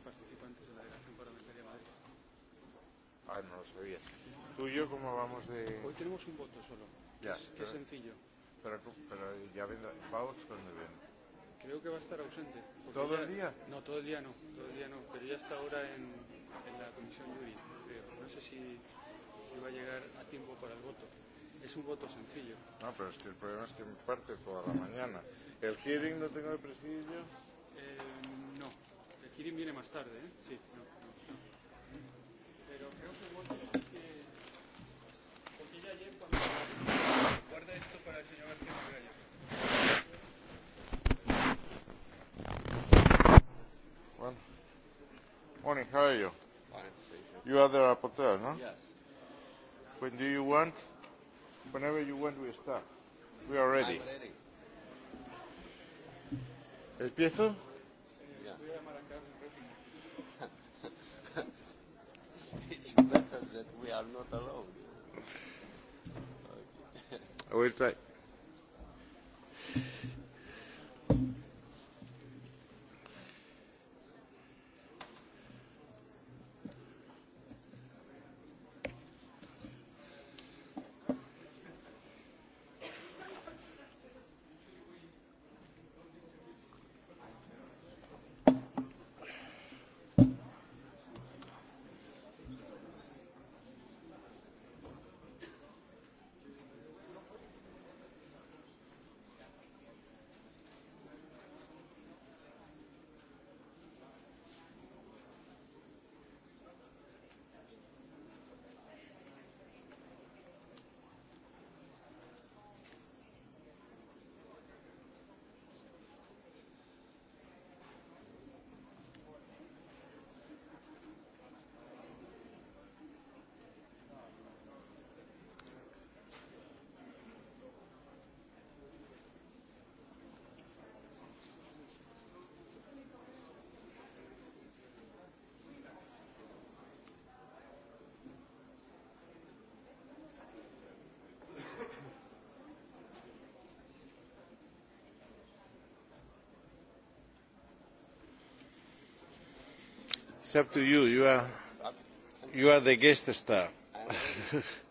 participantes Ah, no lo sabía. ¿Tú y yo cómo vamos de...? Hoy tenemos un voto solo. Ya. Es, pero, qué sencillo. Pero, pero ya vendrá... ¿Paux dónde viene? Creo que va a estar ausente. ¿Todo ya, el día? No, todo el día no. Todo el día no. Pero ya está ahora en, en la comisión Yuri, creo. No sé si, si va a llegar a tiempo para el voto. Es un voto sencillo. No, pero es que el problema es que me parte toda la mañana. ¿El hearing no tengo de presidio? El eh, Kirin viene más tarde, ¿eh? Sí. No, no, no. Pero creo que vos tenés que... Porque ya ayer cuando... Guarda esto para el señor García Magralla. morning, how are you? Fine, you. You are the rapporteur, no? Yes. When do you want? Whenever you want, we start. We are ready. I'm ready. ¿Empiezo? that we are not allowed. okay. I will try. up to you. You are, you are the guest star.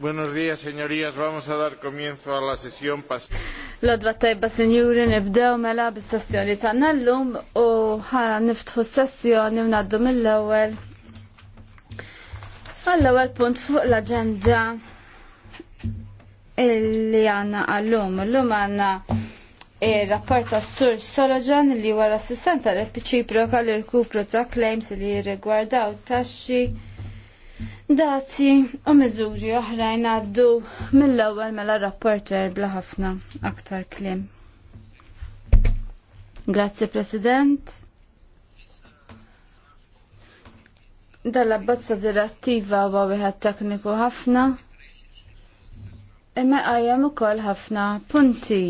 Buenos días, señorías. Vamos a dar comienzo a la sesión L-odva tajba, senjuri, nibdew mela bis-sessjoni ta' nallum u ħana niftħu sessjoni ngħaddu mill ewel għall ewel punt fuq l-aġenda illi għanna għallum. L-lum għanna il rapport ta' Sur Soloġan li huwa l-assistent tal l-irkupru ta' claims li jirrigwardaw taxxi Dati u miżuri oħrajn għaddu mill-ewwel mela rapporter bla ħafna aktar klim. Grazzi President. Dalla bazza direttiva huwa wieħed tekniku ħafna. Imma qajjem ukoll ħafna punti.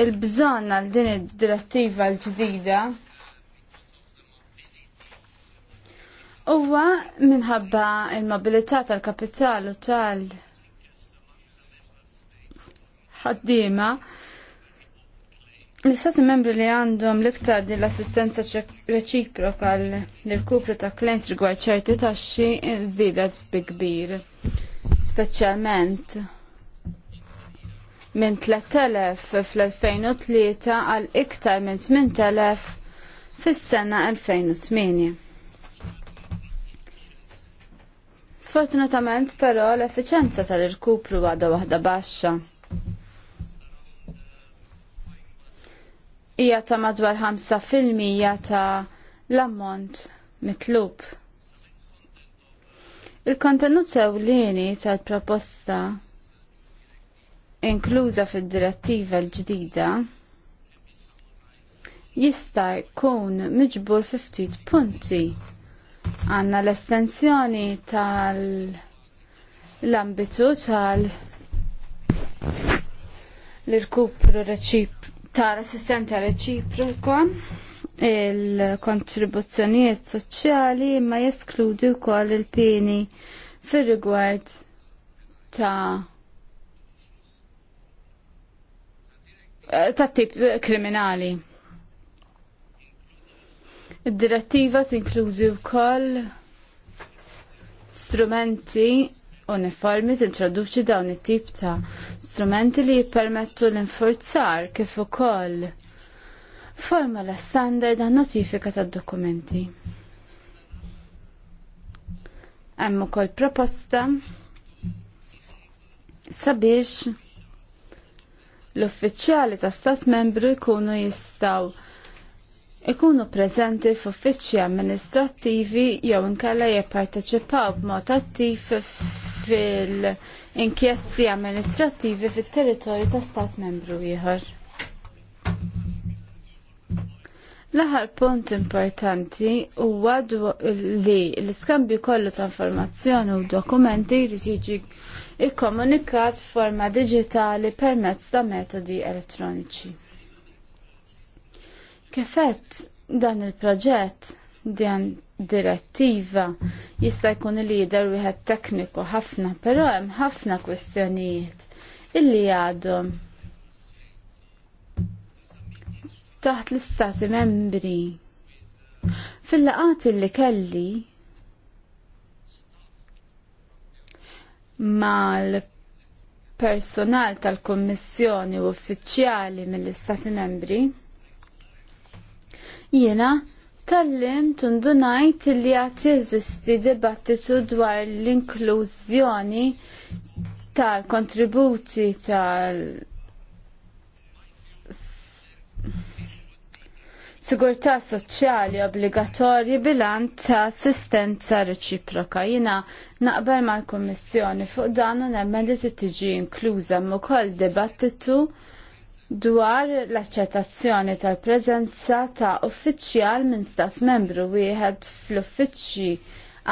il bżonna għal din id-direttiva l-ġdida Uwa minħabba il-mobilità tal-kapitalu tal-ħaddima l-istati membri li għandhom l-iktar din l-assistenza reċiproka l-kupru ta' klens rigward ċerti taxxi żdiedet bi kbir, speċjalment minn 3000 fl-2003 għal iktar minn 8000 fis-sena 2008. Sfortunatament però l-effiċenza tal-irkupru għadha waħda baxxa. Hija ta' madwar 5% ta' l-ammont mitlub. Il-kontenut ewlieni tal-proposta inkluża fid-direttiva l-ġdida jista' jkun miġbur fi ftit punti Għanna l-estensjoni tal-ambitu tal- l-irkupru reċip tal-assistenti reċiproka il-kontribuzzjonijiet soċjali ma jeskludu wkoll il-pieni fir-rigward ta' ta' tip kriminali. Id-direttiva tinkludi wkoll strumenti uniformi tintroduċi dawn it-tip ta' strumenti li jippermettu l-infurzar kif ukoll forma la standard għan notifika ta' dokumenti. Hemm ukoll proposta sabiex l-uffiċjali ta' stat membru jkunu jistgħu ikunu preżenti f'uffiċċji amministrattivi jew inkella jipparteċipaw b'mod attiv fil-inkjesti amministrattivi fit-territorju ta' stat membru ieħor. L-aħar punt importanti huwa li l-iskambju kollu ta' informazzjoni u dokumenti jrid jiġi ikkomunikat f'forma diġitali permezz ta' metodi elettroniċi kifett dan il-proġett dan direttiva jista' jkun il-lider wieħed tekniku ħafna, però hemm ħafna kwistjonijiet illi għadhom taħt l-istati membri. fil laqati li kelli mal personal tal-Kommissjoni uffiċjali mill-Istati Membri Jena, Kallim tundunajt li għat jeżisti dibattitu dwar l-inklużjoni tal-kontributi tal- Sigurtà soċjali obbligatorji bilan ta' assistenza reċiproka. Jina naqbel mal-Kommissjoni fuq dan u nemmen li tiġi inkluża kol dibattitu dwar l-accettazzjoni tal-preżenza ta' uffiċjal minn stat membru wieħed fl-uffiċċji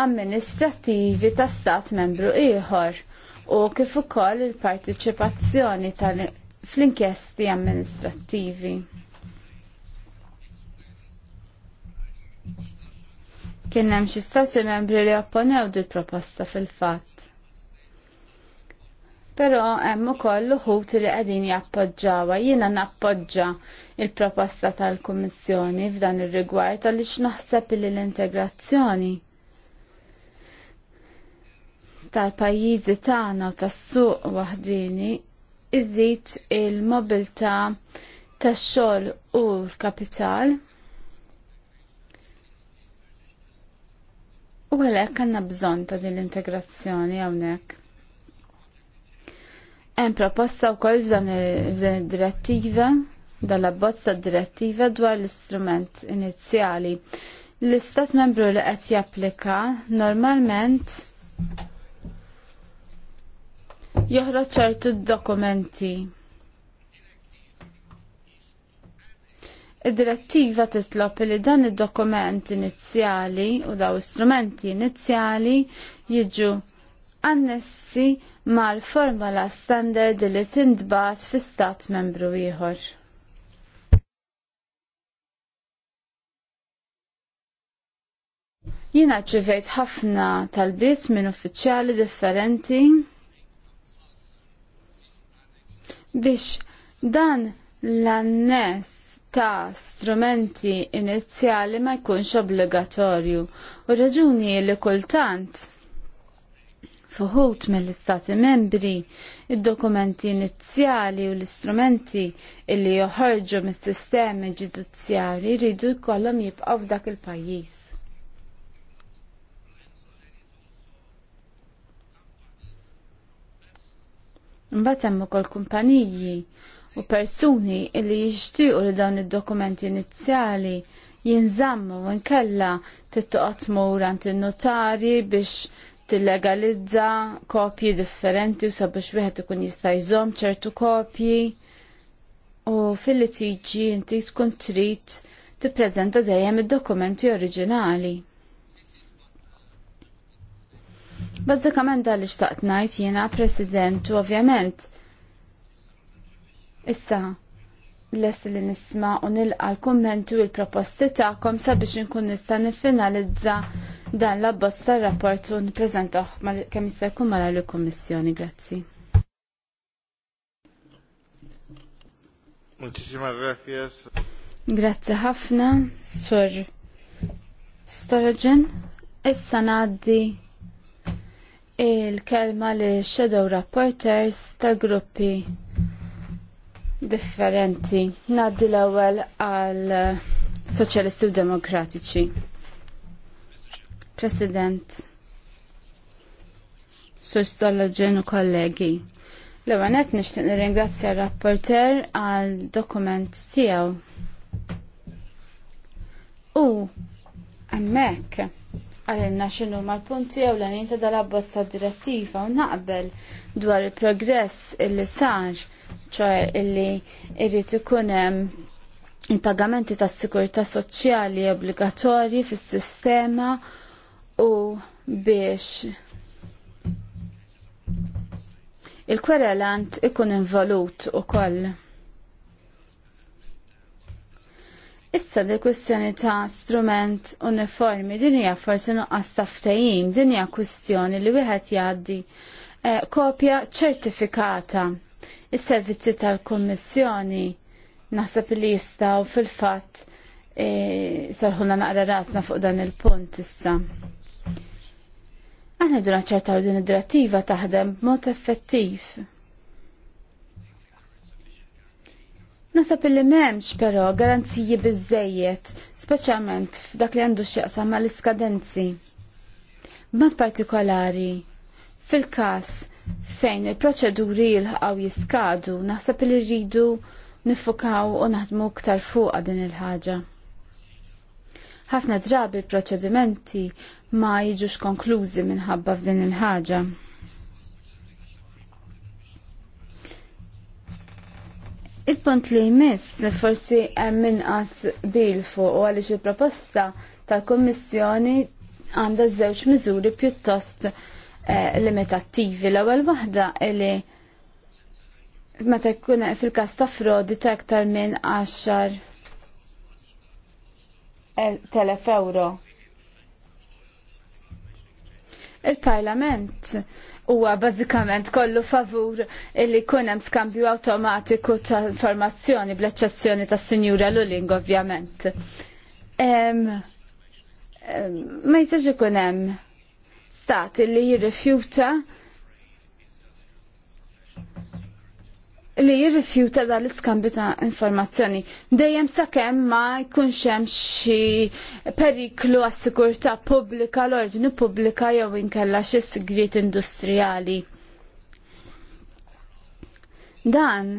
amministrattivi ta' stat membru ieħor u kif ukoll il-partiċipazzjoni fl-inkjesti amministrattivi. Kien hemm xi stati membri li opponew dil proposta fil-fatt. Pero hemm ukoll uħut li qegħdin jappoġġawha. Jiena nappoġġa il-proposta tal-Kummissjoni f'dan ir-rigward għaliex naħseb li l-integrazzjoni tal-pajjiżi tagħna u tas-suq waħdini iżid il-mobilità tax-xogħol u l-kapital. U għalhekk għandna bżonn ta' din l-integrazzjoni hawnhekk. Hemm proposta wkoll f'dan id-direttiva dal abbozza tad-direttiva dwar l-istrument inizjali. L-istat membru li qed japplika normalment joħroġ ċertu dokumenti. Id-direttiva titlob li dan id-dokument inizjali u daw istrumenti inizjali jiġu annessi mal formola standard li tindbat fi stat membru ieħor. Jina ċivejt ħafna talbiet minn uffiċjali differenti biex dan l-annes ta' strumenti inizjali ma jkunx obbligatorju u raġuni li kultant fuħut mill-Istati membri, il dokumenti inizjali u l-istrumenti illi joħorġu mis-sistemi ġudizzjari rridu jkollhom jibqgħu f'dak il-pajjiż. Mbagħad hemm ukoll kumpaniji u persuni illi jixtiequ li dawn id-dokumenti inizjali jinżammu u nkella tittoqgħod mur għand in notarji biex tillegalizza kopji differenti u sabiex wieħed ikun jista' jżomm ċertu kopji u fil-litiġi inti tkun trid tippreżenta dejjem id-dokumenti oriġinali. Bażikament dan li xtaqt ngħid jiena President u ovvjament. Issa, lest li nisma u nilqa l-kommenti u l-proposti tagħkom sabiex inkun nista' niffinalizza dan l-abbozz tar-rapport u nippreżentaw kemm jista' jkun mala l-Kummissjoni. Grazzi. Muchísimas gracias. Grazzi ħafna, Sur Storgen. Issa ngħaddi il-kelma li Shadow Rapporters tal-gruppi differenti. Naddi l-ewwel għal Soċjalisti u Demokratiċi. President, Sur u kollegi. L-għanet nishtiq nirringrazzja r-rapporter għal dokument tiegħu. U għal għalenna xinu mal-punti għaw l-għanin ta' dal-abbozza direttiva u naqbel dwar il-progress il-li sar ċar illi irrit ikun hemm il-pagamenti tas sigurtà soċjali obbligatorji fis-sistema u biex il-kwerelant ikun involut ukoll. Issa di kwistjoni ta' strument uniformi din hija forsi nuqqas taftajim, din hija kwistjoni li wieħed jgħaddi eh, kopja ċertifikata Is-servizzi tal-Kummissjoni naħseb li jistgħu fil-fatt e, sarħulna naqra rasna fuq dan il-punt issa. Aħna ġuna ċerta din id-direttiva taħdem b'mod effettiv. Nasab li memx però garanziji bizzejiet, speċjalment f'dak li għandu x'jaqsam mal iskadenzi B'mod partikolari, fil-każ fejn il-proċeduri l-ħaw jiskadu, naħseb li rridu nifukaw u naħdmu ktar fuqa din il-ħaġa. Ħafna drabi proċedimenti ma jiġux konklużi minħabba f'din il-ħaġa. Il-punt li jmiss forsi hemm inqas bil fuq u għaliex il-proposta tal-Kummissjoni għandha żewġ miżuri pjuttost Eh, limitattivi. L-ewwel waħda li meta jkun fil-każ ta' frodi ta' aktar minn 10 telef euro. Il-Parlament huwa bażikament kollu favur li jkun hemm skambju awtomatiku ta' informazzjoni bl-eċċezzjoni tas-Sinjura Luling ovvjament. Ma jistax ikun hemm stat li jirrifjuta li jirrifjuta dal-iskambju ta' informazzjoni. Dejjem sakemm ma jkunx hemm xi periklu għas-sigurtà pubblika, l-ordni pubblika jew inkella xi sigriet industrijali. Dan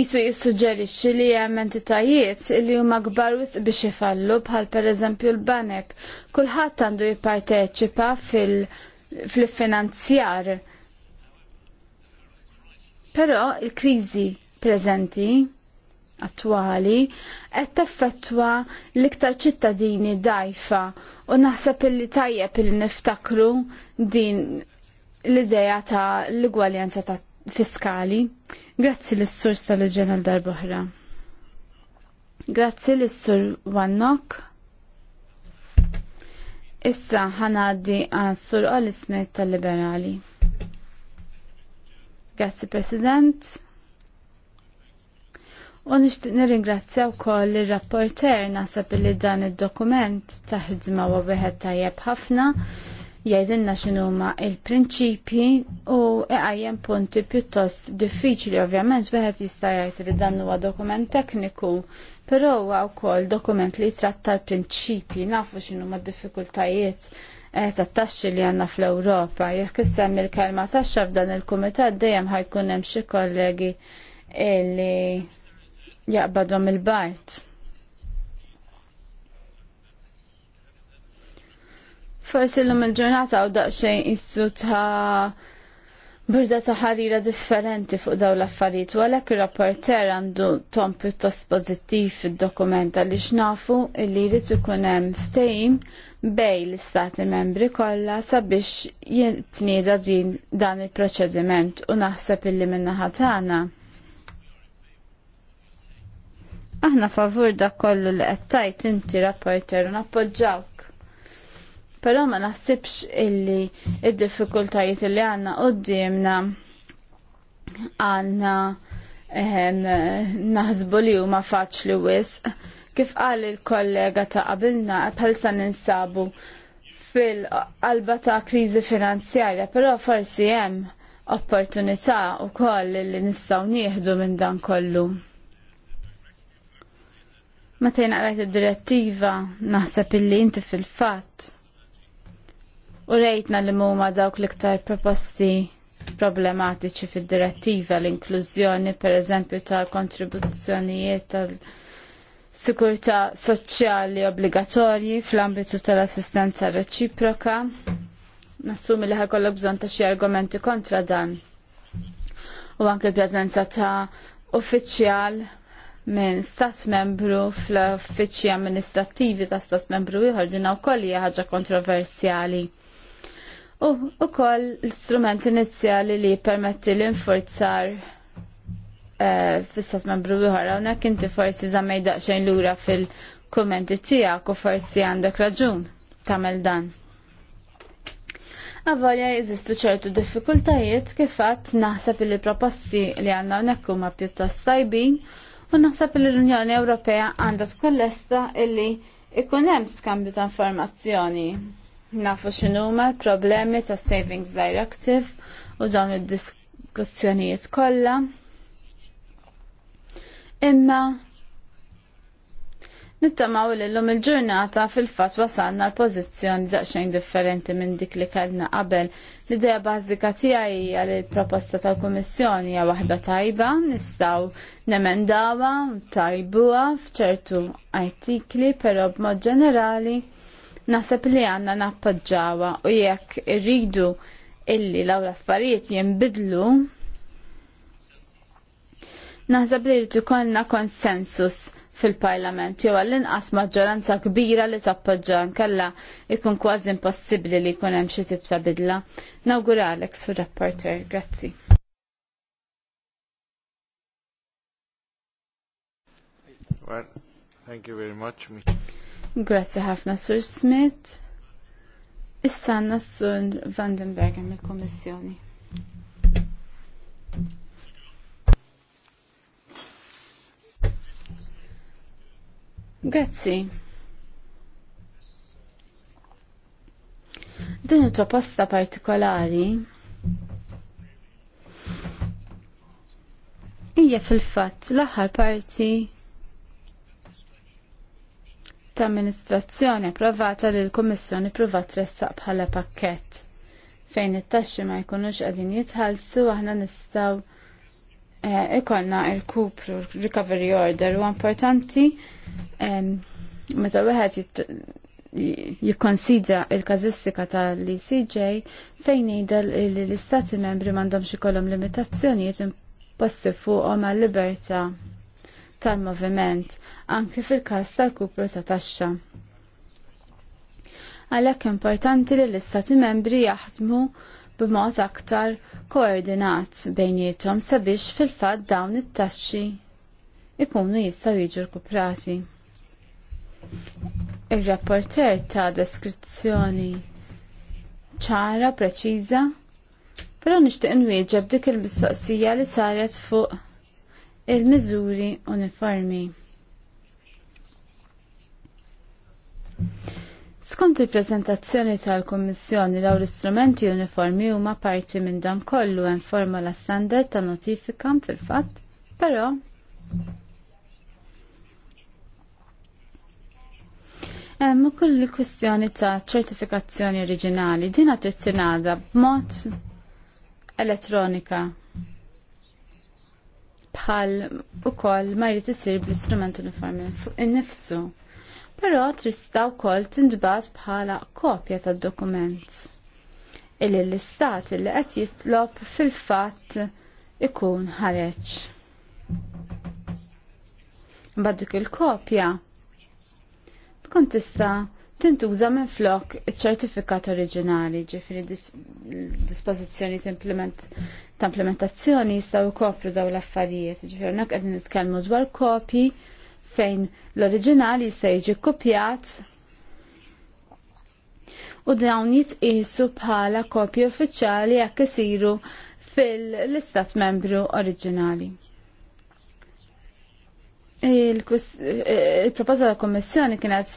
Isu jissuġġerixxi li hemm entitajiet li huma kbar wisq biex ifallu bħal pereżempju l-banek. Kulħadd għandu jipparteċipa fil-finanzjar. Però il-kriżi preżenti attwali qed taffettwa l-iktar ċittadini dajfa u naħseb illi tajjeb illi niftakru din l-idea ta' l-igwaljanza ta' fiskali. Grazzi l-Sur tal l-darbohra. Grazzi l-Sur Wannok. Issa ħanaddi għas-Sur Olismet tal-Liberali. Grazzi President. U nixtieq nirringrazzja wkoll ir-rapporter naħseb li dan id-dokument ta' u huwa wieħed tajjeb ħafna jgħidilna x'inhuma il prinċipi u għajjem punti pjuttost diffiċli ovvjament wieħed jista' jgħid li dan huwa dokument tekniku, però huwa wkoll dokument li tratta l prinċipi nafu x'inhuma d-diffikultajiet eh, tat-taxxi li għandna fl-Ewropa. Jekk issemm il-kelma taxxa f'dan il-kumitat dejjem ħajkun hemm xi kollegi li jaqbadhom il-bart. Forsi l-lum il-ġurnata u daqxejn issu ta' birda ta' ħarira differenti fuq daw l-affarijiet u għalhekk ir-rapporter għandu tom pjuttost pożittiv fid-dokumenta li xnafu li jrid ikun hemm ftehim bej l-istati membri kollha sabiex jitnieda din dan il-proċediment u naħseb illi min-naħa tagħna. Aħna favur da kollu li qed tajt inti rapporter u nappoġġaw Però ma naħsibx illi id-diffikultajiet illi għanna qoddimna għanna ehm, naħsbu li huma faċli wisq. Kif qal il-kollega ta' qabilna bħalsa ninsabu fil-qalba ta' kriżi finanzjarja, però forsi hemm opportunità wkoll li nistgħu nieħdu minn dan kollu. tajna jnaqrajt id-direttiva naħseb illi inti fil-fatt U rejtna li muma dawk l-iktar proposti problematiċi fid-direttiva l-inklużjoni per eżempju ta' kontribuzzjonijiet tal sikurta soċjali obbligatorji fl-ambitu tal-assistenza reċiproka. Nassumi li ħakollu bżonn ta' xi argumenti kontra dan. U anke l-prezenza ta' uffiċjal minn stat membru fl-uffiċċji amministrattivi ta' stat membru ieħor din kolli hija ħaġa kontroversjali u ukoll l strument inizjali li permetti l-infurzar eh, fissat membru u hawnhekk inti forsi daċċajn l lura fil-kummenti tiegħek u forsi għandek raġun tagħmel dan. Għavolja jeżistu ċertu diffikultajiet kif naħseb li proposti li għandna hawnhekk huma pjuttost tajbin u naħseb li l-Unjoni Ewropea għandha tkun lesta illi ikun hemm skambju ta' informazzjoni nafu x'inhuma l-problemi tas Savings Directive u dawn id-diskussjonijiet kollha. Imma nittamaw li l-lum il-ġurnata fil-fat wasalna l-pozizjoni daqxajn differenti minn dik li kellna qabel. L-idea bażika tiegħi hija li l-proposta tal-Kummissjoni hija waħda tajba, nistgħu nemendawa, tajbuha f'ċertu artikli, però b'mod ġenerali naħseb li għanna nappoġġawa u jekk irridu illi law l-affarijiet jinbidlu naħseb li rridu konna konsensus fil-parlament jew għall-inqas maġġoranza kbira li tappoġġa nkella ikun kważi impossibbli li jkun hemm xi tib ta' bidla. Alex sur-rapporter, grazzi. Well, thank you very much. Grazzi ħafna Sur Smith. Issanna Sur Vandenberg mill-Kommissjoni. Grazzi. Din il-proposta partikolari hija fil-fatt l-aħħar parti ta' amministrazzjoni approvata li l-Kummissjoni provat tressaq bħala pakkett fejn it-taxxi ma jkunux qegħdin jitħallsu aħna nistgħu eh, ikonna il-kupru recovery order u importanti meta wieħed jikkonsidra il-kazistika tal-ECJ fejn jgħidel li l-istati membri m'għandhomx ikollhom limitazzjonijiet imposti fuqhom għal libertà tal-moviment, anke fil-każ tal-kupru ta' taxxa. Għalhekk importanti li l-Istati membri jaħdmu b'mod aktar koordinat bejniethom sabiex fil-fatt dawn it-taxxi ikunu jistgħu jiġu rkuprati. Ir-rapporter ta' deskrizzjoni ċara, preċiża, però nixtieq nwieġeb dik il-mistoqsija li saret fuq il-miżuri uniformi. Skont il-prezentazzjoni tal-Kommissjoni daw l-istrumenti uniformi huma parti minn dam kollu hemm formola standard ta' notifika fil-fatt, però Hemm ukoll il-kwistjoni ta' ċertifikazzjoni oriġinali din trid tingħada b'mod elettronika bħal ukoll ma jrid isir bl-istrument uniformi fuq innifsu. Però trista wkoll tindbat bħala kopja tad-dokument illi l-istat illi qed jitlob fil-fatt ikun ħareġ. Bad dik il-kopja tkun tista' tintuża minn flok ċertifikat oriġinali, ġifiri dispożizzjoni ta' implementazzjoni jistaw kopru daw l-affarijiet, ġifiri unak għedin nitkellmu dwar kopji fejn l-oriġinali jista' jiġi kopjat u dawn jitqisu bħala kopji uffiċjali jekk isiru fil-istat membru oriġinali. Il-proposta tal-Kommissjoni kienet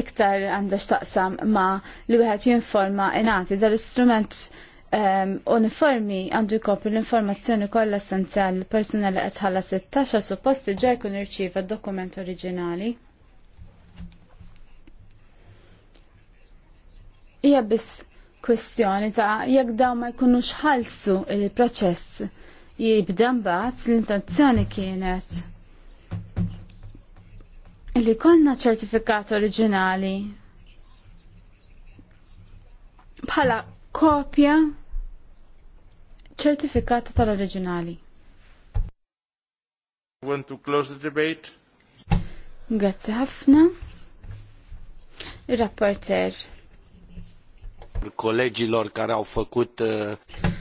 iktar għandha x'taqsam ma' li wieħed jinforma inati dal-istrument um, uniformi għandu jkopri l-informazzjoni kollha essenzjali persuna li qed ħalla 16 supposti ġej kun irċieva d-dokument oriġinali. Hija biss kwestjoni ta' jekk dawn ma jkunux ħalsu il-proċess jibda mbagħad l-intenzjoni kienet li konna ċertifikat oriġinali bħala kopja ċertifikata tal-oriġinali. Want to close the debate? Grazzi ħafna. Il-rapporter. Il-kolleġi lor karaw fakut. Uh,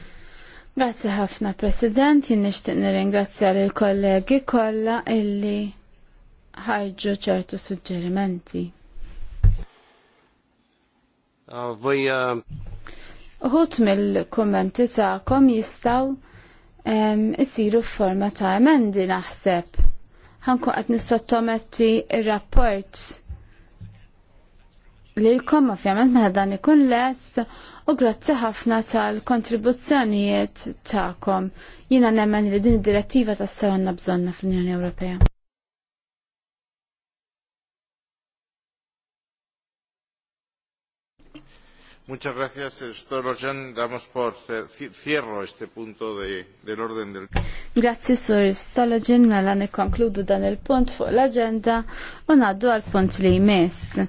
Grazzi ħafna, President. Jinn nishtiq nirringrazzja l-kollegi kollha illi ħarġu ċertu suġġerimenti. Ah, ehm, Uħut mill-kommenti ta'kom jistaw f ehm, f'forma ta' emendi naħseb. Ħanku qed nistottometti il rapport lilkom ovvjament meta dan ikun lest u grazzi ħafna tal-kontribuzzjonijiet tagħkom. Jiena nemmen li din id-direttiva ta sew għandna bżonna fl-Unjoni Ewropea. Muchas gracias, Sr. Eh, Storojan. Damos por cierro este punto de, del orden del. Grazie, Sir Storojan. Mela nikonkludu dan il-punt fuq l-agenda un addu al punt li jmiss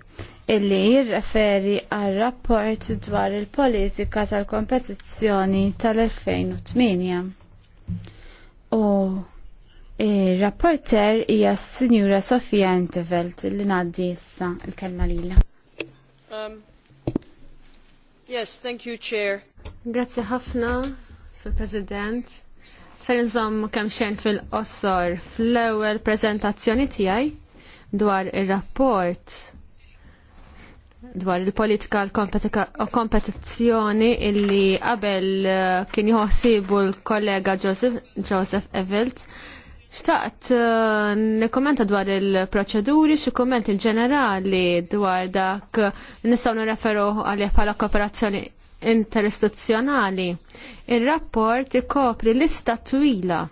illi jirreferi al rapport dwar il-politika tal-kompetizzjoni tal-2008. U il-rapporter hija s-Sinjura Sofia Entevelt li naddi issa il-kelma lila. Um. Yes, thank you, Chair. Grazie ħafna, Sur President. Ser nżomm kemm xejn fil-qossor fl-ewwel preżentazzjoni tiegħi dwar ir-rapport dwar il-politika kompetizzjoni illi qabel eh, kien jħossibu l-kollega Joseph, Joseph Evelt Xtaqt eh, nikkommenta dwar il-proċeduri, xi kommenti ġenerali dwar dak nistgħu nirreferu għalih bħala kooperazzjoni interistituzzjonali. Ir-rapport ikopri lista twila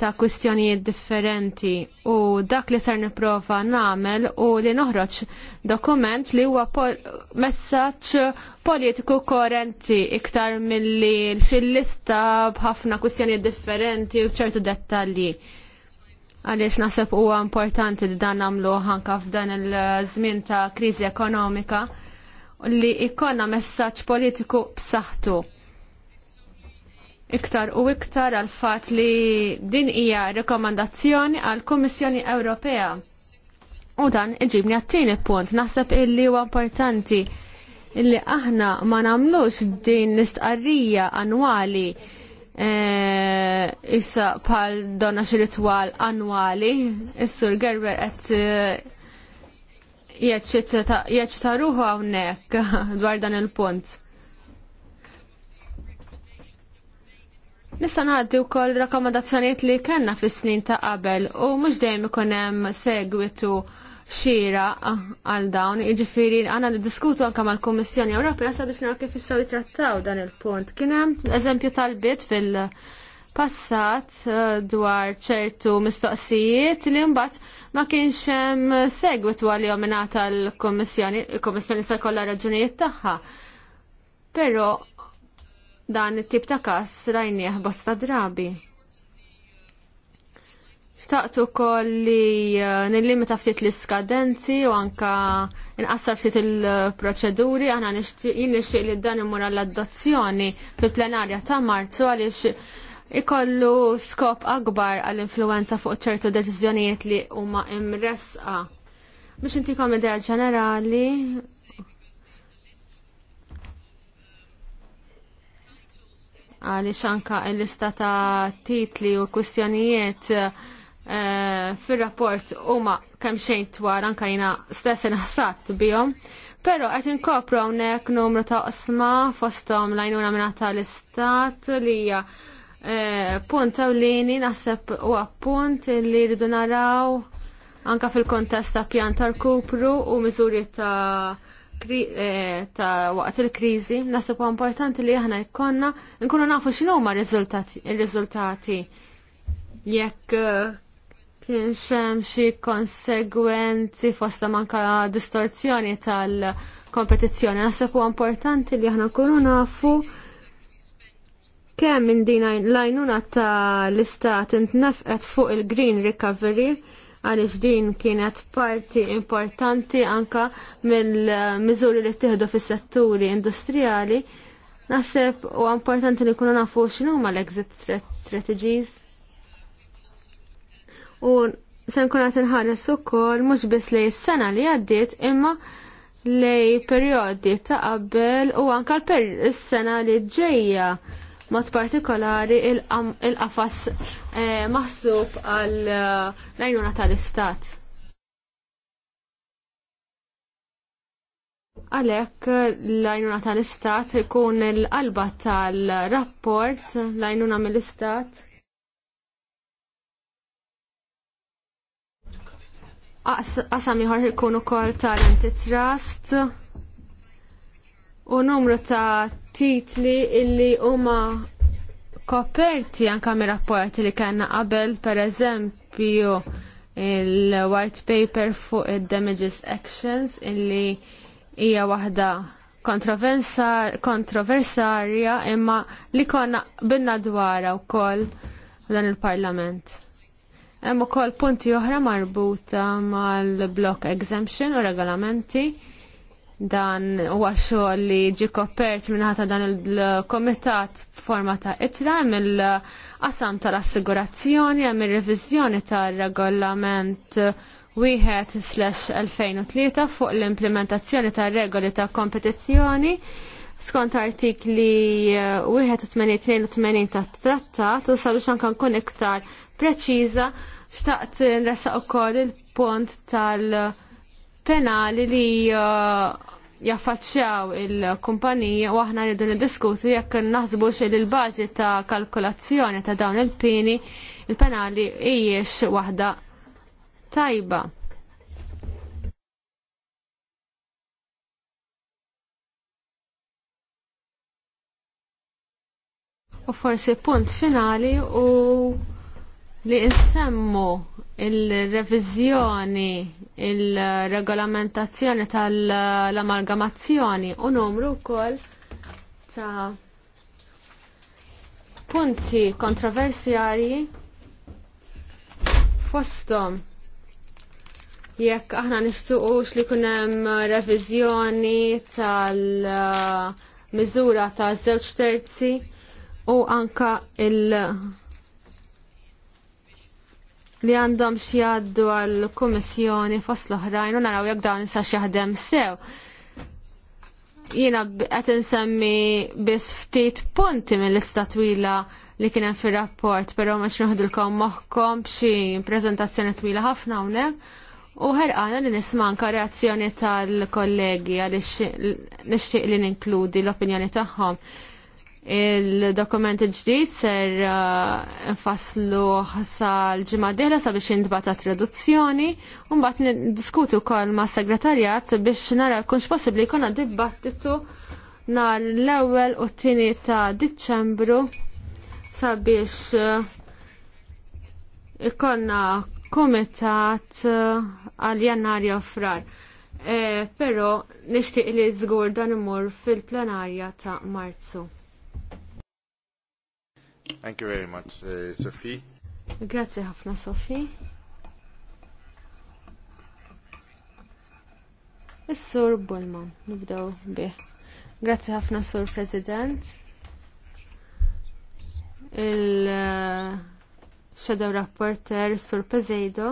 ta' kwistjonijiet differenti u dak li ser nipprova nagħmel u li noħroġ dokument li huwa pol messaġġ politiku korenti iktar milli xi lista b'ħafna kwistjonijiet differenti u b'ċertu dettalji għaliex naħseb huwa importanti li dan nagħmlu ħanka f'dan il-żmien ta' kriżi ekonomika li ikonna messaġġ politiku b'saħħtu. Iktar u iktar għal fatt li din hija rekomandazzjoni għal Kummissjoni Ewropea. U dan iġibni għattini punt, naħseb illi huwa importanti illi aħna ma nagħmlux din l-istqarrija annwali Eh, issa bħal donna xi ritwal annwali, is-sur Gerber qed eh, jeċċita ruħu hawnhekk dwar dan il-punt. Nista' ngħaddi wkoll rakkomandazzjonijiet li kellna fis-snin ta' qabel u mhux dejjem ikun hemm segwitu xira għal dawn, iġifiri għana diskutu anka mal kommissjoni Ewropea sabiex naraw kif jistgħu jitrattaw dan il-punt. Kien hemm eżempju tal-bit fil-passat eh, dwar ċertu mistoqsijiet li mbagħad ma kienx hemm segwitu għalihom mingħata l-Kummissjoni, il-Kummissjoni sa kollha raġunijiet tagħha. Però dan it-tip ta' każ rajnieh bosta drabi. Xtaqtu kol li uh, nillimita ftit l-iskadenzi u anka nqassar ftit il-proċeduri, għana jien nixtieq li dan imur għall-adozzjoni fil-plenarja ta' marzu għaliex ikollu skop akbar għall-influenza fuq ċertu deċiżjonijiet li huma imresqa. Biex intikom idea ġenerali, għaliex anka l-lista ta' titli u kwistjonijiet Eh, fil-rapport huma kemm xejn twar anka jina stess inħassat bihom. Però qed inkopru hawnhekk numru ta' osma fosthom lajnuna minn tal-istat li hija eh, punt ewlieni naħseb huwa punt li rridu naraw anke fil-kontest ta' pjan tal-kupru u miżuri ta' eh, ta' waqt il-krizi, nasib importanti li aħna jkonna nkunu nafu xinu ma' r-riżultati. Jekk kienx hemm xi konsegwenzi fosta manka distorzjoni tal-kompetizzjoni. Naħseb huwa importanti li aħna nkunu nafu kemm minn din l-għajnuna tal-istat intnefqet fuq il-Green Recovery għaliex din kienet parti importanti anka mill-miżuri li ttieħdu fis-setturi industrijali. Naħseb u importanti li kunu nafu x'inhuma l-exit strategies u se nkun qed inħares ukoll mhux biss li is-sena li għaddiet imma li perjodi ta' qabel u anke s sena li ġejja mod partikolari il-qafas eh, maħsub għal najnuna eh, tal-istat. Għalek l-għajnuna tal-istat ikun l-qalba tal-rapport l-għajnuna mill-istat qasam ieħor ikun ukoll tal-antitrust u numru ta' titli illi huma koperti anka mi rapporti li kellna qabel pereżempju il-white paper fuq id-damages actions illi hija waħda kontroversarja imma li konna binna dwara wkoll dan il-parlament. Hemm ukoll punti oħra marbuta mal-block exemption u regolamenti dan huwa xogħol li ġi kopert minħata dan il-komitat b'forma ta' itra mill qasam tal-assigurazzjoni hemm ir-reviżjoni tar-regolament wieħed slash 2003 fuq l-implementazzjoni tar-regoli ta' kompetizzjoni skont artikli 82 ta' trattat u sabiex anka nkun iktar preċiża xtaqt u ukoll il-pont tal-penali li uh, jaffaċċjaw il-kumpanija u aħna rridu niddiskutu jekk naħsbu li l-bażi ta' kalkulazzjoni ta' dawn il-pini il-penali hijiex waħda tajba. u forsi punt finali u li nsemmu il-revizjoni, il-regolamentazzjoni tal-amalgamazzjoni u numru kol ta' punti kontroversjali fostom jekk aħna nixtuqux li hemm revizjoni tal-miżura ta' żewġ terzi u anka il- li għandhom xjaddu għal-Kummissjoni fost l-oħrajn u naraw jekk dawn sa ħadem sew. Jiena qed insemmi biss ftit punti mill-lista twila li kien hemm fir-rapport, però ma xnuħdilkom moħħkom b'xi preżentazzjoni twila ħafna hawnhekk. U ħerqana li nisma' anke reazzjoni tal-kollegi għaliex nixtieq li ninkludi l-opinjoni tagħhom. Il-dokument il-ġdid ser uh, nfasslu sal-ġimgħa d-dieħla sabiex jintbata traduzzjoni u mbagħad niddiskutu wkoll mas segretarjat biex nara kunx possibbli jkollna dibattitu nhar l-ewwel u t-tieni ta' Diċembru sabiex uh, ikonna komitat uh, għal jannar frar. Eh, Pero nixtieq li żgur dan imur fil-plenarja ta' Marzu. Thank you very much, uh, Sophie. Grazie ħafna, Sophie. Is-Sur Bullman, nibdew bih. Grazie ħafna, Sur President. Il-Shadow uh, Rapporteur, Sur Pezeido,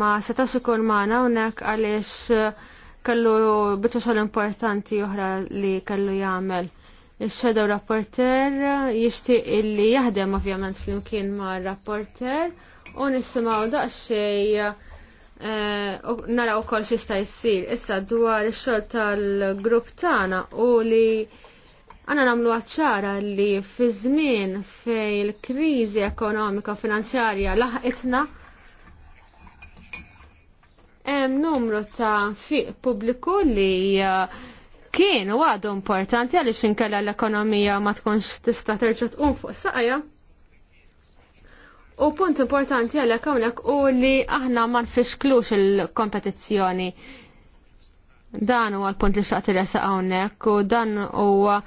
ma setax ikun maħna unnek għaliex uh, kallu bieċa xogħol importanti oħra li kellu jagħmel il-shadow rapporter jishtiq illi jaħdem ovvjament fl-imkien ma' rapporter u nisimaw daqxej eh, u nara u kol xista jissir. Issa dwar il-xol tal-grupp tana u li għana namlu għacċara li fi żmien fej il-krizi ekonomika finanzjarja laħqitna hemm numru ta' fiq pubbliku li uh, u għadu importanti għaliex inkella l-ekonomija ma tkunx tista' terġa' tqum fuq saqajja. U punt importanti għalhekk hawnhekk u li aħna ma nfixklux il-kompetizzjoni. Dan huwa l-punt li xaqt iresa hawnhekk u dan huwa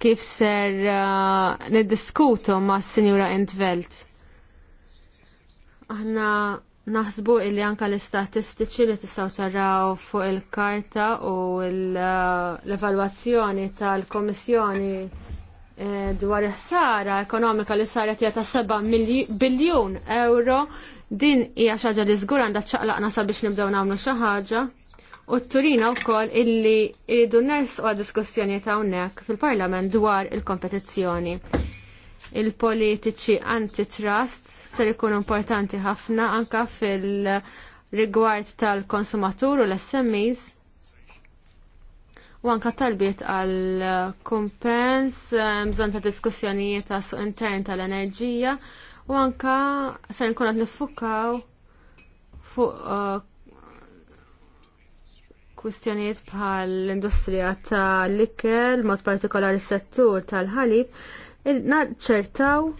kif ser uh, niddiskutu ma' Sinjura Intvelt. Aħna Naħsbu illi anka l-istatistiċi li tistaw taraw fuq il-karta u eh, l-evalwazzjoni tal-Komissjoni eh, dwar ħsara ekonomika li saret jata 7 biljun euro din hija xi ħaġa li żgur għandha ċaqlaqna sabiex nibdew nagħmlu xi ħaġa. U t-turina wkoll illi jridu nersqu u diskussjoni ta' fil-parlament dwar il-kompetizzjoni. Il-politiċi antitrust ser ikun importanti ħafna anka fil-rigward tal-konsumatur u l-SMEs u anka talbiet għal kumpens, bżon ta' diskussjonijiet ta' suq intern tal-enerġija u anka ser ikun għad nifukaw fuq uh, kwistjonijiet bħal l-industrija tal-ikel, mod partikolari settur tal-ħalib, naċċertaw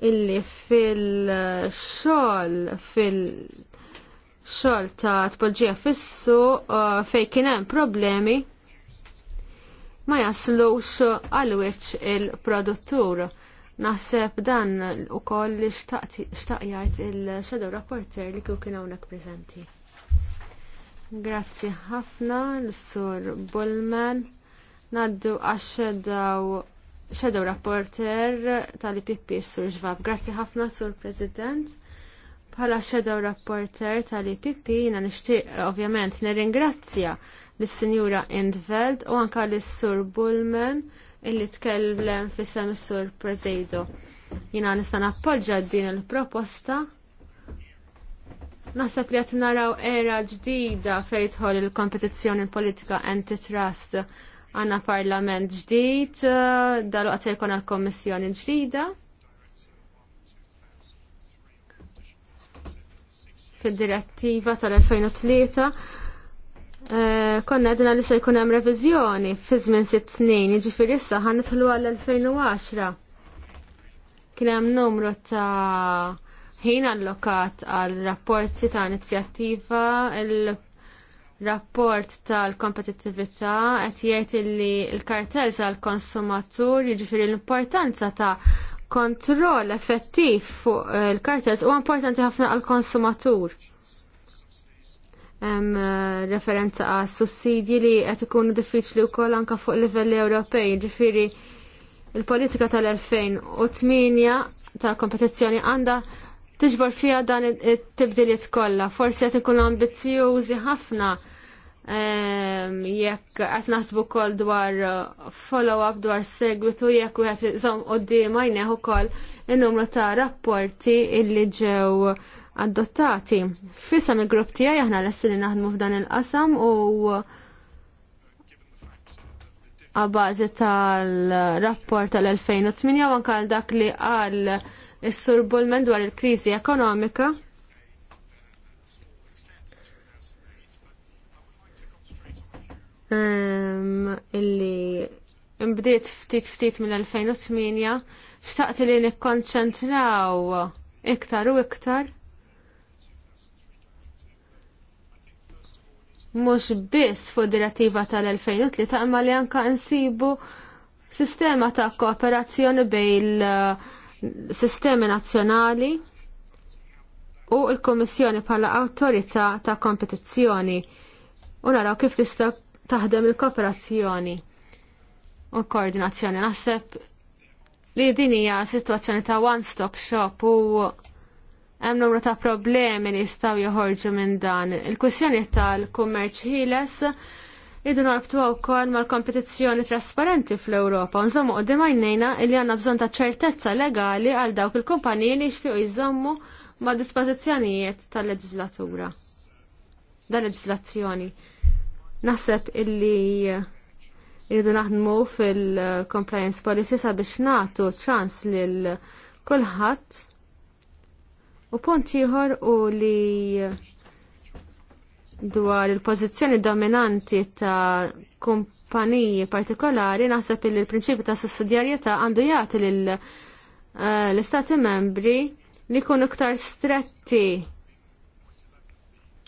illi fil-xol fil-xol ta' tpoġġija fissu uh, fej kien hemm problemi ma jaslux għalwiċ il-produttur. Naħseb dan u koll li xtaqjajt il-shadow rapporter li kju kien hawnhekk preżenti. Grazzi ħafna l-sur Bullman. Naddu għax-shadow Shadow Rapporter tal-IPP Sur Žvab. Grazzi ħafna Sur President. Bħala Shadow Rapporter tal-IPP jina nishtiq ovvjament nirringrazzja l-Sinjura Endveld u anka l-Sur Bullman illi tkellem fissem Sur Prezido. Jina nista nappoġġa din il-proposta Naħseb li għat naraw era ġdida fejtħol il-kompetizzjoni politika antitrust. trust għanna parlament ġdijt, eh, dal-waqt jkun għal-kommissjoni ġdida. Fil-direttiva tal-2003 eh, konna għedna li se jkun hemm reviżjoni fi żmien sitt snin, jiġifieri issa ħanidħlu għall-2010. Kien hemm numru ta' ħin allokat għal rapporti ta' inizjattiva il rapport tal-kompetittività qed jgħid li l-kartell tal-konsumatur jiġifieri l-importanza ta' kontroll effettiv fuq il-kartels eh, huwa importanti ħafna għall-konsumatur. Hemm eh, referenza għas sussidji li qed ikunu diffiċli wkoll anke fuq livelli Ewropej, jiġifieri il-politika tal-2008 tal-kompetizzjoni għandha tiġbor fija dan it-tibdiliet kollha. Forsi qed ikun ambizzjużi ħafna ehm, jekk qed naħsbu wkoll dwar uh, follow-up dwar segwitu jekk wieħed iżomm quddiem majneħu ukoll in-numru ta' rapporti illi ġew adottati. Fissa il grupp tiegħi aħna l-essili naħdmu f'dan il-qasam u għabażi tal-rapport tal-2008 u anke dak li qal is-Sur Bullman dwar il-kriżi ekonomika. Um, illi imbdiet ftit ftit mill-2008 xtaqt li nikkonċentraw iktar u iktar mhux biss fuq direttiva tal-2003 ma li anka nsibu sistema ta' kooperazzjoni bejn eh, sistemi nazzjonali u l-Komissjoni bħala awtorità ta' kompetizzjoni u naraw kif tista' taħdem il-kooperazzjoni u koordinazzjoni. Naħseb li din hija sitwazzjoni ta' one-stop shop u hemm numru ta' problemi li jistgħu joħorġu minn dan. Il-kwistjoni tal-kummerċ ħieles Idu norbtu wkoll mal-kompetizzjoni trasparenti fl-Ewropa. Nżommu qudiem għajnejna li għandna bżonn ta' ċertezza legali għal dawk il-kumpaniji li jixtiequ jżommu ma' dispożizzjonijiet tal-leġislatura. Da' leġislazzjoni. Naħseb illi irridu naħdmu fil-compliance policy sabiex nagħtu ċans lil kulħadd u punt ieħor u li dwar il-pożizzjoni dominanti ta' kumpaniji partikolari naħseb li l-prinċipju ta' sussidjarjetà għandu jagħti lil eh, l-istati membri li jkunu iktar stretti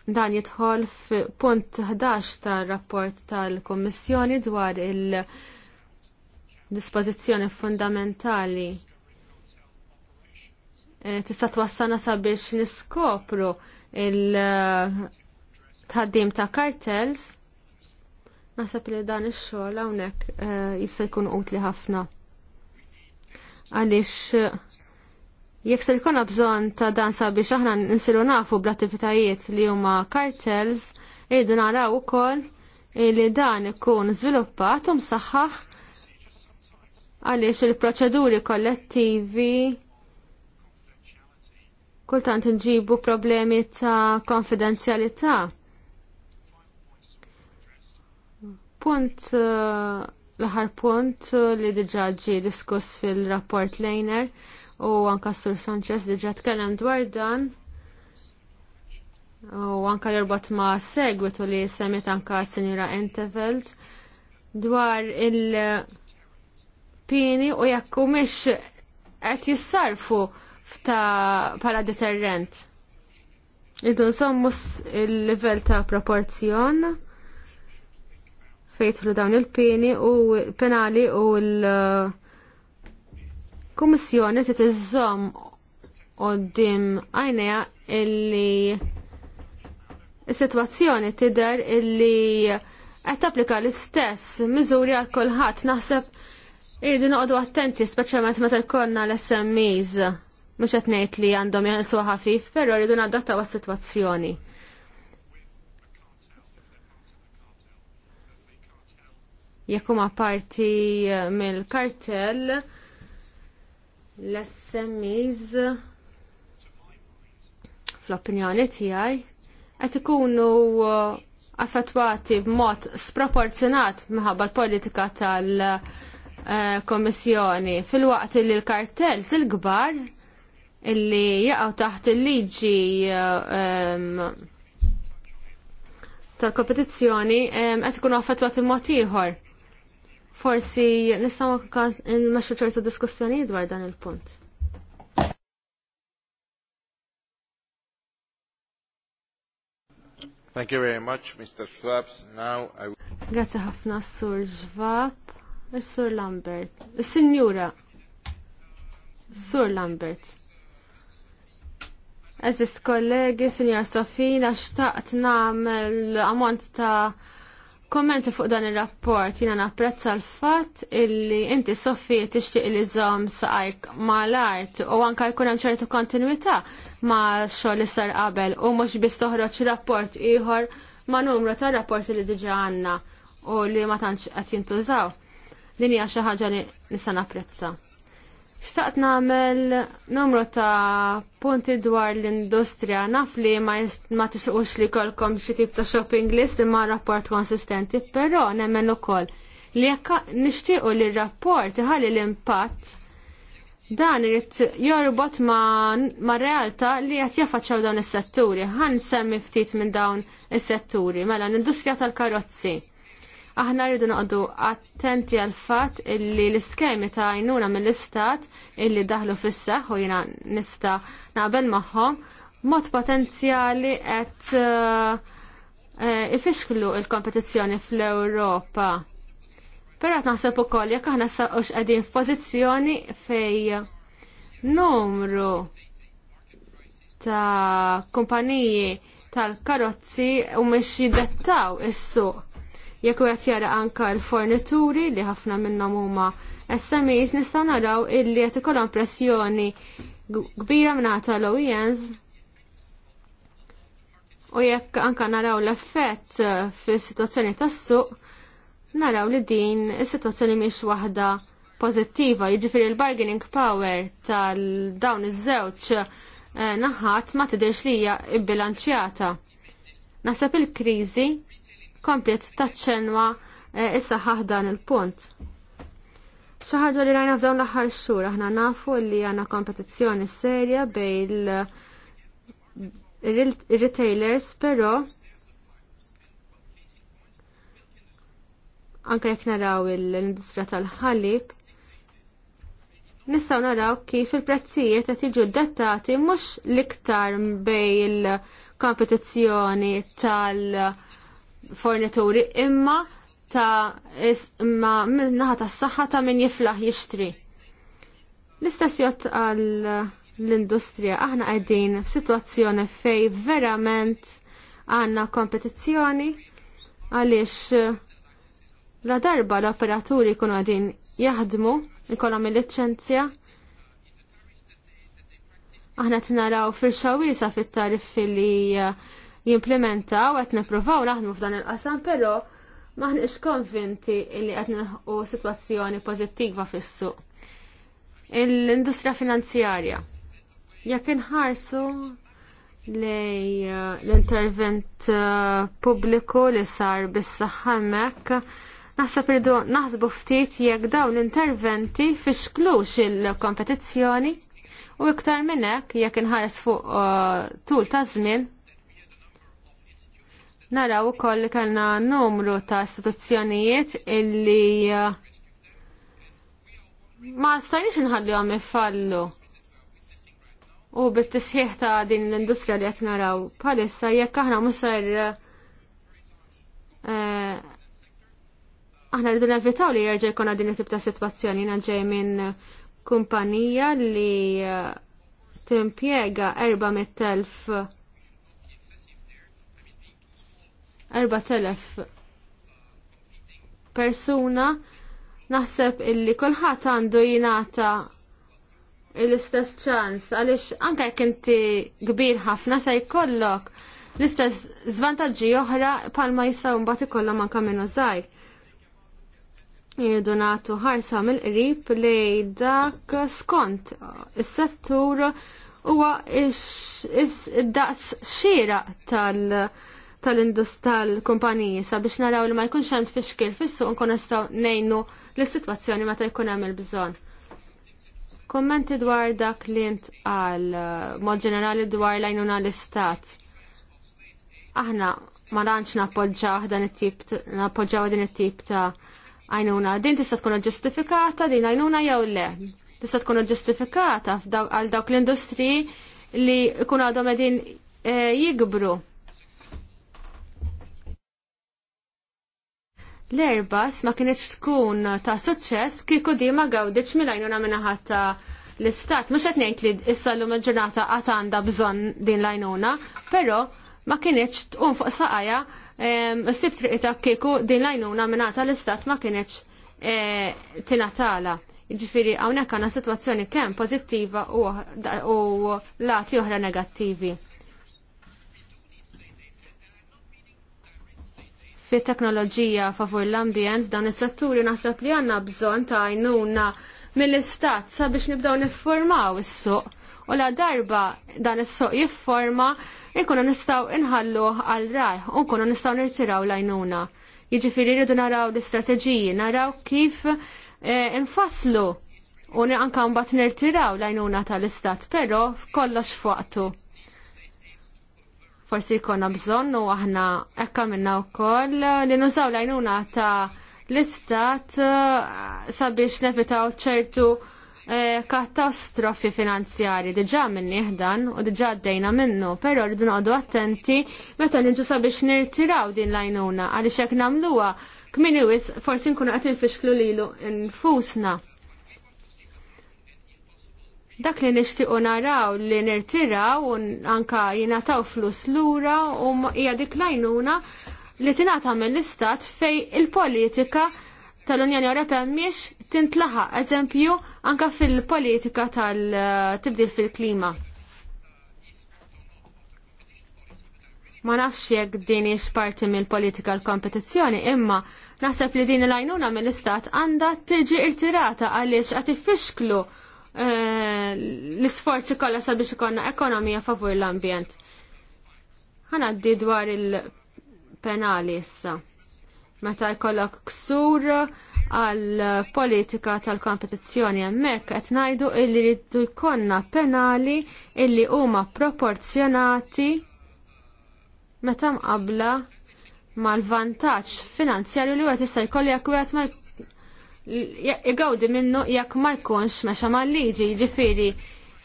dan jidħol f'punt 11 tal-rapport tal-Kommissjoni dwar il-dispożizzjoni fundamentali eh, tista' twassalna sabiex niskopru il- tħaddim ta' kartels, nasab li dan ix-xogħol hawnhekk eh, jista' jkun utli ħafna. Għaliex eh, jekk se jkun bżonn ta' dan sabiex aħna nsilu nafu bl-attivitajiet li huma kartels, irridu naraw ukoll li dan ikun żviluppat u msaħħaħ għaliex il-proċeduri kollettivi kultant nġibu problemi ta' konfidenzjalità Punt eh, l ħar punt eh, li diġa ġi diskuss fil-rapport Lejner u anka Sur Sanchez diġa tkellem dwar dan. U anka jorbat ma segwitu li semmet anka Senjura Enteveld dwar il-pini u jakku mish qed jissarfu f'ta' pala deterrent. Id-dun sommus il-livell ta' proporzjon fejtħlu dawn il-pini u penali u l-Kummissjoni trid iżżomm dim għajnejha illi is-sitwazzjoni tidher illi qed tapplika l-istess miżuri għal kulħadd naħseb irridu noqogħdu attenti speċjalment meta jkollna l-SMEs mhux qed ngħid li għandhom jaħilsu ħafif, però rridu nadattaw għas-sitwazzjoni. jekk huma parti eh, mill-kartell l-SMEs fl-opinjoni tiegħi qed ikunu eh, affettwati b'mod sproporzjonat minħabba l-politika tal-Komissjoni eh, fil-waqt li l-kartels il-kbar illi jaqgħu taħt il-liġi tal-kompetizzjoni qed ikunu affettwati b'mod ieħor Forsi nistgħu nmexxu ċertu diskussjonijiet dwar dan il-punt. Thank you very much, Mr. Schwabs. Now I Grazie ħafna Sur Schwab, eh, Sur Lambert, eh, Signora Sur Lambert. Aziz kollegi, Signora Sofina, xtaqt namel ammont ta' Kommenti fuq dan il-rapport jina napprezza l-fat illi inti soffi tixtieq li zom saqajk mal-art u anka jkun hemm ċertu kontinuità ma' xogħol li sar qabel u mhux biss toħroġ rapport ieħor ma' numru ta' rapporti li diġa għandna u li ma tantx qed jintużaw. Din hija xi ħaġa li nista' napprezza. Xtaqt namel numru ta' punti dwar l-industrija. Naf li ma tixuqux li kolkom xi tip ta' shopping list imma rapport konsistenti, però nemmen ukoll li jekk nixtiequ li r-rapport ħalli l-impatt dan irid jorbot ma, ma realtà li qed jaffaċċaw dawn is-setturi. Ħan semmi ftit minn dawn is-setturi mela l-industrija tal-karozzi. Aħna rridu naqdu attenti għal fatt illi l-iskemi ta' għajnuna mill-istat illi daħlu fisseħ u jina nista naqbel maħħom mod potenzjali qed eh, eh, ifixklu il-kompetizzjoni fl-Ewropa. Però naħseb ukoll jekk aħna saqqux qegħdin f'pożizzjoni fej numru ta' kumpaniji tal-karozzi u mhux jiddettaw is-suq. Jekk qed jara anka l-fornituri li ħafna minnhom huma SMEs nistgħu naraw illi qed ikollhom pressjoni kbira mingħata l-OEMs u jekk anka naraw l-effett eh, fis-sitwazzjoni tas-suq, naraw li din is-sitwazzjoni mhix waħda pożittiva, jiġifieri il bargaining power tal-dawn iż-żewġ eh, naħat ma tidirx li hija bilanċjata. Nasab il-kriżi komplet taċċenwa eh, issa ħahdan il-punt. ċaħġa li rajna f'dawn l-aħħar xhur aħna nafu li għandna kompetizzjoni serja bejn il-retailers, però anke jekk naraw l-industrija tal-ħalib, nistgħu naraw kif il-prezzijiet qed jiġu dettati mhux l-iktar bej il-kompetizzjoni tal- fornituri imma ta' imma minnaħa ta' s-saħħa ta' min jiflaħ jixtri. L-istess jott għal l-industrija aħna qegħdin f'sitwazzjoni fej verament għandna kompetizzjoni għaliex eh, la darba l-operaturi jkunu għadin jaħdmu ikollhom il-liċenzja aħna t-naraw fil-xawisa fit-tariffi li eh, jimplementaw qed nippruvaw naħdmu f'dan il-qasam, però maħniex konvinti li qed u sitwazzjoni pożittiva fis-suq. L-industrija finanzjarja. Jekk inħarsu lej eh, l-intervent eh, pubbliku li sar bis-saħħamek, naħseb irdu naħsbu ftit jekk dawn l-interventi fixklux il-kompetizzjoni u iktar minn hekk jekk inħares fuq eh, tul ta' żmien Naraw ukoll li kellna numru ta' istituzzjonijiet illi uh, ma stajniex inħallihom ifallu. U bit-tisħiħ ta' din l-industrija li qed naraw bħalissa jekk aħna musar uh, aħna rridu nevitaw li jerġa' jkun din it-tip ta' sitwazzjoni jiena ġej minn kumpanija li uh, timpjega 400,000 4000 persuna naħseb illi kulħadd għandu jingħata l-istess ċans għaliex anke jekk inti kbir ħafna se jkollok l-istess zvantagġi oħra palma jistaw mbagħad ikollhom anke minnu zaħi. Jridu nagħtu ħarsa mill-qrib li dak skont is-settur huwa id-daqs xira tal- tal industal tal-kumpaniji sabiex naraw li ma jkunx hemm tfixkil fis-suq nkun nistgħu ngħinu l-sitwazzjoni meta jkun hemm il-bżonn. Kommenti dwar dak li int għal eh, mod ġenerali dwar lajnuna l-istat. Aħna ma rantx nappoġġaw dan it-tip nappoġġaw din it-tip ta' għajnuna. Din tista' tkun ġustifikata din għajnuna jew le. Tista' tkun ġustifikata għal dawk l-industriji li jkunu għadhom qegħdin eh, jikbru l-Airbus ma kienieċ tkun ta' suċċess kieku di ma gawdiċ mill-għajnuna minna ħatta l-istat. Mux għetnejt li issa l-lum ġurnata għata bżon din l-għajnuna, pero ma kienieċ tqum fuq saqaja s-sib triqita kieku din l-għajnuna minna ħatta l-istat ma kienieċ e, tinatala. Ġifiri, għawnek għanna situazzjoni kem pozittiva u lati oħra negattivi. fit teknoloġija favur l-ambjent dan is-setturi naħseb li għandna bżonn ta' għajnuna mill-istat sabiex nibdew niffurmaw is-suq. U la darba dan is-suq jifforma inkunu nistgħu inħalluh għal rajħ u nkunu nistgħu nirtiraw l-għajnuna. Jiġifieri rridu naraw l-istrateġiji, naraw kif eh, infasslu u anka mbagħad nirtiraw l-għajnuna tal-istat, però kollox fuqtu forsi jkollna bżonn u aħna hekk għamilna wkoll eh, li nużaw lajnuna ta' l-istat eh, sabiex nevitaw ċertu eh, katastrofi finanzjari diġa minn jihdan u diġa għaddejna minnu, pero rridu noqdu attenti meta nġu sabiex nirtiraw din lajnuna għaliex hekk nagħmluha kmini wis forsi nkunu qed infixklu lilu nfusna dak li nixtiequ naraw li nirtiraw u anka jingħataw flus lura u hija dik lajnuna li tingħata mill-istat fej il-politika tal-Unjoni Ewropea mhix tintlaħaq eżempju anka fil-politika tal-tibdil fil-klima. Ma nafx jekk din hix parti mill-politika l-kompetizzjoni imma naħseb li din l-għajnuna mill-istat għandha tiġi irtirata għaliex qed ifixklu Eh, l-isforzi kollha sabiex ikonna ekonomija favur l-ambjent. Ħanaddi dwar il-penali issa. Meta jkollok ksur għal politika tal-kompetizzjoni hemmhekk qed ngħidu illi jridu jkollna penali illi huma proporzjonati meta mqabbla mal-vantaġġ finanzjarju li wieħed jista' jkolli jekk wieħed ma igawdi minnu jekk ma jkunx meċa ma liġi ġifiri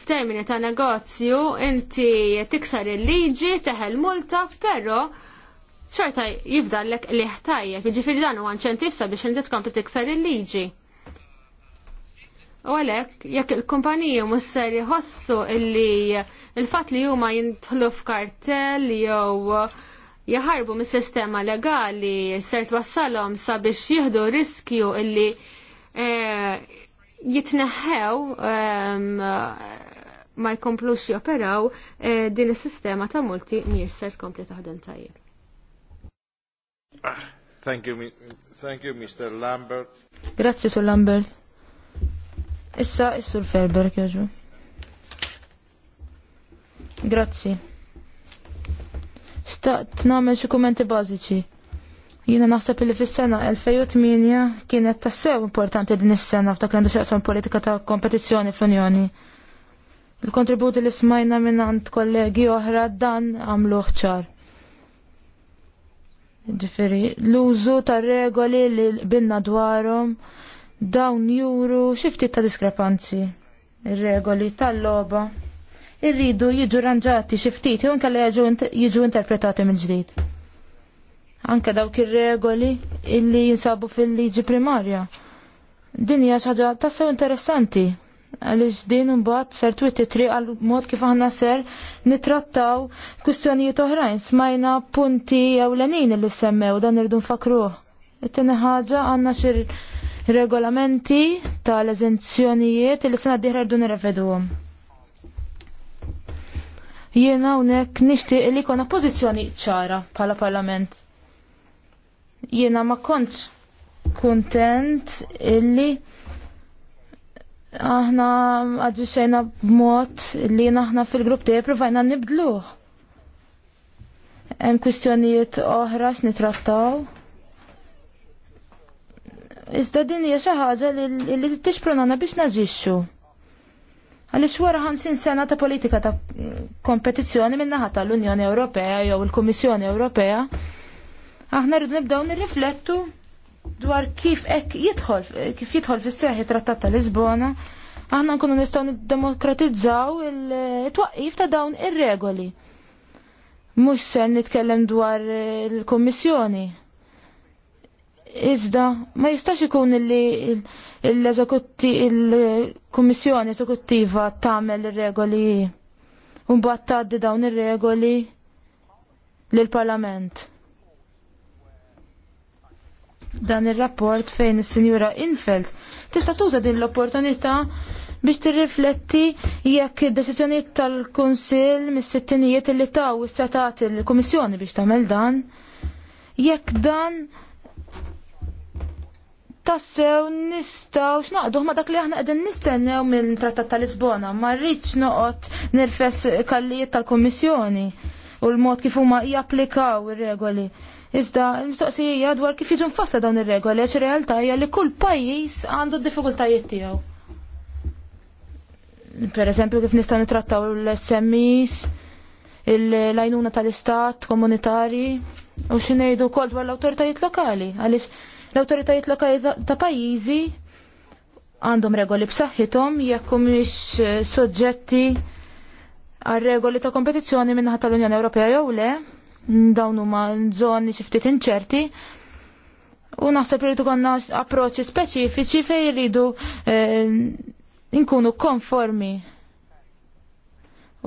f'termini ta' negozju inti tiksar il-liġi teħel multa però ċerta jifdallek liħ tajjeb, ġifiri dan huwa tifsa biex inti tkompli tiksar il-liġi. U għalek, jekk il-kumpaniju musser jħossu illi il-fat li huma jintħlu f'kartell jew jaħarbu mis sistema legali ser twassalhom sabiex jieħdu riskju illi e, jitneħħew e, ma jkomplux joperaw e, din is-sistema ta' multi mhijiex ser tkompli taħdem tajjeb. Thank you, thank you, Mr. Lambert. Grazie, Sir Lambert. Issa, Sur Ferber, kħeġu. Grazzi. Staqt nagħmel xi kumenti bażiċi. Jiena naħseb li fis-sena 2008 kienet tassew importanti din is-sena f'dak li għandu xaqsam politika ta' kompetizzjoni fl-Unjoni. Il-kontributi li smajna minn għand kollegi oħra dan għamlu ħċar. Ġifiri, l-użu ta' regoli li binna dwarom dawn juru xifti ta' diskrepanzi. Ir-regoli tal-loba irridu jiġu ranġati xi ftit jew inkella jiġu interpretati minn ġdid. Anke dawk ir-regoli illi jinsabu fil-liġi primarja. Din hija xi ħaġa tassew interessanti għaliex din imbagħad ser twitti triq għal mod kif aħna ser nitrattaw kwistjonijiet oħrajn smajna punti ewlenin li semmew dan irdu nfakruh. It-tieni ħaġa għandna xi regolamenti tal-eżenzjonijiet li sena diħra rdu nirrevedhom. Jiena hawnhekk nixtieq li jkollna pozizjoni ċara bħala Parlament. Jiena ma kont kontent illi aħna xejna b'mod li naħna fil-grupp tiegħi provajna nibdluh. Hemm kwistjonijiet oħra x'nitrattaw. Iżda din hija xi ħaġa li tixprunana biex naġixxu. Għaliex wara 50 sena ta' politika ta' kompetizzjoni min-naħa tal-Unjoni Ewropea jew il-Kummissjoni Ewropea, aħna rridu nibdew nirriflettu dwar kif ek jidħol kif jitħol fis-seħi trattat ta' Lisbona, aħna nkunu nistgħu demokratizzaw il-twaqqif ta' dawn ir-regoli. Mhux se nitkellem dwar il-Kummissjoni, Iżda, ma jistax ikun li l-Kummissjoni Eżekuttiva tagħmel ir-regoli u mbagħad tgħaddi dawn ir-regoli lill-Parlament. Dan ir-rapport fejn is-Sinjura Infeld tista' tuża din l-opportunità biex tirrifletti jekk id-deċiżjonijiet tal-Kunsill mis-sittinijiet li taw is-setat il-Kummissjoni biex tagħmel dan, jekk dan tassew nistaw x'naqduh ma dak li aħna qegħdin nistennew mill-Trattat ta' Lisbona, ma rridx noqgħod nirfes kallijiet tal-Kummissjoni u l-mod kif huma japplikaw ir-regoli. Iżda l-mistoqsija dwar kif jiġu nfassa dawn ir-regoli għax realtà hija li kull pajjiż għandu d-diffikultajiet tiegħu. Per eżempju kif nistgħu nitrattaw l-SMEs, l-għajnuna tal-istat, komunitari, u xinejdu kol dwar l-autoritajiet lokali, għaliex L-autoritajiet lokali ta' pajjiżi għandhom regoli b'saħħithom jekk mhumiex eh, soġġetti għal regoli ta' kompetizzjoni minnaħa tal-Unjoni Ewropea jew le, dawn huma żoni xi ftit inċerti, u naħseb li konna approċċi speċifiċi fejn jridu eh, nkunu konformi.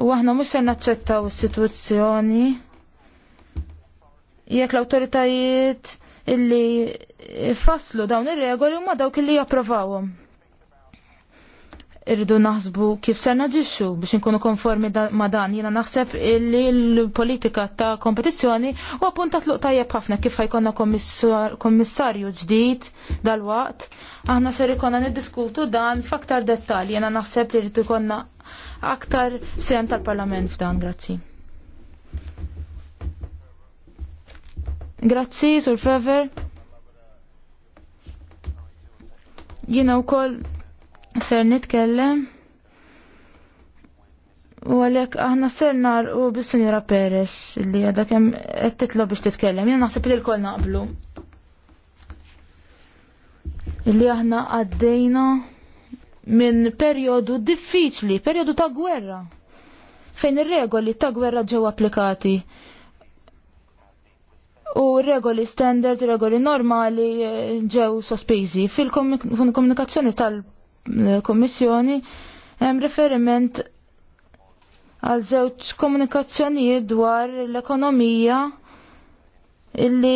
U aħna mhux se naċċettaw is-sitwazzjoni jekk l-awtoritajiet illi faslu dawn ir-regoli ma dawk illi japprovawhom. Irridu naħsbu kif ser naġixxu biex inkunu konformi ma' dan jiena naħseb illi l-politika ta' kompetizzjoni u appunta tluq tajjeb ħafna kif ħajkonna kommissarju ġdid dal-waqt. Aħna ser ikonna niddiskutu dan f'aktar dettalji jiena naħseb li rridu ikonna aktar sem tal-Parlament f'dan, grazzi. Grazzi, Sur Fever. Jina u koll ser nitkellem. U għalek aħna ser nar u bis senjora Perez li għadha kem qed biex titkellem. Jien naħseb li l-koll naqblu. Li aħna għaddejna minn perjodu diffiċli, perjodu ta' gwerra fejn ir-regoli ta' gwerra ġew applikati u regoli standard, regoli normali eh, ġew sospiżi. Fil-komunikazzjoni tal-Kommissjoni hemm referiment għal żewġ komunikazzjonijiet dwar l-ekonomija illi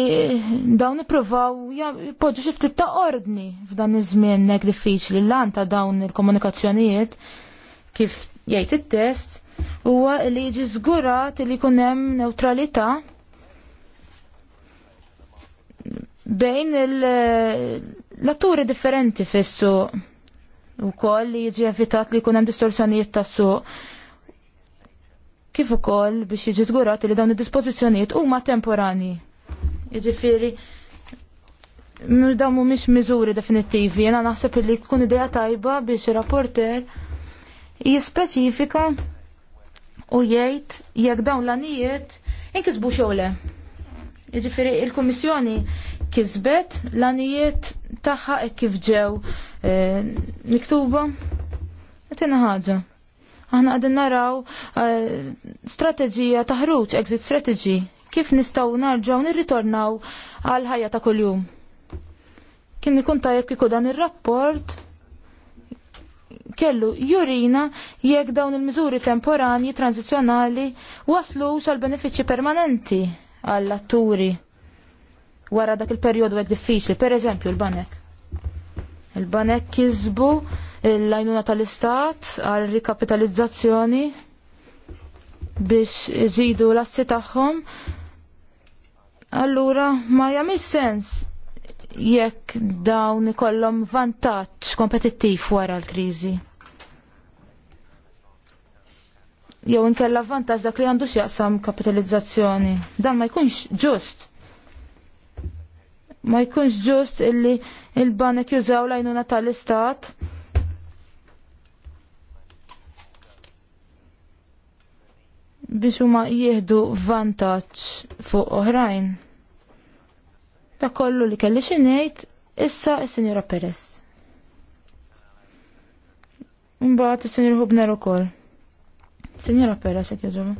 dawn ippruvaw jpoġġu xi ftit ta' ordni f'dan iż-żmien hekk diffiċli l-lan ta' dawn il-komunikazzjonijiet kif jgħid it-test huwa li jiġi żgurat li jkun hemm neutralità bejn l naturi differenti fissu u koll li jiġi evitat li kunem distorsjonijiet tas suq kif ukoll biex jiġi żgurat li dawn id u huma temporani. Jiġifieri dawn mhumiex miżuri definittivi, jena naħseb li kun idea tajba biex ir-rapporter jispeċifika u jgħid jekk dawn l-anijiet inkisbu xogħol. Jiġifieri il-Kummissjoni kisbet l-anijiet tagħha e kif ġew e, miktuba. Għatina ħaġa. Aħna għadin naraw e, strateġija taħruċ, exit strategy, kif nistaw narġaw nirritornaw għal ħajja ta' kuljum. Kien ikun tajjeb kieku dan ir-rapport kellu jurina jekk dawn il-miżuri temporanji tranzizjonali waslu għal benefiċċji permanenti għall-atturi wara dak il-perjodu għed diffiċli. Per eżempju, il-banek. Il-banek kizbu l-lajnuna tal-istat għal rikapitalizzazzjoni biex iżidu l-assi tagħhom. Allura ma jamis sens jekk dawn ikollhom vantaġġ kompetittiv wara l-kriżi. Jew inkella vantaġġ dak li għandu jaqsam kapitalizzazzjoni. Dan ma jkunx ġust Ma jkunx ġust illi il-banek jużaw lajnuna tal-istat. biex huma jieħdu vantaġġ fuq oħrajn. Ta' kollu li kelli xi ngħid issa is-Sinjura Peress. Mbagħad is-Sinjur Hubner ukoll. Sinjura Peres, jekk jużulu.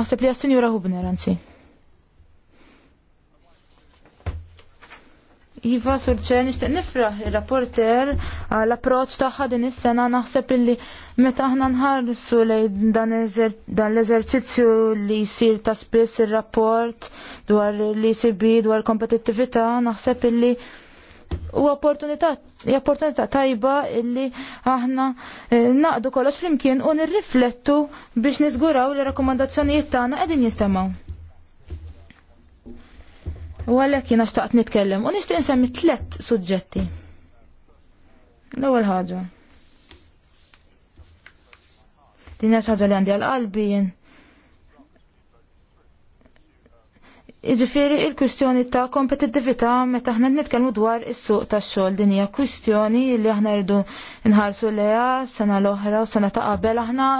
Naħseb li għas-Sinjura Hubner anzi. Iva Surċen nixtieq nifraħ ir rapporter għall approċċ tagħha din is-sena naħseb illi meta aħna nħarsu lejn dan l-eżerċizzju li jsir ta' spiss ir-rapport dwar l-ECB dwar kompetittività naħseb illi u opportunità tajba illi aħna eh, naqdu kollox flimkien u nirriflettu biex niżguraw li rakkomandazzjonijiet tagħna qegħdin jistemaw. U għalhekk jiena xtaqt nitkellem u nixtieq insemmi tliet suġġetti. L-ewwel ħaġa. Din hija xi ħaġa li għandi għal qalbi jien. Iġifiri il kustjoni ta' kompetittività meta aħna nitkellmu dwar is-suq tax-xogħol din hija kwistjoni li aħna rridu nħarsu leha sena l-oħra u sena ta' qabel aħna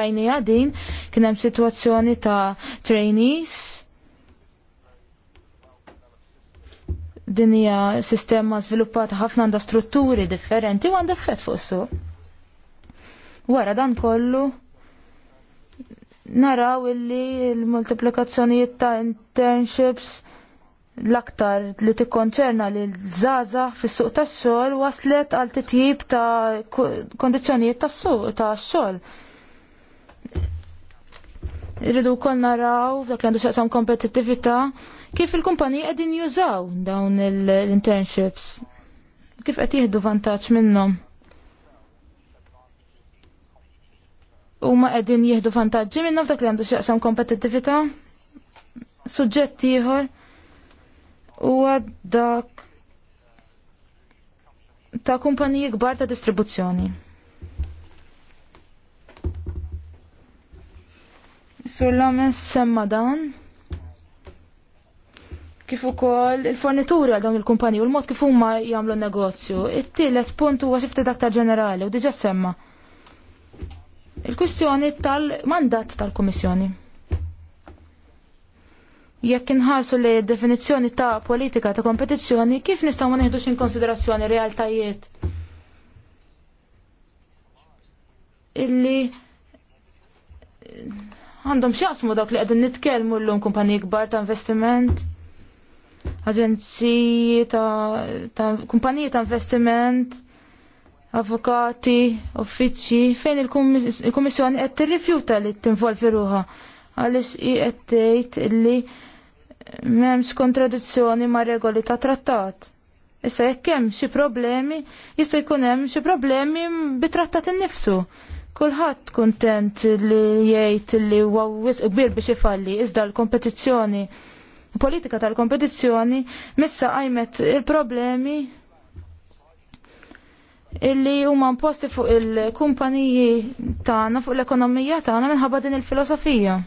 rajnija din kien hemm sitwazzjoni ta' trainees Din hija sistema żviluppata ħafna għandha strutturi differenti u għandha effett fuq Wara dan kollu naraw illi l-multiplikazzjonijiet ta' internships l-aktar li tikkonċerna li l-żaza fis-suq tax-xogħol waslet għal titjib ta' kondizzjonijiet tas-suq tax-xogħol. Irridu wkoll naraw dak li għandu xaqsam kompetittività kif il-kumpaniji qegħdin jużaw dawn l-internships. Kif qed jieħdu vantaġġ minnhom. Huma qegħdin jieħdu vantaġġi minnhom dak li għandu xaqsam kompetittività. Suġġett ieħor huwa dak ta' kumpaniji kbar ta' distribuzzjoni. Sur semma dan. Kif ukoll il-fornitura dawn il-kumpaniji u l-mod kif huma jagħmlu negozju. It-tielet punt huwa xi ftit aktar ġenerali u diġà semma. Il-kwistjoni tal-mandat tal-Kummissjoni. Jekk inħarsu li definizzjoni ta' politika ta' kompetizzjoni, kif nistgħu ma nieħdux inkonsiderazzjoni realtajiet illi għandhom xjaqsmu dawk li qegħdin nitkellmu llum kumpaniji kbar ta' investiment. Aġenziji ta', kumpaniji ta' investiment, avukati, uffiċċji, fejn il-Kummissjoni qed tirrifjuta li tinvolvi ruha għaliex hi qed tgħid li m'hemmx kontradizzjoni ma' regoli ta' trattat. Issa jekk hemm xi problemi, jista' jkun hemm xi problemi bit-trattat innifsu. nifsu Kulħadd kuntent li jgħid li huwa wisq kbir biex ifalli iżda l-kompetizzjoni politika tal-kompetizzjoni missa qajmet il-problemi illi huma imposti fuq il-kumpaniji tagħna fuq l-ekonomija tagħna minħabba din il-filosofija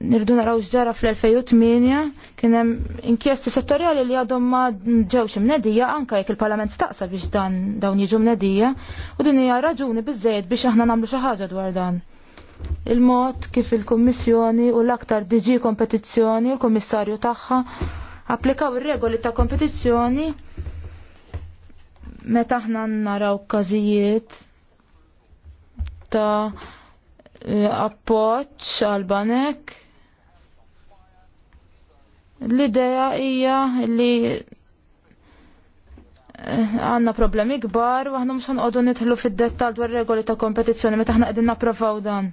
nirdu naraw ġara fl-2008 kien hemm inkjesti settorjali li għadhom ma ġewx imnedija anke jekk il-Parlament staqsa biex dan dawn jiġu mnedija u din hija raġuni biżejjed biex aħna nagħmlu xi ħaġa dwar dan. Il-mod kif il-Kummissjoni u l-aktar DG kompetizzjoni u l-Kummissarju tagħha applikaw ir-regoli ta' kompetizzjoni meta aħna naraw każijiet ta' appoċ għal-banek L-idea hija li eh, għanna problemi kbar u aħna mhux ħanqodu nidħlu fid-dettal dwar regoli ta' kompetizzjoni meta għahna qegħdin napprovaw dan.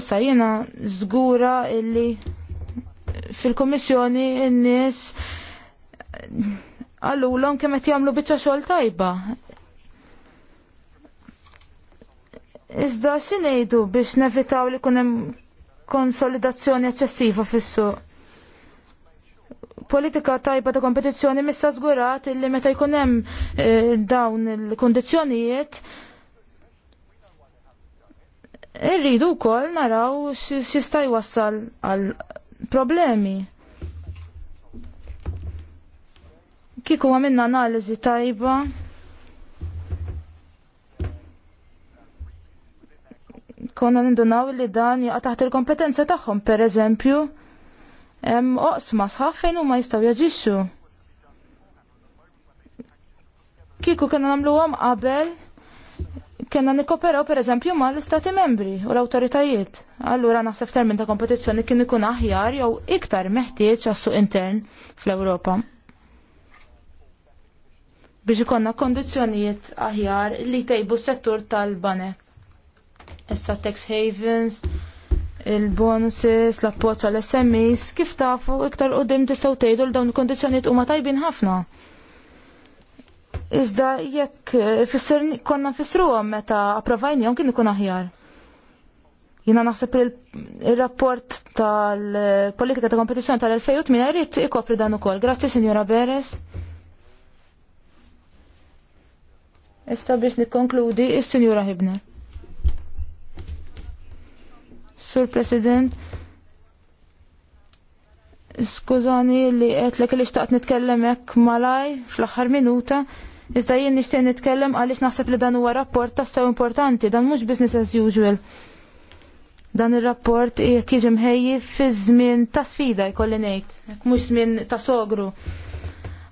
Issa jiena żgura illi fil komissjoni n-nies l kemm qed jagħmlu biċċa xogħol tajba. Iżda xinejdu biex nevitaw li kunem konsolidazzjoni eccessiva fis-suq. Politika tajba ta' kompetizzjoni missa żgurat illi meta jkun hemm e, dawn il-kundizzjonijiet irridu wkoll naraw x'jista' jwassal għal problemi. Kieku għamilna analiżi tajba konna nindunaw li dan jaqa' taħt il-kompetenza tagħhom, pereżempju, hemm oqsma sħaf fejn ma jistgħu jaġixxu. Kieku kena nagħmluhom qabel kena nikoperaw per eżempju ma l-istati membri u l-autoritajiet. Allura naħseb termin ta' kompetizzjoni kien ikun aħjar jew iktar meħtieġ għas-suq intern fl-Ewropa. Biex ikonna kondizjonijiet aħjar li tejbu settur tal-banek issa tax havens, il-bonuses, l appoċa l SMEs, kif tafu iktar dim tistaw tgħidu l dawn kondizjoniet u huma tajbin ħafna. Iżda jekk eh, konna nfissruhom meta għom kien ikun aħjar. Jina naħseb il-rapport tal-politika ta' kompetizzjoni tal-2008 jrid ikopri dan ukoll. Grazzi, Sinjora Beres. Issa biex nikkonkludi, is-Sinjura Hibner. Sur President, skużani li għet li xtaqt nitkellem hekk malaj fl-aħħar minuta, iżda jien nixtieq nitkellem għaliex naħseb li dan huwa rapport tassew importanti, dan mhux business as usual. Dan ir-rapport qiegħed jiġi mħejji fi żmien ta' sfida jkolli ngħid, mhux żmien ta' sogru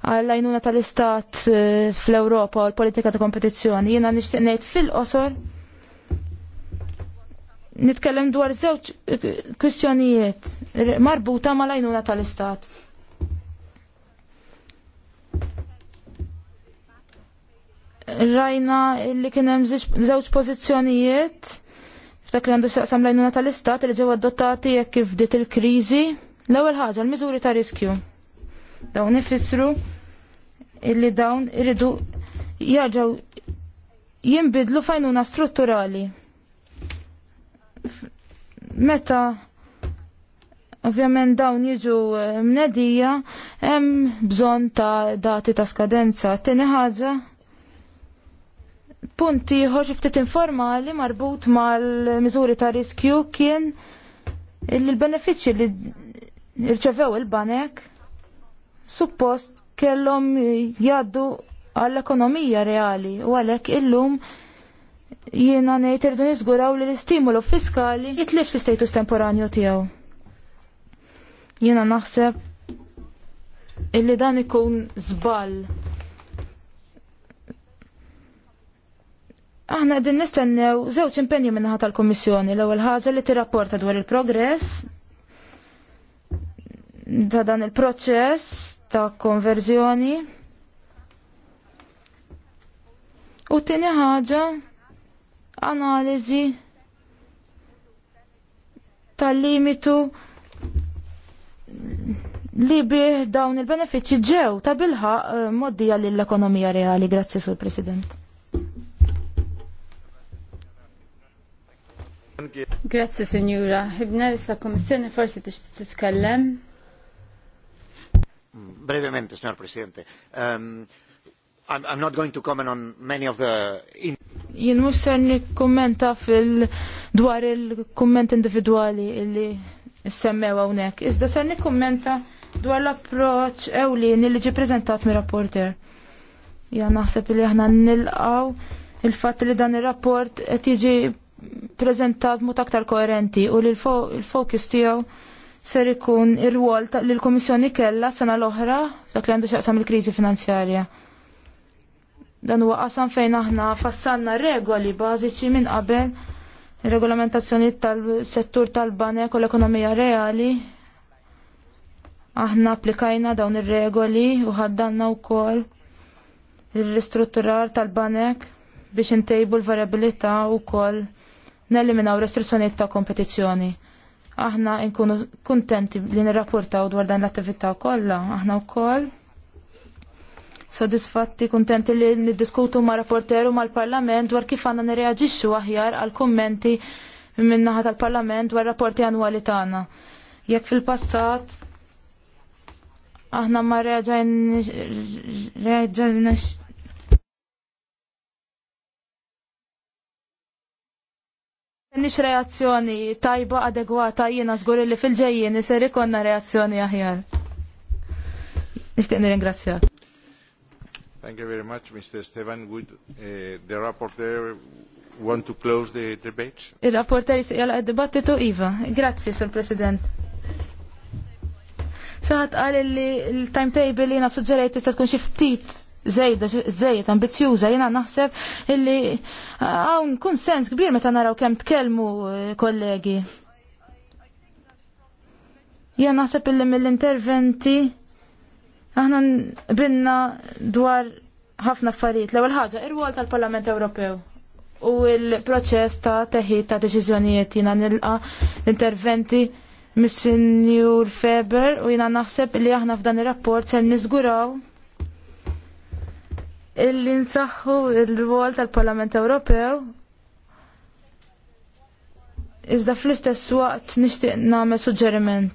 għall-għajnuna tal-istat eh, fl-Ewropa u l-politika ta' kompetizzjoni. Jiena nixtieq ngħid fil-qosor nitkellem dwar żewġ eh, kwistjonijiet marbuta mal-għajnuna tal-istat. Rajna li kien hemm żewġ pożizzjonijiet f'dak li għandu saqsam l-għajnuna tal-istat li ġew adottati jekk kif bdiet il-kriżi. L-ewwel ħaġa l-miżuri ta' riskju. Dawn ifissru illi dawn iridu jarġgħu jinbidlu fajnuna strutturali meta ovvjament dawn jiġu eh, mnedija hemm bżonn ta' dati ta' skadenza. Tieni ħaġa punt ieħor xi ftit informali marbut mal-miżuri ta' riskju kien il-benefiċċji li rċevew il-banek suppost kellhom jgħaddu għall-ekonomija reali u għalhekk illum jiena ngħid irdu niżguraw li l-istimolu fiskali jitlif l-istatus temporanju tiegħu. Jiena naħseb illi dan ikun żball. Aħna qegħdin nistennew żewġ impenji minnaħa tal-Kummissjoni l-ewwel ħaġa li tirrapporta dwar il-progress ta' dan il-proċess ta' konverżjoni. U t-tieni ħaġa analizi tal-limitu li bih dawn il benefiċi ġew ta' bilħa eh, moddija l ekonomija reali. Grazzi, Sur President. Grazzi, Signora. Ibna l-issa Kommissjoni forsi tixtieq titkellem. Brevemente, Signor Presidente. Um, I'm, I'm not going to comment on many of the jien mhux ser nikkummenta fil-dwar il-kumment individwali li semmew hawnhekk. Iżda ser nikkummenta dwar l-approċ ewlieni li ġi preżentat mir rapporter Ja naħseb li aħna nilqaw il-fatt li dan ir-rapport qed jiġi prezentat mod aktar koerenti u li l-fokus tiegħu ser ikun ir-rwol li l-Kummissjoni kellha sena l-oħra dak li għandu xaqsam il-kriżi finanzjarja. Dan huwa qasam fejn aħna fassalna regoli bażiċi minn qabel regolamentazzjoni tal-settur tal-banek u l-ekonomija reali. Aħna applikajna dawn ir-regoli u ħaddanna wkoll il-ristrutturar tal-banek biex intejbu l-variabilità u neliminaw restrizzjoniet ta' kompetizzjoni. Aħna nkunu kontenti li nirrapportaw dwar dan l-attività kollha, aħna wkoll sodisfatti, kuntenti li niddiskutu ma' rapporteru ma' l-Parlament dwar kif għanna nireagġixxu aħjar għal kummenti minnaħat tal-Parlament dwar rapporti annwali tagħna. Jekk fil-passat aħna ma reagġajn Nix reazzjoni tajba adegwata jiena żgur li fil-ġejjien iser ikonna reazzjoni aħjar. Nixtieq nirringrazzjak. Thank you very much, Mr. Stevan. Would uh, the rapporteur want to close the debate? Il-rapporteur jisqjala id-dibattitu Iva. Grazie, Sir President. Saħat għal li l-timetable li jena suġġerajt tista' tkun xi ftit żejda zejda, ambizjuża, jiena naħseb illi uh, hawn kunsens kbir meta naraw kemm tkellmu uh, kollegi. Jiena naħseb illi mill-interventi Aħna brinna dwar ħafna affarijiet. L-ewwel ħaġa, ir-rwol tal-Parlament Ewropew u l-proċess ta' teħid ta' deċiżjonijiet jiena nilqa l interventi mis-Sinjur Feber u jiena naħseb li aħna f'dan ir-rapport ser niżguraw illi nsaħħu l rwol tal-Parlament Ewropew iżda fl-istess waqt nixtieq nagħmel suġġeriment.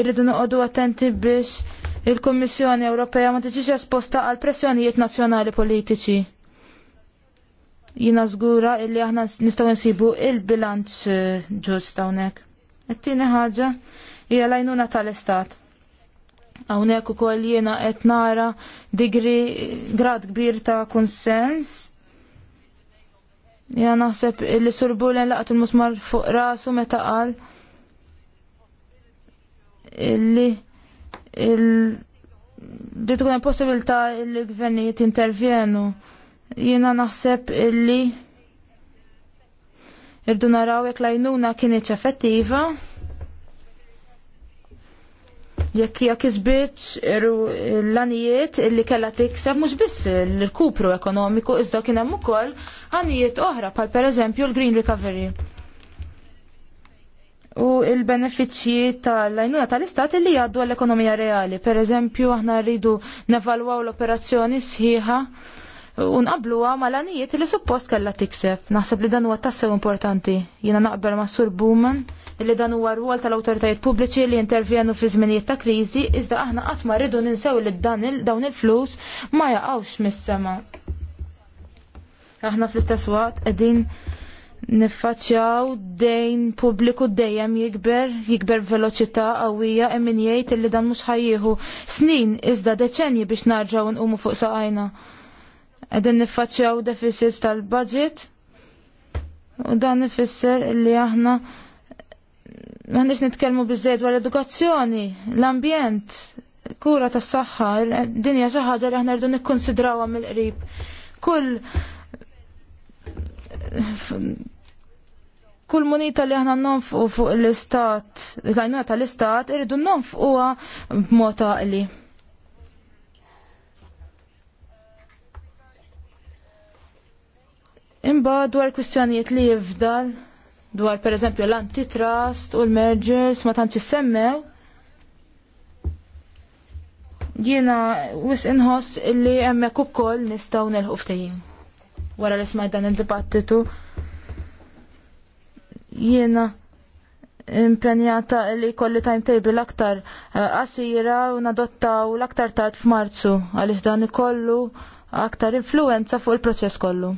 Irridu noqogħdu attenti biex il-Kummissjoni Ewropea ma tiġix esposta għal pressjonijiet nazzjonali politiċi. Jina żgura illi aħna nistgħu nsibu il-bilanċ eh, ġust hawnhekk. It-tieni ħaġa hija lajnuna tal-Istat. Hawnhekk ukoll jiena qed nara digri eh, grad kbir ta' konsens. Jena naħseb illi surbulen laqat il-musmar fuq rasu meta qal illi li tkun hemm possibilità li l-gvernijiet intervjenu. Jiena naħseb illi irdu naraw jekk lajnuna kienet effettiva jekk hija kisbitx l għanijiet illi kellha tikseb mhux biss l-kupru ekonomiku iżda kien hemm ukoll għanijiet oħra bħal pereżempju l-Green Recovery u il-benefiċċji tal-għajnuna tal-istat li jgħaddu għall-ekonomija reali. Per eżempju, aħna rridu nevalwaw l-operazzjoni sħiħa u nqabluha l għanijiet li suppost kellha tikseb. Naħseb li dan huwa tassew importanti. Jiena naqbel ma' Sur Buman li dan huwa rwol tal-awtoritajiet pubbliċi li intervjenu fi żminijiet ta' kriżi, iżda aħna qatt ma rridu ninsew li dan dawn il-flus ma jaqgħux mis-sema. Aħna fl-istess waqt qegħdin niffaċċjaw dejn pubbliku dejjem jikber, jikber veloċità qawwija hemm min jgħid illi dan mhux ħajjieħu snin iżda deċenji biex narġgħu nqumu fuq saqajna. Qegħdin niffaċċjaw deficits tal-budget u dan ifisser illi aħna m'għandniex nitkellmu biżejjed dwar edukazzjoni, l-ambjent, kura tas-saħħa, dinja xi ħaġa li aħna rridu nikkonsidrawha mill-qrib. Kull kull moneta li aħna nonfqu fuq l-istat, l-għajnuna tal-istat, irridu nonfquha b'mod għaqli. Imba dwar kwistjonijiet li jifdal, dwar per eżempju l-antitrust u l-mergers ma tantx semmew. Jiena wis inħoss li hemmhekk ukoll nistgħu nelħu ftehim. Wara li smajt dan id-dibattitu Jiena impenjata li kolli timetable aktar eh, qasira u nadottaw l-aktar tard f'Marzu għaliex dan ikollu aktar influenza fuq il-proċess kollu.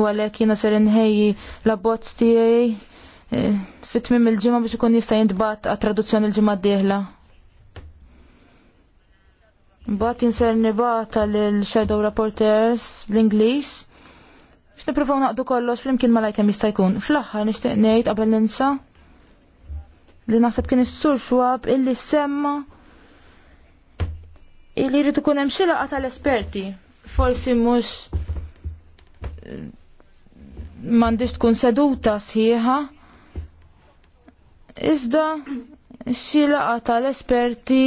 U għalhekk jiena ser inħejji l-abbozz tiegħi eh, fit-tmiem il-ġimgħa biex ikun jista' jintbagħat għat-traduzzjoni l-ġimgħa d-dieħla. Mbagħad jinser nibata l Shadow Rapporteurs l ingliż Biex niprofaw naqdu kollox flimkien ma lajkem jista' jkun. Fl-aħħar nixtieq ngħid qabel ninsa li naħseb kien is-sur xwab illi semma illi jrid ikun hemm xi laqgħa tal-esperti. Forsi mhux eh, m'għandix tkun seduta sħiħa. Iżda xi laqgħa tal-esperti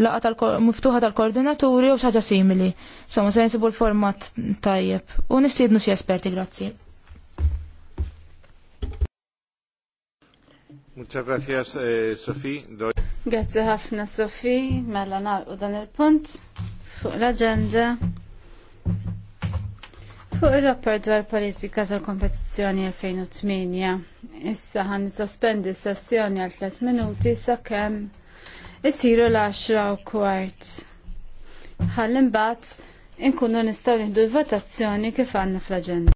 laqa tal miftuħa tal-koordinaturi u xaġa simili. Somma se nsibu l-format tajjeb. U nistiednu xi esperti, grazzi. Muchas gracias, eh, Sofi. Grazie ħafna, Sofi. Mela nalqu dan il-punt fuq l-agenda. Fuq il-rapport dwar politika tal-kompetizzjoni 2008. Issa ħan sospendi s-sessjoni għal 3 minuti sakemm isiru l-10 u kwart. Ħallim bat inkunu nistaw nieħdu l-votazzjoni kif għandna fl-aġenda.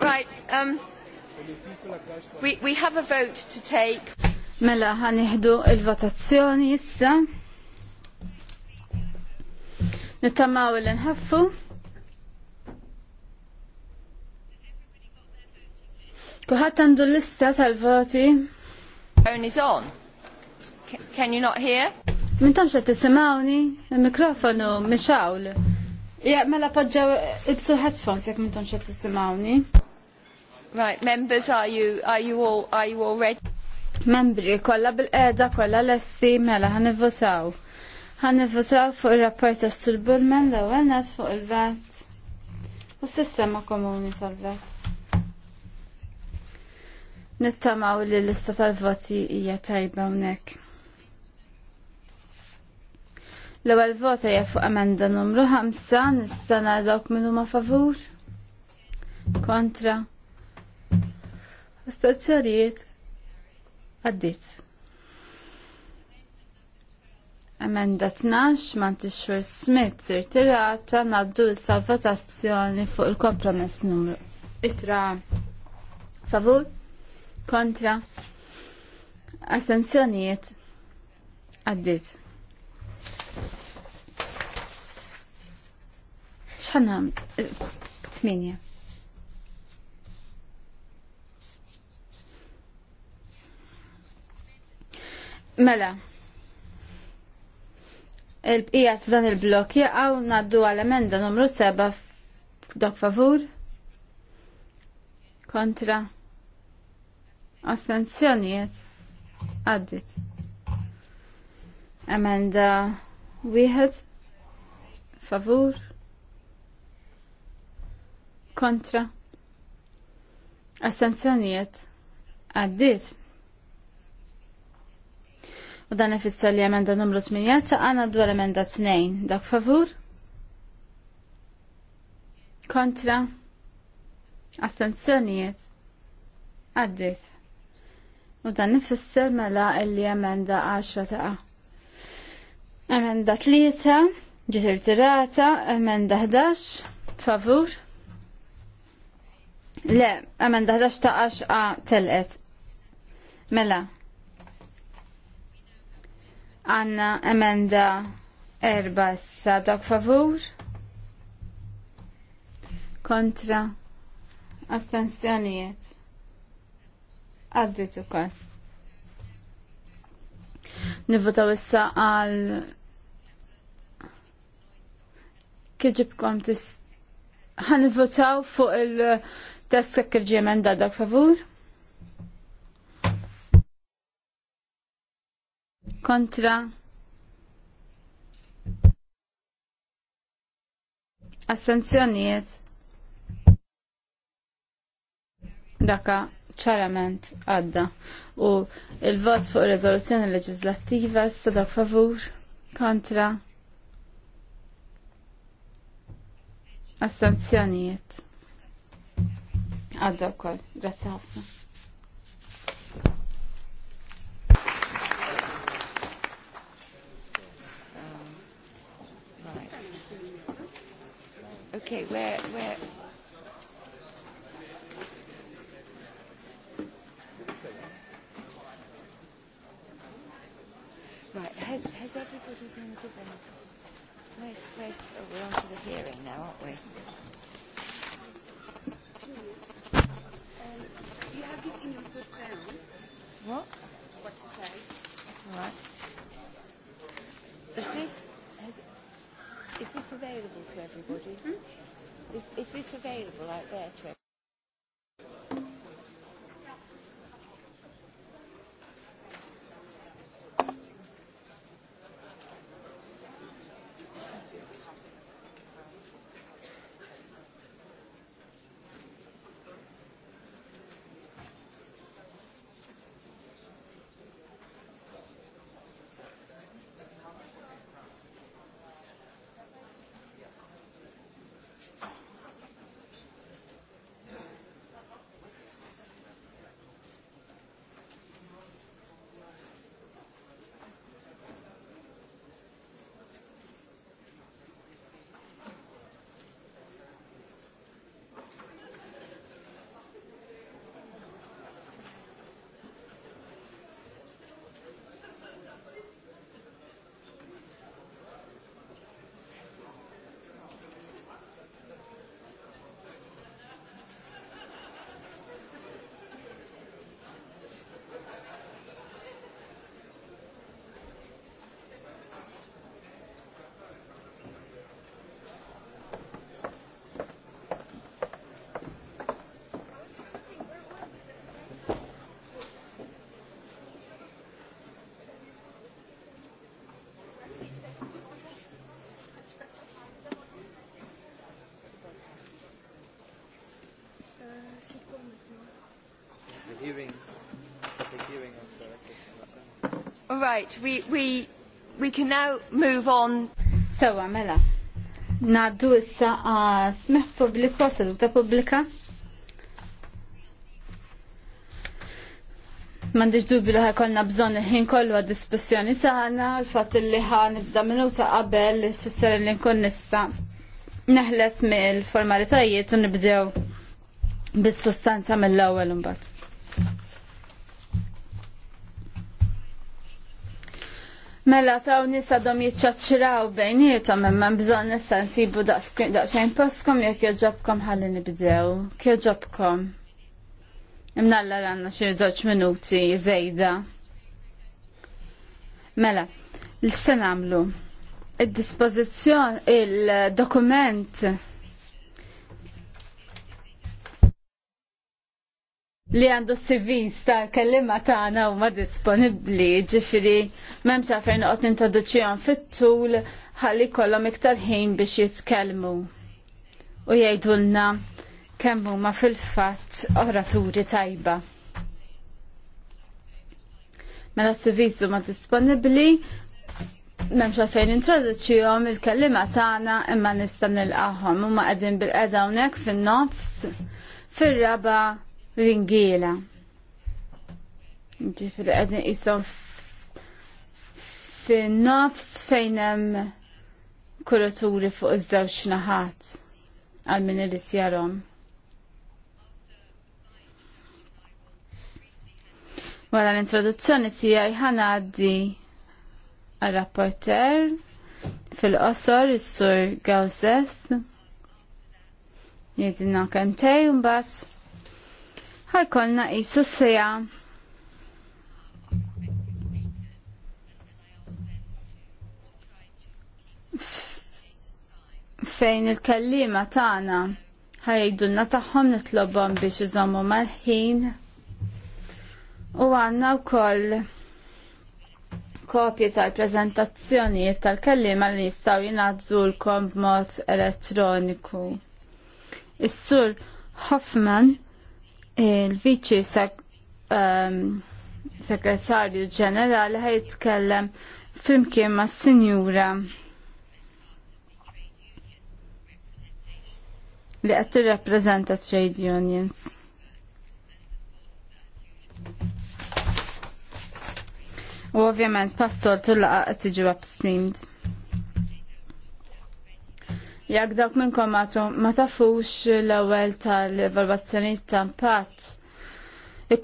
Right, um, we, we have a vote to take. Mela ħaniħdu il-votazzjoni issa. Nittamaw il-nħaffu. Kuħat għandu l-lista tal-voti. Phone is on. Can you not hear? Mintamx għat t-semawni, il-mikrofonu mixawl. Ja, mela podġaw ibsu headphones jek minton xa tisimawni. Right, members, are you, are you all, are you all ready? Membri, kolla bil-qeda, kolla l-esti, mela ħanivvotaw. Ħanivvotaw fuq il-rapport ta' Sul-Burman l-ewel fuq il-vet u s-sistema komuni tal-vet. Nittamaw li l-lista tal-voti hija tajba unek. L-ewwel vota hija fuq emenda numru 5 nista' dawk min huma favur. Kontra. Stazzjonijiet. Għaddit. Emenda 12 mant ix-xhur sir tirata ngħaddu l salvatazzjoni fuq il-kompromess numru. Itra favur kontra astenzjonijiet għaddit. ċanam, eh, tminja. Mela, il-bqija f'dan il-blok jaqaw naddu għal-emenda numru seba' dok favur kontra astenzjonijiet għaddit. Emenda wieħed favur kontra astenzjonijiet għaddit. U dan ifisser li emenda numru 8 sa għana dwar emenda 2. Dak favur? Kontra? Astenzjonijiet? Għaddit. U dan ifisser mela li emenda 10 taqa. Emenda 3 ġiet irtirata, emenda 11 favur? Le, emenda 11 ta' 10 a telqet. Mela. Għanna emenda erba' sa dak favur. Kontra. Astensjonijiet. Għaddit ukoll. Nivvotaw issa għal kieġibkom tis ħanivvotaw fuq il- Testa kif ġie emenda dak favur? Kontra? Assenzjoniet. Daka ċarament għadda u il-vot fuq rezoluzzjoni leġislattiva sta dak favur? Kontra? Assenzjoniet għadda wkoll. Grazzi ħafna. Okay, where, where? Right, has, has everybody been given? Where's, where's, oh, we're on to the hearing now, aren't we? is in your good ground. What? What to say. right. Is this, has, is this available to everybody? Hmm? Is, is this available out there to everybody? hearing, of the hearing of the All right, we, we, we can now move on. Sewa, mela. Naddu issa smeħ publiku, seduta publika. Mandiġ dubju li ħajkolna bżon ħin kollu għad diskussjoni taħna, l-fat li ħan nibda minuta qabel li fisser li nkun nista neħles mill-formalitajiet u nibdew bis-sustanza mill-ewwel imbagħad. Mela taw nisa dom jitċaċċiraw bejnietom imma bżonn nisa nsibu daqsxejn poskom, jekk joġobkom ħalli nibdew. Kjoġobkom. Imnalla għandna xi żewġ minuti żejda. Mela, l-x'se nagħmlu? Id-dispożizzjoni, il dokument li għandu CVs tal-kellima tagħna huma disponibbli, ġifieri m'hemmx għalfejn qed għan fit-tul ħalli kollhom iktar ħin biex jitkellmu. U jgħidulna kemm huma fil-fatt oraturi tajba. Mela ma' huma disponibbli, m'hemmx għalfejn introduċihom il-kellima tagħna imma nista' u huma qegħdin bil-qeda hawnhekk fin-nofs fir-raba' ringiela. Ġifri, għedni jisom fin-nofs fejn hemm kuraturi fuq iż-żewġ naħat għal min irid jarhom. Wara l-introduzzjoni tiegħi ħanaddi għal-rapporter fil-qosor is-sur Gawzes jgħidilna kentej mbagħad ħajkolna qisu sija. Fejn il-kellima tagħna ħajdunna tagħhom nitlobhom biex iżommu mal-ħin. U għanna wkoll kopji tal-prezentazzjonijiet tal-kellima li jistgħu jingħadżulkom b'mod elettroniku. Is-sur Hoffman il-viċi ehm, segretarju ġenerali ħajtkellem flimkien ma' sinjura li qed tirrappreżenta trade unions. U ovvjament passol tullaqa qed tiġi upstreamed. Jak dawk minnkom ma tafux l-ewwel tal-evalvazzjoni ta' impatt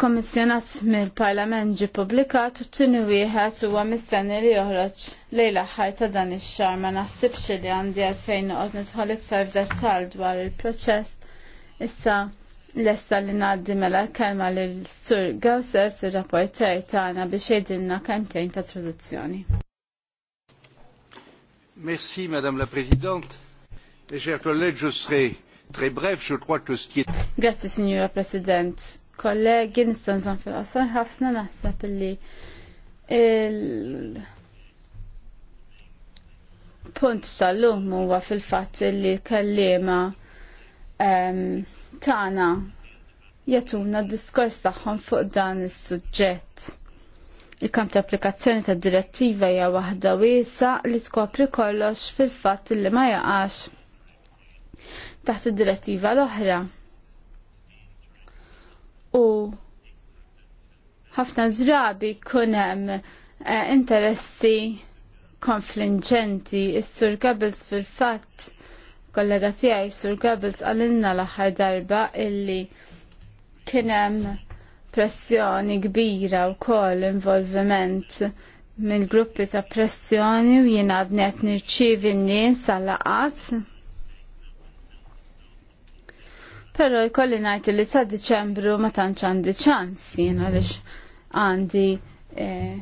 komissjonat mill-Parlament ġi publikat u t-tini wieħed huwa mistenni li joħroġ lejla aħħar ta' dan ix-xahar ma naħsibx li għandi għalfejn noqgħod nidħol iktar f'dettall dwar il-proċess issa Lesta li ngħaddi mela kelma lil sur Gawses, il-rapporter tagħna biex jgħidilna kemtejn ta' traduzzjoni. Merci, Madame la Présidente. Grazzi, Signora President. Kollegi, nistanżon fil-qasar ħafna naħseb li il- punt tal-lum huwa fil-fatt li l-kellima ehm, tagħna jatuna d-diskors tagħhom fuq dan is-suġġett. Il-kamp ta' applikazzjoni tad direttiva hija waħda wiesa li tkopri kollox fil-fatt li ma jaqax taħt id-direttiva l-oħra. U ħafna ġrabi kunem eh, interessi konfliġenti is-Sur Gabels fil-fatt kollega tiegħi Sur Gabels għalinna l-aħħar darba illi kienem pressjoni kbira u involviment mill-gruppi ta' pressjoni u jien għadnet nirċivi n-nies għal-laqat Pero jkolli najt li sa' Diċembru ma tantx għandi ċans jien għaliex għandi eh,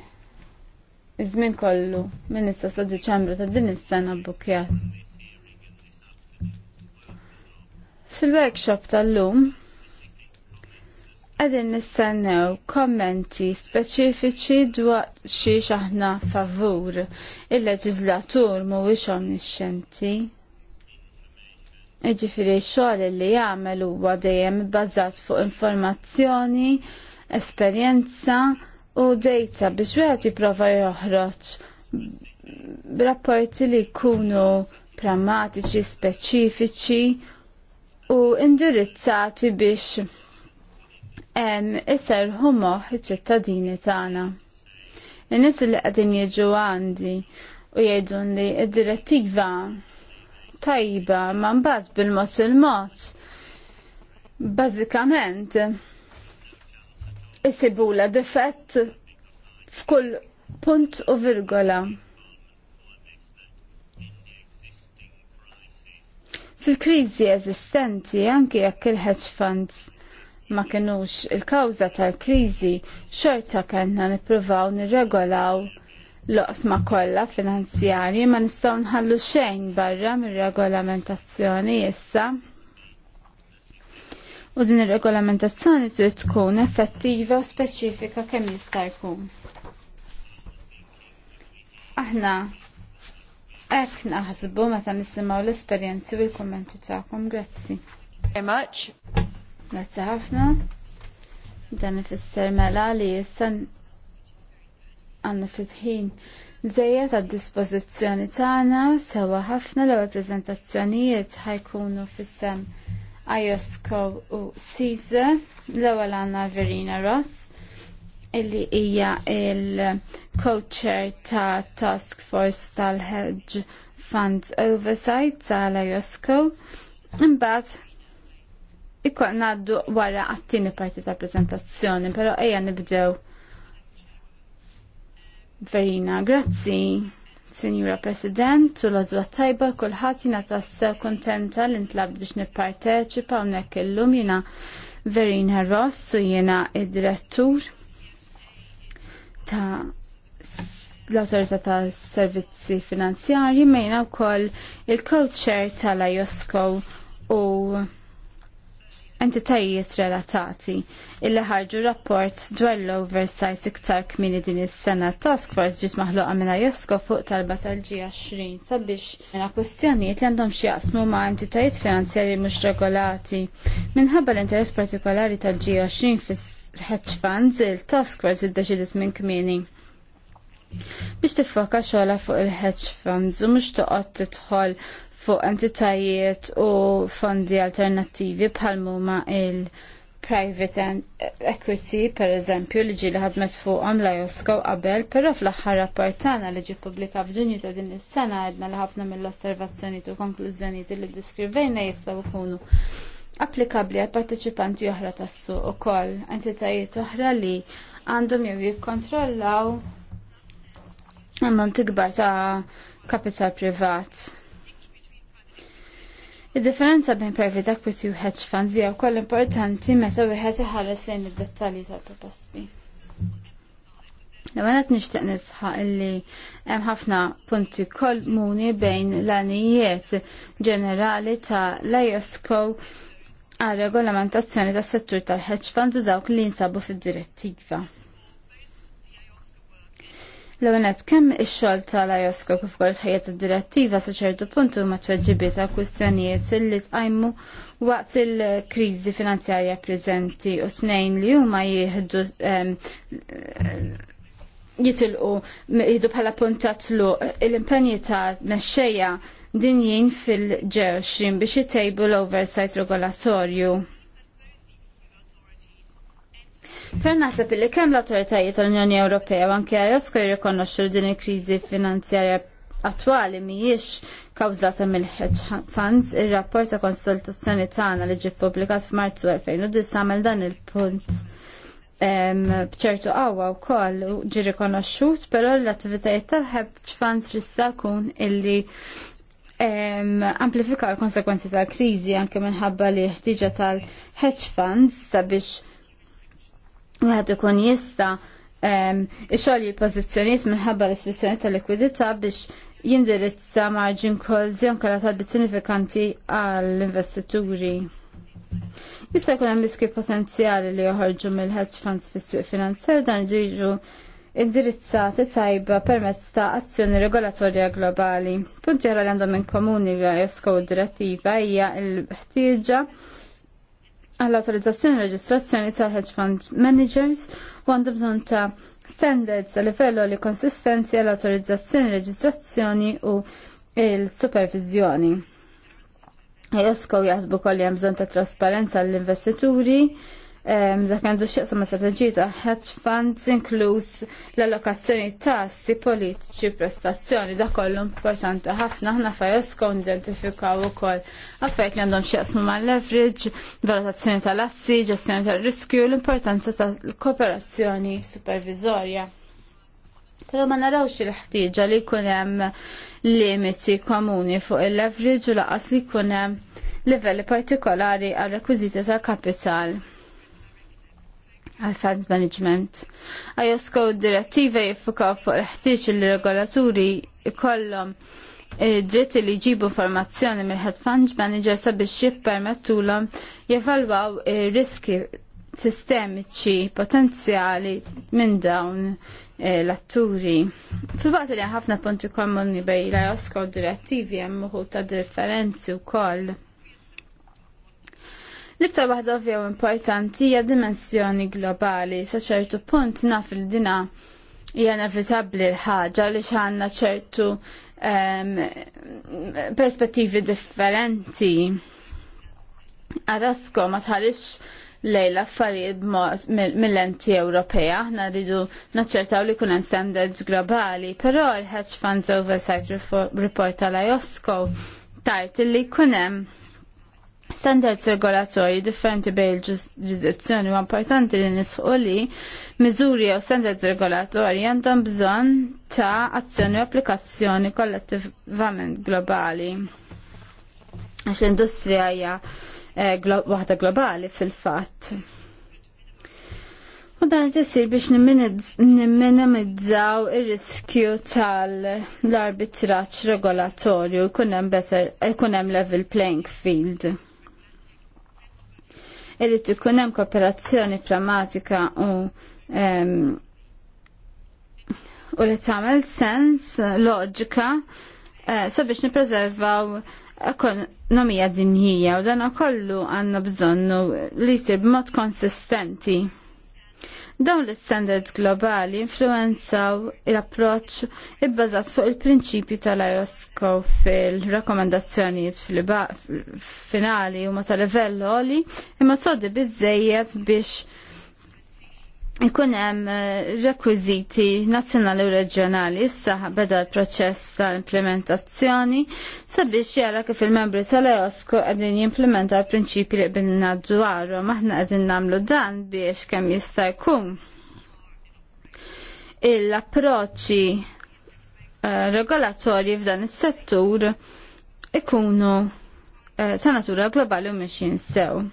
iż-żmien kollu minn issa sa' Diċembru ta' din is-sena bbukjat. Fil-workshop tal-lum qegħdin nistennew kommenti speċifiċi dwar xiex aħna favur il-leġizlatur mhuwiex omnixxenti. Iġifiri xoħal li jagħmel huwa dejjem bazzat fuq informazzjoni, esperjenza u data biex wieħed jipprova joħroġ rapporti li jkunu prammatiċi, speċifiċi u indirizzati biex em iser humoħ ċittadini tagħna. In-nies li qegħdin jiġu għandi u jgħidun li d-direttiva tajba ma mbagħad bil-mod il-mod. Bażikament isibula difett f'kull punt u virgola. Fil-kriżi eżistenti anke jekk il-hedge funds ma kinux il-kawża tal-kriżi xorta kellna nippruvaw nirregolaw l-oqsma kollha finanzjarji ma nistgħu nħallu xejn barra mir-regolamentazzjoni issa. U din ir-regolamentazzjoni trid tkun effettiva u speċifika kemm jista' jkun. Aħna hekk naħsbu meta nisimgħu l-esperjenzi u l-kummenti tagħkom. Grazzi. Very much. Grazzi ħafna. Dan ifisser mela li issa għanna fitħin Zejja ta' dispożizzjoni tagħna sewa ħafna l prezentazzjonijiet ħajkunu fissem Ajosko u Size l-ewwel għandna Verina Ross illi hija il-co-chair ta' Task Force tal-Hedge Funds Oversight tal-Ajosko imbagħad ikwa naddu wara għattini parti ta' prezentazzjoni, pero eja nibdew Verina, grazzi. Signora President, u l-għadwa tajba kullħat jina tassew kontenta li intlab biex nipparteċipa unnek illum jina Verina Ross u jina id-direttur ta' l autorita ta' servizzi finanzjarji mejna u koll il-co-chair tal-IOSCO u entitajiet relatati illi ħarġu rapport dwar l-oversight iktar kmini din is-sena task force ġiet maħluqa minna jasko fuq talba tal-G20 sabiex minna kwestjonijiet li għandhom xjaqsmu ma' entitajiet finanzjarji mhux regolati minħabba l-interess partikolari tal-G20 fis-hedge funds il-task force iddeċidiet minn kmini biex tiffoka xogħla fuq il-hedge funds u mhux toqgħod tidħol fuq entitajiet u fondi alternattivi bħal huma il-private equity per eżempju li ġieli ħadmet fuqhom la joskow qabel, però fl-aħħar rapport tagħna li ġi pubblika f'Ġunju ta' din is-sena għedna li ħafna mill-osservazzjonijiet u konklużjonijiet li diskrivejna jistgħu jkunu applikabli għal partiċipanti oħra tas-suq ukoll entitajiet oħra li għandhom jew jikkontrollaw ammonti kbar ta' kapital privat il differenza bejn private equity u hedge funds hija wkoll importanti meta wieħed iħares lejn id-dettalji tal-proposti. Lewa qed nixtieq nisħaq illi hemm ħafna punti komuni bejn l-anijiet ġenerali ta' l isco għal regolamentazzjoni tas settur tal-hedge funds u dawk li jinsabu fid-direttiva. L-għonet, kemm ix xogħol tal-ajosko kif kol ħajja direttiva sa ċertu punt huma tweġġibiet għal kwistjonijiet li tqajmu waqt il-kriżi finanzjarja preżenti u tnejn li huma jieħdu ehm, jitilqu jieħdu bħala puntat lu l-impenji ta' mexxejja dinjin fil-ġewxin biex jitejbu l-oversight regolatorju Per naħseb li kemm l-autoritajiet tal-Unjoni Ewropea anke jaskar jirrikonoxxu din il-kriżi finanzjarja attwali mhijiex kawżata mill-hedge funds, ir-rapport ta' konsultazzjoni tagħna li ġie ppubblikat f'Marzu 2009 għamel dan il-punt bċertu qawwa wkoll ġi rikonoxxut, però l-attivitajiet tal-hedge funds issa jkun illi amplifika l-konsekwenzi tal kriżi anke minħabba li ħtiġa tal-hedge funds sabiex Wieħed ikun jista' ixogħol il-pożizzjonijiet minħabba restrizzjonijiet ta' likwidità biex jindirizza margin calls jew kalla talbit sinifikanti għall-investituri. Jista' jkun hemm riski potenzjali li joħorġu mill-hedge funds fis-suq finanzjar dan jiġu indirizzati tajba permezz ta' azzjoni regolatorja globali. Punti oħra li għandhom in komuni li jeskow direttiva hija l-ħtieġa għall-autorizzazzjoni reġistrazzjoni ta' hedge fund managers u għandu bżon ta' standards a livello li konsistenzi għall-autorizzazzjoni reġistrazzjoni u il-supervizjoni. E, Josko jasbu kolli għamżon ta' trasparenza għall-investituri dak għandu xieqsa ma' strategji hedge funds inkluż l-allokazzjoni tassi politiċi prestazzjoni dak kollu importanti ħafna ħna fajosko identifikaw ukoll affarijiet li għandhom xieqsmu mal leverage, valutazzjoni tal-assi, ġestjoni tal-riskju, l-importanza tal-kooperazzjoni supervizorja. Pero ma narawx il-ħtieġa li jkun hemm limiti komuni fuq il-leverage u laqas li jkun hemm livelli partikolari għal rekwiżiti ta' kapital għal fund management. Għajosko direttiva jiffuka fuq l ħtieċ li regolaturi kollom eh, dritt li jġibu informazzjoni mill head fund manager sabiex jippermettulhom jevalwaw eh, riski sistemiċi potenzjali minn dawn eh, l-atturi. Fil-waqt li ħafna punti komuni bej l-IOSCO direttivi hemm ta' differenzi wkoll l waħda ovvja importanti hija dimensjoni globali sa ċertu punt naf il dina hija inevitabbli l-ħaġa li xanna ċertu perspettivi differenti. Arasko ma tħalix lej l-affarijiet mill-enti Ewropea, aħna rridu naċċertaw li kunem standards globali, però l-Hedge Funds Oversight Report tal-IOSCO tajt li kunem Standards regolatorji differenti bej il-ġurisdizzjoni u importanti li nisħu li miżuri u standards regolatorji għandhom bżonn ta' azzjoni u applikazzjoni kollettivament globali. Għax l-industrija hija eh, glo waħda globali fil-fatt. U dan tisir biex nimminimizzaw ir-riskju tal-arbitraċ regolatorju jkun hemm level playing field irrid ikun hemm kooperazzjoni pragmatika u u li tagħmel sens loġika eh, sabiex nippreservaw ekonomija dinjija u dan kollu għandna bżonnu li jsir b'mod konsistenti. Dawn l-standards globali influenzaw l-approċ ibbażat fuq il-prinċipju tal-IOSCO fil-rakomendazzjonijiet fil-finali u ma tal-livell għoli, imma soddi bizzejiet biex ikun hemm eh, rekwiżiti nazzjonali u reġjonali issa beda l-proċess tal-implementazzjoni sabiex jara kif il-membri tal-EOSCO qegħdin jimplementa l-prinċipji li qbilna dwaru aħna qegħdin nagħmlu dan biex kemm jista' jkun l-approċċi eh, regolatorji f'dan is-settur ikunu eh, ta' natura globali u mhux jinsew.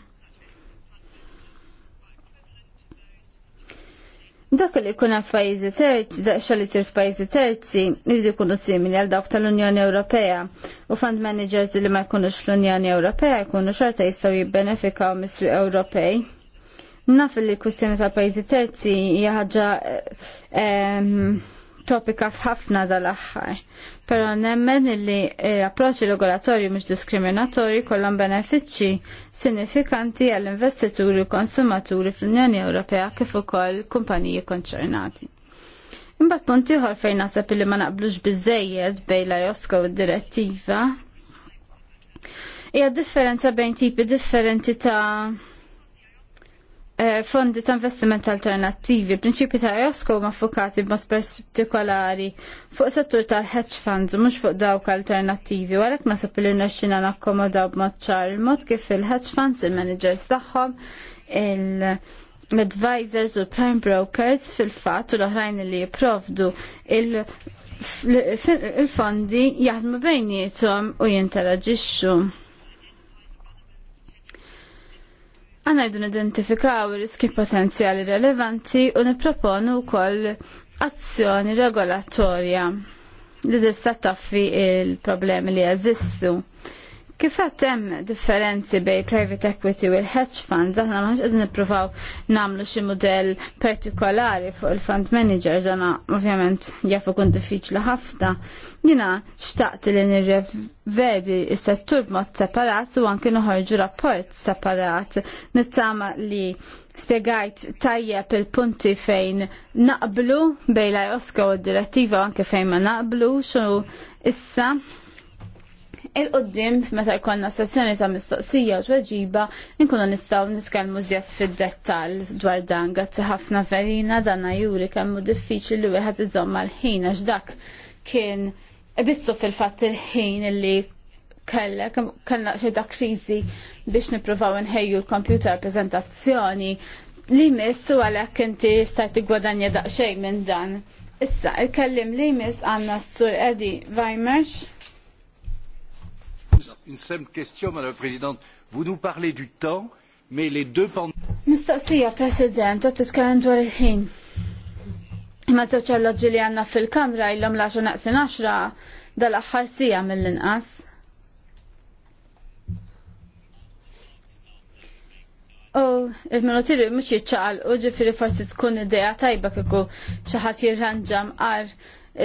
Dak li jkun hemm f'pajjiżi terzi, dak li jsir f'pajjiżi terzi, jridu jkunu simili għal dawk tal-Unjoni Ewropea u fund managers li ma jkunux fl-Unjoni Ewropea jkunu xorta jistgħu jibbenefikaw missu Ewropej. Naf li l-kwistjoni ta' pajjiżi terzi hija eh, topika f'ħafna dal-aħħar pero nemmen li eh, approċċi regolatorju mhux diskriminatorji kollhom benefiċċji sinifikanti għall-investituri u konsumaturi fl-Unjoni Ewropea kif ukoll kumpaniji konċernati. Imbagħad punt ieħor fejn naħseb li ma naqblux biżejjed bejn la josko u d-direttiva hija differenza bejn tipi differenti ta' Eh, fondi ta' investiment alternattivi, prinċipi ta' Jasko ma' fukati b'mod partikolari fuq settur tal-hedge funds u mux fuq dawk alternattivi, għalek ma' sepp li rnexxina nakkomodaw b'mod ċar il-mod kif il-hedge funds, il-managers tagħhom, il-advisors u prime brokers fil-fat u l-oħrajn li jiprovdu il-fondi jaħdmu bejnietom u jinteraġixxu. Għana id identifikaw riski potenzjali relevanti u n-proponu wkoll azzjoni regolatorja li tista' taffi il-problemi li jeżistu. Kifat hemm differenzi bej private equity u l-hedge funds, aħna ma għedin nippruvaw nagħmlu xi mudell partikolari fuq il-fund manager, dana ovvjament jafu kun diffiċli ħafna. Jina xtaqt li nirrevedi s-settur b'mod separat u anke noħorġu rapport separat. Nittama li spiegajt tajjeb il-punti fejn naqblu bej la joska u d-direttiva anke fejn ma naqblu xo issa il-qoddim meta jkollna sessjoni ta' mistoqsija u tweġiba nkunu nistgħu nitkellmu żjed fid-dettall dwar dan grazzi ħafna verina dan juri kemm hu diffiċli li wieħed iżomm mal-ħin għax dak kien bistu fil-fatt il-ħin li kella kellna xi ta' kriżi biex nippruvaw nħejju l-kompjuter preżentazzjoni li miss u għalhekk inti stajt tiggwadanja daqsxejn minn dan. Issa, il-kellim li jmiss għanna s-sur Edi Weimerx Une Vous du temps, Mistaqsija, President, għat t dwar il-ħin. Imma żewġ alloggi li għandna fil-kamra illum l-10 naqsin 10 dal-aħħar sija mill-inqas. U il-minotiru mhux jitxal u ġifiri forsi tkun idea tajba kieku xi ħadd jirranġam għar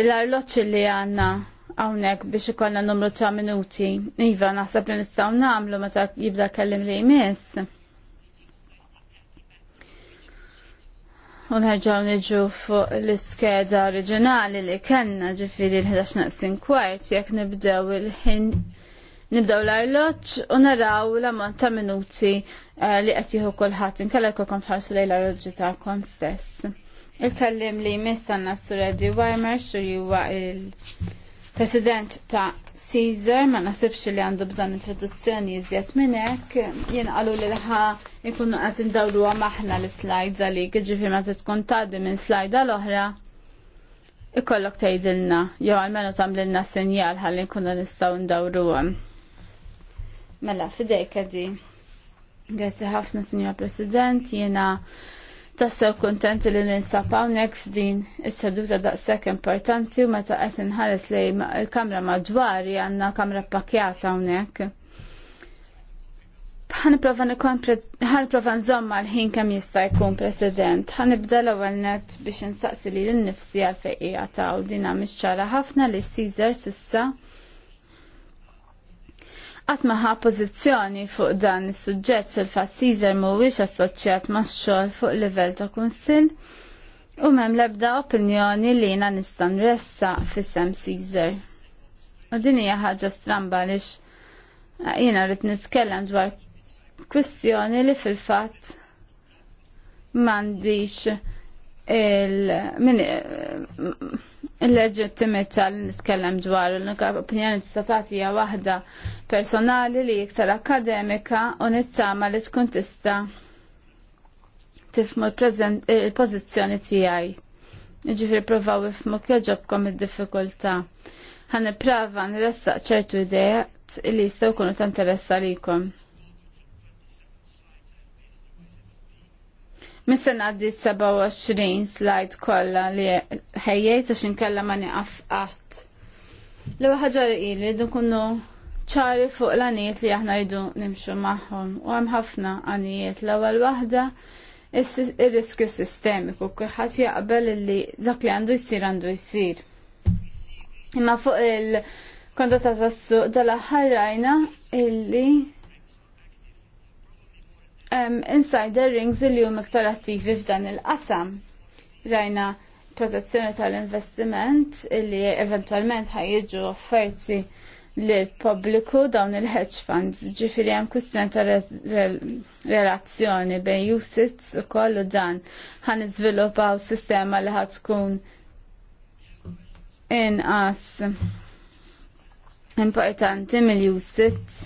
l-arloġġ li għandna għawnek biex ikonna numru ta' minuti. Iva, naħseb li nistaw namlu meta jibda kellim li jmiss. Unħarġaw nġu fuq l-iskeda oriġinali li kellna, ġifiri l-11 naqsin kwart, jek nibdew il-ħin nibdew l-arloċ u naraw l-ammont ta' minuti eh, li qed jieħu kulħadd inkella jkollkom tħarsu lejn l-arloġġi tagħkom stess. Il-kellim li jmiss għandna Suredi Weimer xur huwa il- president ta' Caesar, ma nasibx li għandu bżon introduzzjoni jizjat minnek, jien għallu li l-ħa jikunu għat indawru maħna l-slides għalik, ġifir ma tkun taddi minn slajda l-oħra, ikollok tajdilna, jew għalmenu tamlilna sinjal għalli nkunu nistaw ndawru għam. Mela, fidejk għadi. Grazie ħafna, Signor President, jena Tassew kontent li ninsab hawnhekk f'din is-seduta daqshekk importanti u meta qed inħares li l-kamra madwari għandna kamra pakjas hawnhekk. Ħanipprova nikon ħanipprova l-ħin kemm jista' jkun President. Ħanibda l-ewwel net biex insaqsi li l-nifsi għal fejqija ta' u dina mhix ċara ħafna li Caesar sissa ħa' pozizjoni fuq dan is suġġett fil-fat Caesar mhuwiex assoċjat ma' xogħol fuq livell ta' kunsil u mem l-ebda opinjoni li jiena nista' nressa fis-sem Caesar. U din hija ħaġa stramba lix eh, jiena rrid nitkellem dwar kwistjoni li fil-fatt m'għandix il leġittimit li nitkellem dwar l-opinjoni t-statati hija waħda personali li iktar akademika u nittama li tkun tista tifmu il-pozizjoni tiegħi. Ġifri provaw ifmu kjoġobkom id-diffikultà. Ħan prava nressaq ċertu idejat li jistaw jkunu t interessa likom. Mistenna għaddi 27 slide kolla li ħejjejt għax nkella ma nieqaf qatt. L-ewwel ħaġa li rridu ċari fuq l-għanijiet li aħna rridu nimxu magħhom u hemm ħafna għanijiet l-ewwel waħda ir-riskju sistemiku kulħadd jaqbel li dak li għandu jsir għandu jsir. Imma fuq il-kondotta tassu dal ħarrajna illi Um, insider rings li hum iktar attivi f'dan il-qasam. Rajna protezzjoni tal-investiment li eventualment ħajġu offerti l-pubbliku dawn il-hedge funds. Ġifiri hemm kustjoni ta' relazzjoni bejn usits u kollu dan ħan iżviluppaw sistema li ħad tkun inqas importanti mill-usits.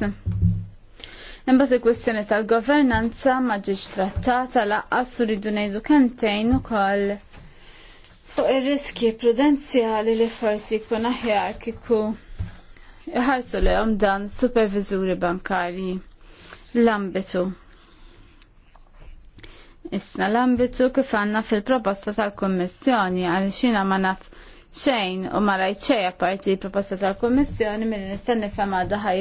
Imbagħad il-kwistjoni tal-governanza ma ġiġ trattata laqqas u rridu ngħidu kemmtejn ukoll fuq ir-riski prudenzjali li forsi jkun aħjar kieku iħarsu lehom dan superviżuri bankarji l-ambitu. Issa l-ambitu kif għanna fil-proposta tal-Kommissjoni għal xina ma naf xejn u ma rajt xejn apparti proposta tal-Kummissjoni milli nista' nifhem għadha ħaj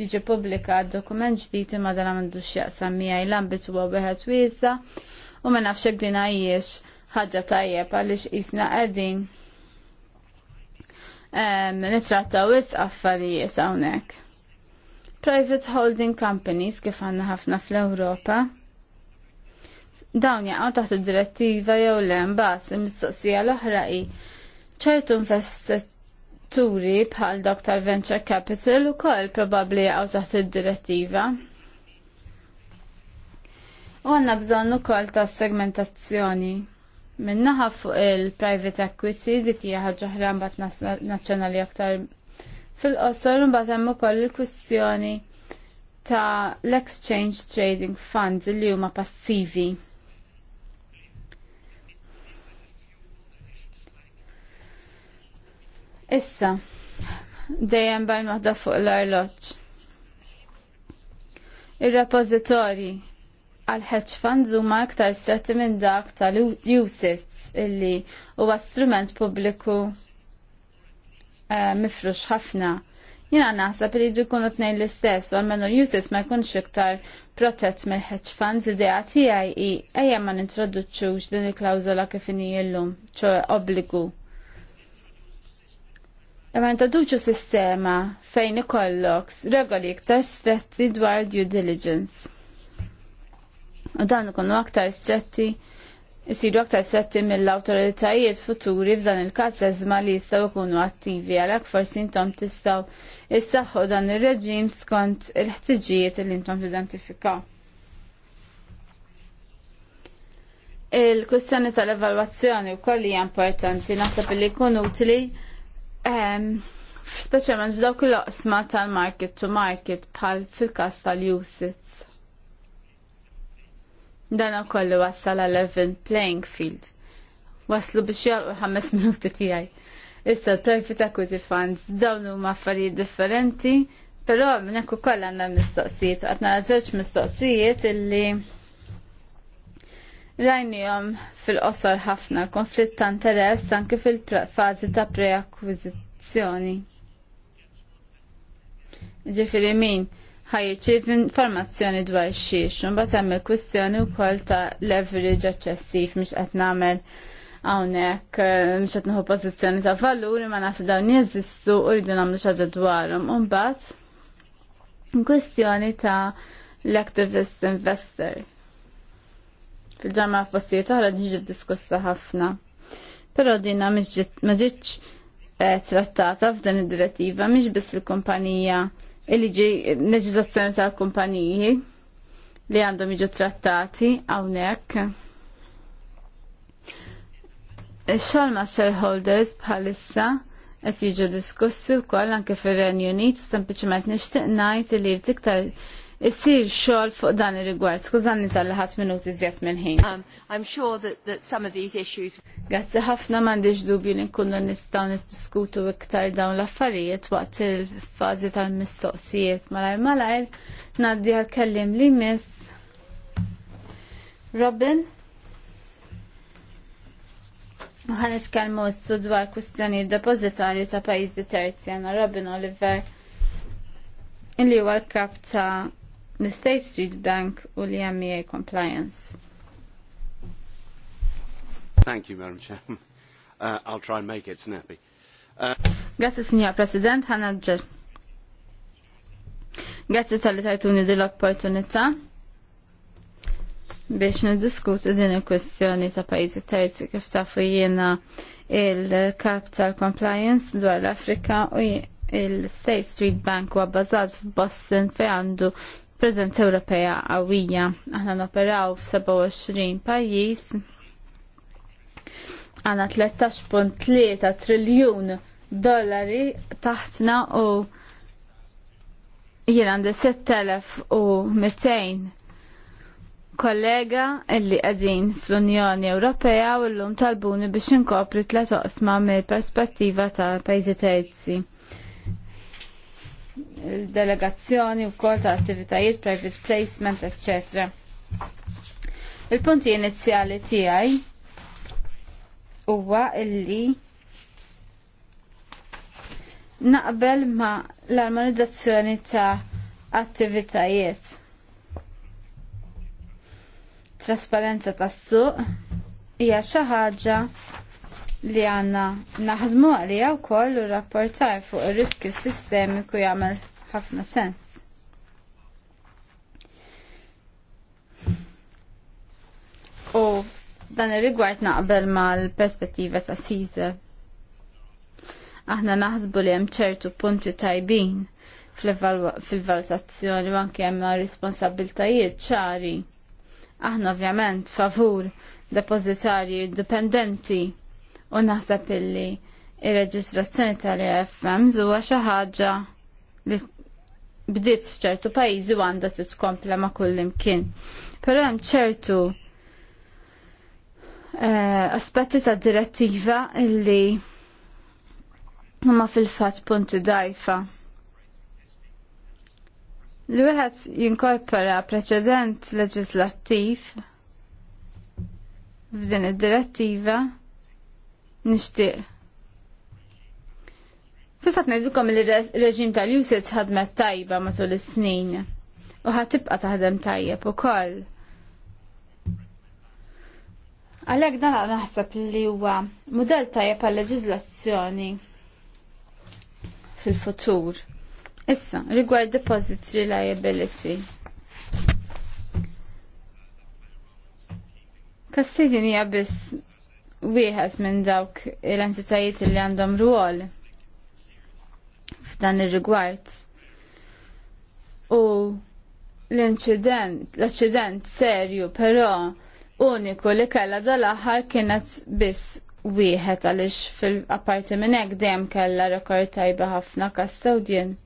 jiġi pubblika dokument ġdid imma dan m'għandu x'jaqsam miegħi l-ambit huwa wieħed wiesa u ma nafx hekk din ħagġa ħaġa tajjeb għaliex qisna qegħdin nitrattaw wisq affarijiet hawnhekk. Private holding companies kif għandna ħafna fl-Ewropa dawn jaqgħu taħt id-direttiva jew le mbagħad il-mistoqsija l-oħra hi ċertu investituri bħal dok tal-venture capital u koll probabli għaw taħt id-direttiva. U għanna bżonnu koll ta' segmentazzjoni. Minnaħa fuq il-private equity dik hija ħaġa oħra mbagħad nazzjonali aktar fil-qosor mbagħad hemm ukoll il-kwistjoni ta' l-exchange trading funds li huma passivi. Issa, dejjem bajn waħda fuq l-arloġġ. Ir-repożitorji għal hedge funds huma aktar stretti minn dak tal-USITS illi huwa strument pubbliku eh, mifrux ħafna. Jina naħseb li jdu jkunu tnejn l-istess, u għalmenu l-USITS ma jkunx iktar protett mill hedge funds l-idea tiegħi hi ejja ma nintroduċċux din il klawzola kif inhi llum, obligu. Imma introduċu sistema fejn ikollok regoli iktar stretti dwar due diligence. U dan ikunu aktar stretti jisiru aktar stretti mill-autoritajiet futuri f'dan il-każ eżma li jistgħu jkunu attivi għalhekk forsi intom tistaw issaħħu dan ir-reġim skont il-ħtiġijiet li intom tidentifikaw. Il-kwistjoni tal-evalwazzjoni u hija importanti naħseb li jkun utli Speċjalment f'dawk il-oqsma tal-market to market bħal fil-kas tal-usits. Dan kollu wassal għal level playing field. Waslu biex jalqu ħames minuti tiegħi. Issa l-private equity funds dawn huma affarijiet differenti, però minn hekk ukoll għandna mistoqsijiet, qed nara żewġ mistoqsijiet illi rajnijom fil-qosor ħafna konflitt ta' interess anke fil-fazi ta' preakkwizizzjoni. Ġifiri min ħajirċiv informazzjoni dwar xiex, un bat għamil kwistjoni u kol ta' leverage eccessiv, mux qed namel għawnek, mux qed nħu pozizjoni ta' valuri ma' naf dawn jeżistu u rridu namlu xaġa dwarhom. Un bat kwistjoni ta' l-activist investor fil-ġamma f'postijiet oħra ġiġi diskussa ħafna. Però dina ma ġietx eh, trattata f'dan id-direttiva mhix biss il-kumpanija il-ġi leġiżlazzjoni tal-kumpaniji li għandhom jiġu trattati hawnhekk. Xol xogħol ma' shareholders bħalissa qed jiġu diskussi wkoll anke fir-Renju Unit sempliċement nixtieq ngħid li tiktar iktar Issir xogħol fuq dan ir-rigward. Skużani tal ħadd minuti żjed minn ħin. Um, I'm sure that, that some of these issues Grazzi ħafna m'għandix dubju li nkunu nistgħu niddiskutu iktar dawn l-affarijiet waqt il-fażi tal-mistoqsijiet malajr malajr ngħaddi għal-kellim li miss Robin. Għan iskalmu s dwar kustjoni depozitarju ta' pajizi terzi għana Robin Oliver illi huwa l-kap ta' The state Street Bank u l MEA Compliance. Thank you, Madam Chair. Uh, I'll try and make it snappy. Uh... Grazie, Signor President, Hanadjer. Grazie tal-li tajtuni din l-opportunità biex nidiskutu din il-kwestjoni ta' pajjiżi terzi kif tafu jiena il capital compliance dwar l-Afrika u il-State Street Bank u għabbażat f'Boston fej għandu preżenza Ewropea qawwija. Aħna noperaw f'27 pajjiż. Għana 13.3 triljun dollari taħtna u jien għandi 6200 kollega illi għadin fl-Unjoni Ewropea u l-lum talbuni biex inkopri tlet oqsma mill perspettiva tal-pajzi terzi il-delegazzjoni u kol ta' attivitajiet, private placement, etc. Il-punti inizjali tijaj huwa illi naqbel ma' l-armonizzazzjoni ta' attivitajiet. Trasparenza tas-suq hija xi ħaġa li għanna naħdmu għalija u koll u rapportar fuq il-riskju sistemiku jgħamil ħafna sens. U dan ir-rigward naqbel mal-perspettiva ta' Caesar. Aħna naħsbu li hemm ċertu punti tajbin fil-valutazzjoni u anke hemm responsabiltajiet ċari. Aħna ovvjament favur depozitarji dipendenti u naħseb illi ir-reġistrazzjoni tal-EFMs huwa xi ħaġa li bdiet f'ċertu pajjiżi u għandha titkompla ma' kull imkien. Però hemm ċertu eh, aspetti ta' direttiva illi huma fil-fatt punti dajfa. Li wieħed jinkorpora preċedent leġislattiv f'din id-direttiva nixtieq. Fifat ngħidilkom li reġim tal-usage ħadmet tajba matul is-snin u ħad tibqa' taħdem tajjeb ukoll. Għalhekk dan naħseb li huwa mudell tajjeb għal leġiżlazzjoni fil-futur. Issa, rigward depository liability. Kastidin hija biss wieħed minn dawk l-entitajiet li għandhom ruol f'dan ir-rigward. U l-inċident, l-accident serju, però uniku li kellha dal-aħħar kienet biss wieħed għaliex fil-apparti minn hekk dejjem kellha rekord tajba ħafna kastudjent.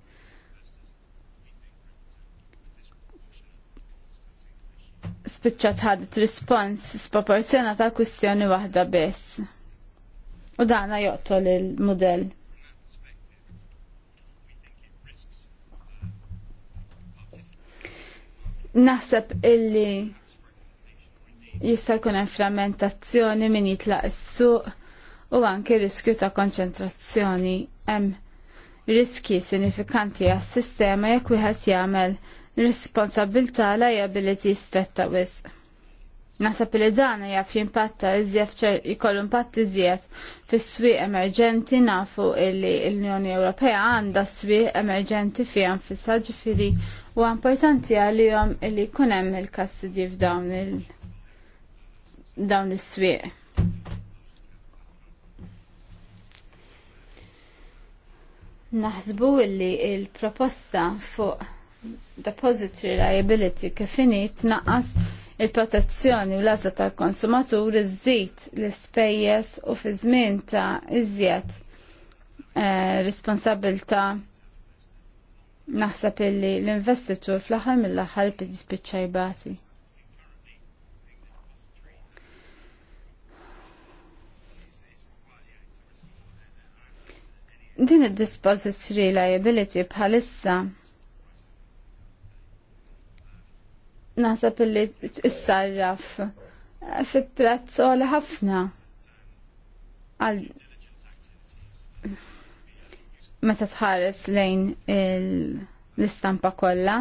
spiċċat ħadet rispons sproporzjonata għal kwistjoni waħda biss. U dana joqtol il-modell. Naħseb illi jista' jkun hemm frammentazzjoni min jitlaq is-suq u anke riskju ta' konċentrazzjoni hemm riski sinifikanti għas-sistema jekk wieħed jagħmel responsabilta liability stretta wisq. Naħseb li dan jimpatta f'impatta iżjed jkollu impatt iżjed fis-swieq emerġenti nafu li l-Unjoni Ewropea għandha swieq emerġenti fiha nfisha ġifieri huwa importanti għalihom li jkun hemm il-kastidi f'dawn il dawn is-swieq. Naħsbu li l proposta fuq depository liability kif tnaqqas il-protezzjoni u l għażla tal-konsumatur iżżid l-ispejjeż u fi żmien ta' iżjed eh, responsabilta naħseb illi l-investitur fl-aħħar mill-aħħar bispiċċa jbati. Din id-dispository liability bħalissa naħseb illi issarraf fi prezz għal ħafna. Għal meta tħares lejn l-istampa kollha.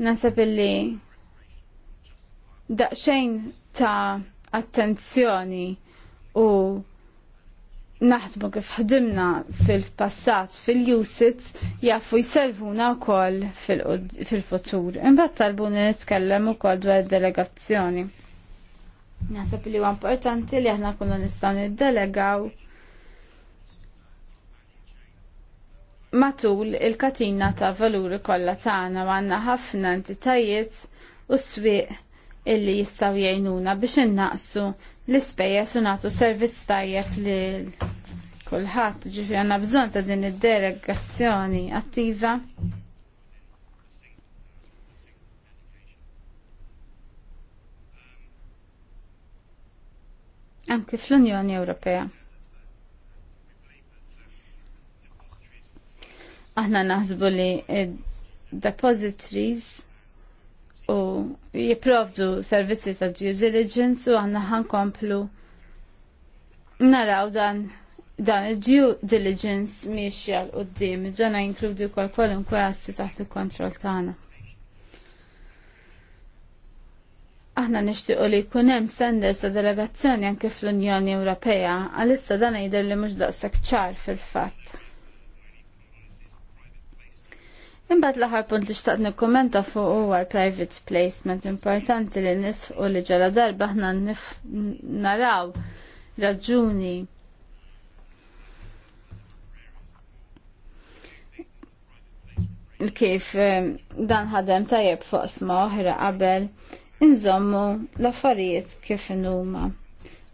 Nasab illi daqsxejn ta' attenzjoni u naħdmu kif ħdimna fil-passat fil-usits jafu jservuna wkoll fil-futur. Imbagħad talbuni nitkellem ukoll dwar id-delegazzjoni. Nasab li huwa importanti li aħna nistaw nistgħu niddelegaw matul il-katina ta' valuri kollha tagħna għandna ħafna entitajiet u swieq illi jistgħu jgħinuna biex innaqsu l-ispejjeż u nagħtu servizz tajjeb li kulħadd ġifri għanna bżonn ta' din id-delegazzjoni attiva. Anki fl-Unjoni Ewropea. Aħna naħsbu li depositories u jiprovdu servizzi ta' due diligence u għanna komplu naraw dan dan il-due diligence u d-dim, dan inkludi kol kolunkwe għazzi taħt il-kontrol tagħna. Aħna nixtiequ li jkun hemm standards ta' delegazzjoni anke fl-Unjoni Ewropea, għalissa dan jidher li mhux daqshekk ċar fil-fatt. Imbagħad l-aħħar punt li xtaqt nikkumenta fuq huwa l-private placement importanti li nisfqu li ġara darba aħna naraw raġuni kif eh, dan ħadem tajjeb fuq sma oħra qabel inżommu l-affarijiet kif inhuma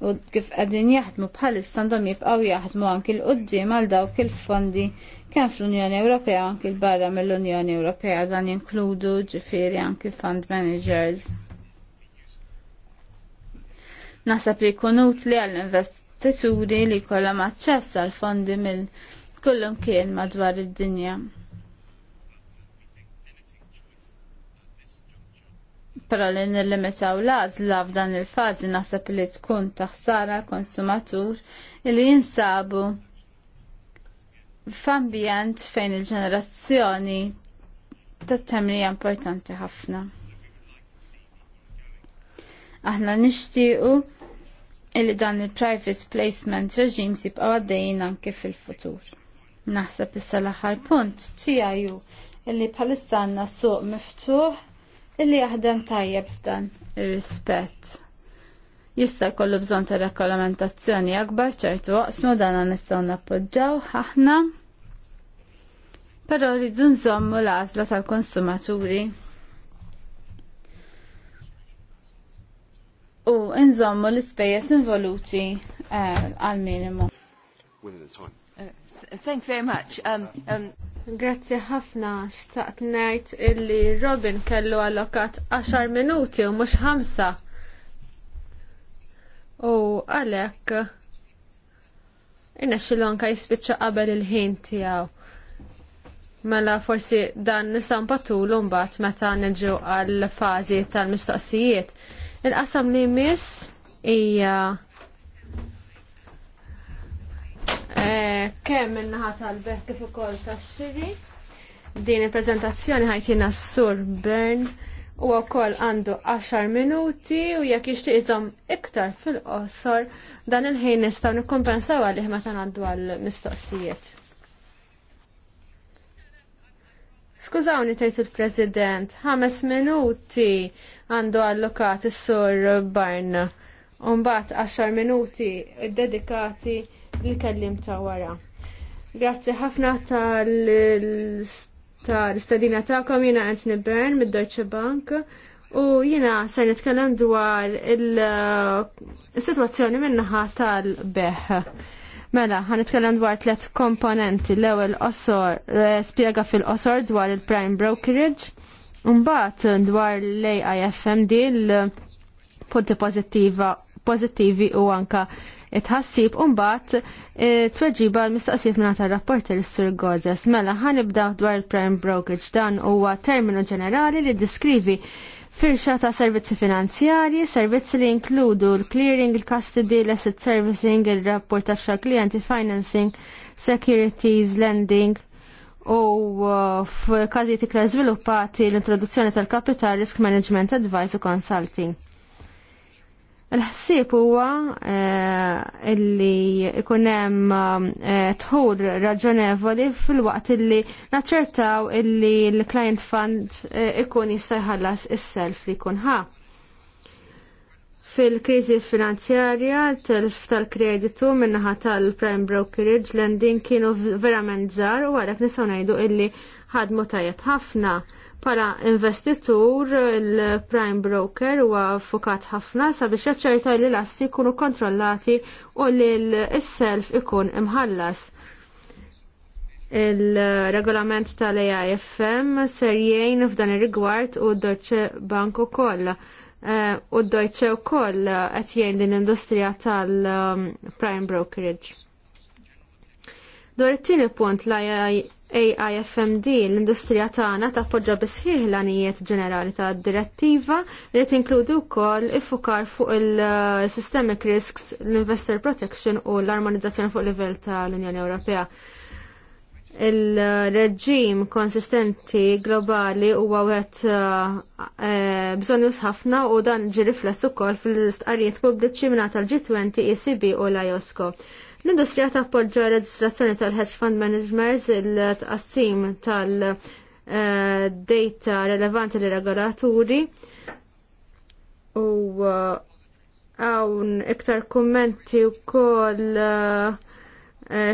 u kif qegħdin jaħdmu bħalissa għandhom jibqgħu jaħdmu anki l-qudiem għal dawk il-fondi kemm fl-Unjoni Ewropea anki l-barra mill-Unjoni Ewropea dan jinkludu ġifieri anki fund managers. Nasab li jkun utli għall-investituri li jkollhom aċċess għal fondi mill kullum kien madwar id-dinja. Però li nillimitaw l-għażla f'dan il-fażi naħseb li tkun taħsara konsumatur li jinsabu f'ambjent fejn il-ġenerazzjoni ta temmija importanti ħafna. Aħna nixtiequ illi dan il-private placement regimes sibqa' għaddejjin anke fil-futur. Naħseb issa l-aħħar punt tiegħu illi bħalissa għandna suq miftuħ illi jaħdem tajjeb f'dan ir-rispett jista' jkollu bżonn ta' regolamentazzjoni akbar ċertu waqsmu dan nistgħu nappoġġaw aħna. Però rridu nżommu l-għażla tal-konsumaturi. U nżommu l-ispejjeż involuti eh, għal minimu uh, Thank you very much. Um, um... Grazie ħafna xtaqt ngħid illi Robin kellu allokat 10 minuti u mhux ħamsa. U għalek, inna xilonka jisbicċa qabel il-ħin tijaw. Mela forsi dan patu l-umbat meta nġu għal-fazi tal-mistoqsijiet. Il-qasam li mis ija eh, kemm minnaħat tal-beħ kif ukoll tax-xiri. Din il-prezentazzjoni ħajtina s-sur Bern u wkoll għandu 10 minuti u jekk jixtieq iżom iktar fil-qosor dan il-ħin nistgħu nikkompensaw għalih meta ngħaddu għall-mistoqsijiet. Skużawni tgħid il-President, 5 minuti għandu allokat is-sur Barn. Umbat 10 minuti dedikati li kellim ta' wara. Grazzi ħafna tal ta' l-istadina ta'kom jina Anthony Bern mid-Deutsche Bank u jina ser nitkellem dwar il-situazzjoni minnaħa tal-beħ. Mela, ħan nitkellem dwar tliet komponenti l-ewwel osor eh, spiega fil osor dwar il-prime brokerage, mbagħad dwar l-AIFMD l-punti pozittivi pożittivi u anka it-ħassib umbat e, tweġiba l-mistaqsijiet minna tar rapporter sur Gorges. Mela, ħanibda dwar il-prime brokerage dan huwa terminu ġenerali li diskrivi firxa ta' servizzi finanzjarji, servizzi li inkludu l-clearing, il-custody, l-asset servicing, il rapport ta' klienti, financing, securities, lending u uh, f'każijiet iktar żviluppati l-introduzzjoni tal-kapital risk management advice u consulting il ħsib huwa eh, illi ikun hemm eh, tħur raġonevoli fil-waqt illi naċċertaw illi l-client fund eh, ikun jista' jħallas is-self li jkun ħa. Fil-kriżi finanzjarja, telf tal-kreditu minnaħa tal-prime brokerage lending kienu verament żgħar u għalhekk nistgħu ngħidu illi ħadmu tajjeb ħafna Pala investitur il-prime broker huwa fokat ħafna sabiex jaċċerta li l-assi jkunu kontrollati u li l-self ikun imħallas. Il-regolament tal-AIFM ser jgħin f'dan ir-rigward u d-Deutsche Bank ukoll. Eh, u d u koll qed jgħin din industrija tal-prime um, brokerage. Dwar it-tieni punt l AIFMD l-industrija tagħna tappoġġa bisħiħ l-għanijiet ġenerali ta' direttiva li tinkludu wkoll ifukar fuq il-systemic risks, l-investor protection u l-armonizzazzjoni fuq livell tal-Unjoni Ewropea. Il-reġim konsistenti globali huwa wieħed eh, bżonnus ħafna u dan ġi rifless ukoll fil-istqarrijiet pubbliċi mingħata tal-G20, ECB u l-IOSCO. L-industrija tappoġġa reġistrazzjoni tal-hedge fund managers il-tqassim tal-data eh, relevanti li regolaturi u għawn eh, iktar kommenti u koll eh,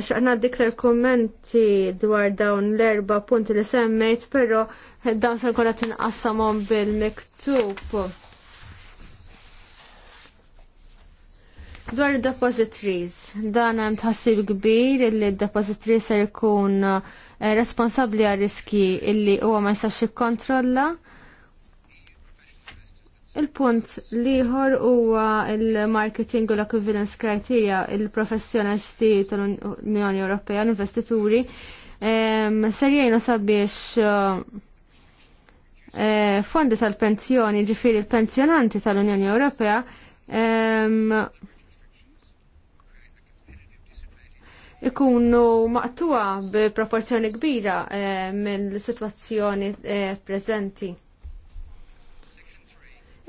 xaqna diktar kommenti dwar dawn l-erba punti li semmejt, pero dawn sal-kolla tinqassamon bil-miktub. Dwar il-depositories, dan hemm tħassib kbir li d-depositories ser ikun eh, responsabbli għal riski illi huwa ma jistax jikkontrolla. Il-punt liħor huwa il-marketing u l-equivalence criteria il-professjonisti tal-Unjoni Ewropea, l-investituri, serjajna sabiex eh, eh, fondi tal-pensjoni, ġifiri l-pensjonanti tal-Unjoni Ewropea, ikunu maqtuwa b'proporzjoni kbira eh, mill-sitwazzjoni eh, preżenti.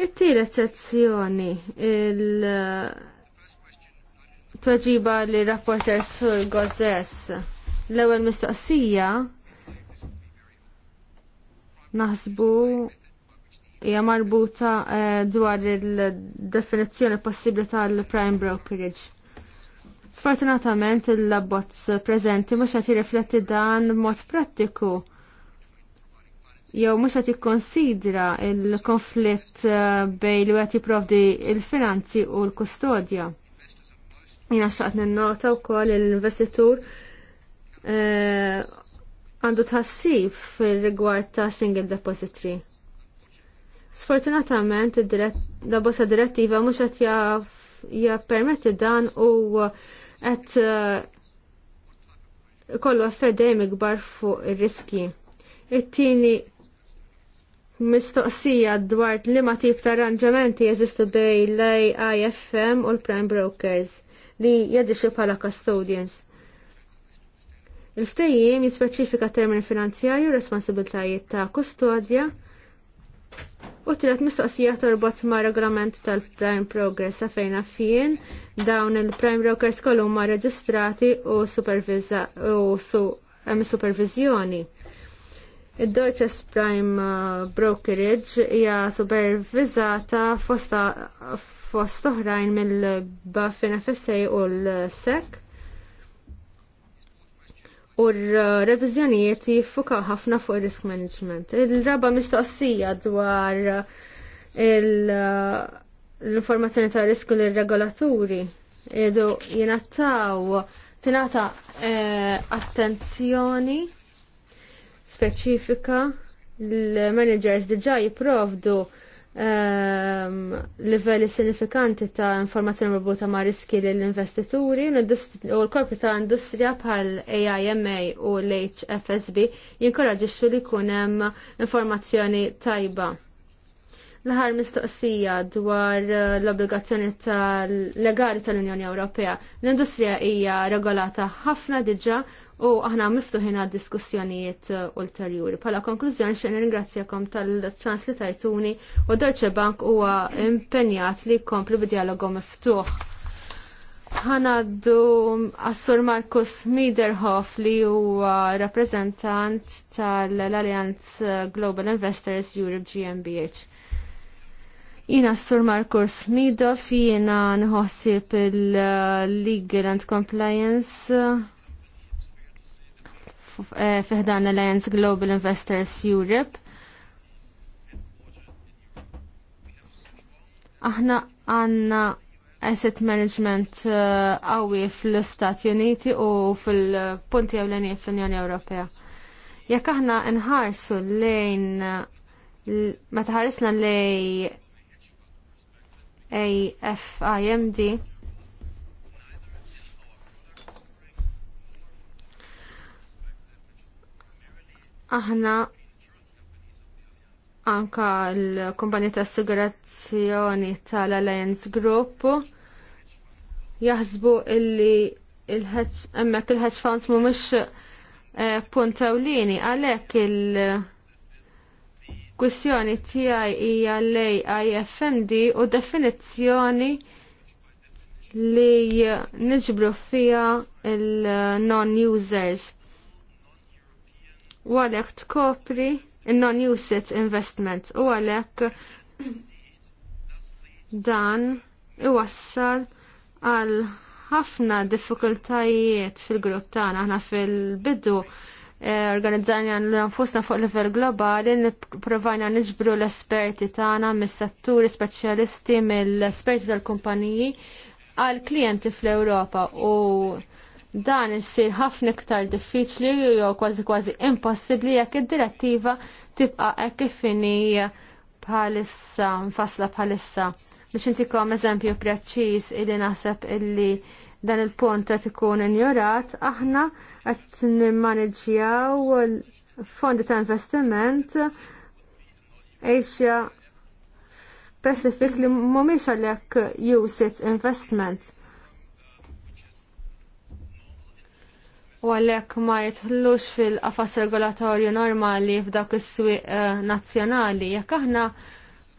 It-tielet sezzjoni il tweġiba li rapporter sur Gozes l-ewwel mistoqsija naħsbu hija marbuta eh, dwar il-definizzjoni possibbli tal-prime brokerage Sfortunatament il-labbozz preżenti mhux qed jirrifletti dan b'mod prattiku. Jew mhux qed jikkonsidra il-konflitt eh, bejn li qed jipprovdi il-finanzi u l-kustodja. Jiena xaqt ninnota wkoll l-investitur eh, għandu tħassib fil-rigward ta' single depository. Sfortunatament, la bossa direttiva mhux qed jappermetti dan u qed uh, kollu affedem ikbar fuq ir-riski. It-tieni mistoqsija dwar li ma tip ta' arranġamenti jeżistu bej l-IFM u l-Prime Brokers li jadixu bħala custodians. Il-ftejjim jispeċifika termin finanzjarju responsabiltajiet ta' kustodja U tret mistoqsija torbot ma' regolament tal-Prime Progress fejna fien dawn il-Prime Brokers kollu ma' reġistrati u u su hemm supervizjoni. Id-Deutsches Prime uh, Brokerage hija supervizata fosta fost oħrajn mill-Baffin FSA u l-SEC u r-revizjonijiet jiffuka ħafna fuq risk management. Il-raba mistoqsija dwar l-informazzjoni ta' u l-regolaturi Edu jinattaw tinata eh, attenzjoni speċifika l-managers diġa jiprovdu Ehm, livelli sinifikanti ta' informazzjoni marbuta ma' riski lill investituri u l-korpi ta' industrija bħal AIMA u l-HFSB jinkoraġixxu li jkun hemm informazzjoni tajba. L-ħar mistoqsija dwar eh, l-obbligazzjoni tal legali tal-Unjoni Ewropea. L-industrija hija regolata ħafna diġà u aħna miftuħin għad diskussjonijiet uh, ulterjuri. Pala konklużjoni xe ringrazzjakom tal-ċans li tajtuni u Deutsche Bank huwa impenjat li jkompli b'dialogu miftuħ. Ħanaddu Assur Markus Miderhoff li huwa rappreżentant tal-Alliance Global Investors Europe GmbH. Jina s-sur Markus Midoff, jina nħossib il-Legal and Compliance Eh, fiħdan alliance Global Investors Europe. Aħna għanna asset management eh, għawi fl-Stati Uniti u fil-punti għawleni fl-Unjoni Ewropea. Jekk aħna nħarsu lejn eh, meta ħarisna lej AFIMD, Aħna anka l-kumpanija ta' assigurazzjoni tal-Alliance Group jaħsbu illi hemmhekk il-hedge funds mu mux eh, puntawlini għalek il-kwistjoni tiegħi hija lej IFMD u definizzjoni li niġbru fija il-non-users u għalhekk tkopri non usage investment u għalhekk dan iwassal għal ħafna diffikultajiet fil-grupp tagħna aħna fil-bidu eh, organizzajna l-anfusna fuq livell globali, nipprovajna niġbru l-esperti tagħna mis-setturi speċjalisti mill-esperti tal-kumpaniji għal klijenti fl-Ewropa u Dan issir ħafna iktar diffiċli jew kważi kważi impossibbli jekk id-direttiva tibqa' hekk kif bħalissa mfassla bħalissa. Biex intikom eżempju preċiż illi naħseb illi dan il punt qed ikun injurat, aħna qed nimmaniġjaw fondi ta' investiment Asia Pacific li mhumiex għalhekk usage investment. u għalhekk ma jitħlux fil-qafas regolatorju normali f'dak is-swieq eh, nazzjonali. Jekk aħna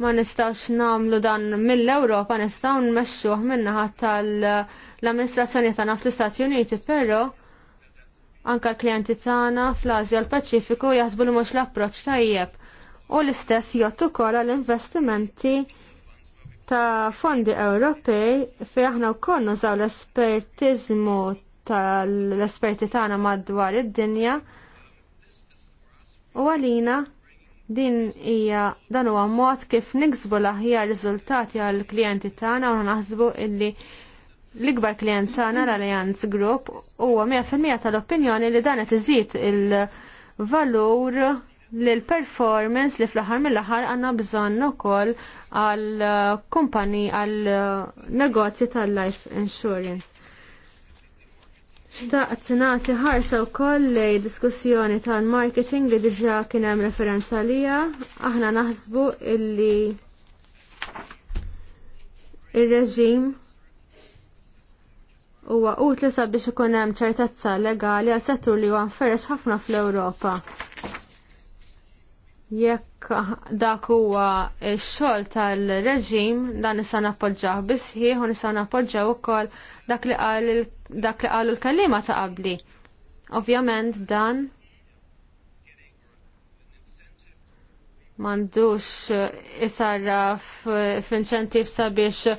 ma nistgħux nagħmlu dan mill-Ewropa nistgħu nmexxuh minnaħa tal-amministrazzjoni tagħna fl-Istati Uniti, però anka l-klijenti tagħna fl-Asja l-Paċifiku jaħsbu li mhux l-approċċ tajjeb u l-istess jgħottu ukoll għall-investimenti ta' fondi Ewropej fejn aħna wkoll nużaw l-espertiżmu tal-esperti tagħna madwar id-dinja. U għalina din hija dan huwa mod kif niksbu l-aħjar riżultati għall klijenti tagħna u naħsbu illi l-ikbar klijent tagħna l-Allianz Group huwa 100% tal-opinjoni li dan qed iżid il-valur l-performance li fl-aħħar mill-aħħar għandna bżonn ukoll għall kumpani għall negozji tal-life insurance. Xtaqt nagħti ħarsa wkoll lej diskussjoni tal-marketing li diġà kien hemm referenza għalija, aħna naħsbu illi ir-reġim huwa utli sabiex ikun hemm ċertezza legali għal settur li huwa nferrex ħafna fl-Ewropa. Jekk dak huwa x-xogħol tal-reġim dan nista' nappoġġjah bisħieħ u nista' nappoġġaw ukoll dak li qal il dak li qalu l-kallima ta' qabli. Ovvjament dan mandux isarra f'inċentiv sabiex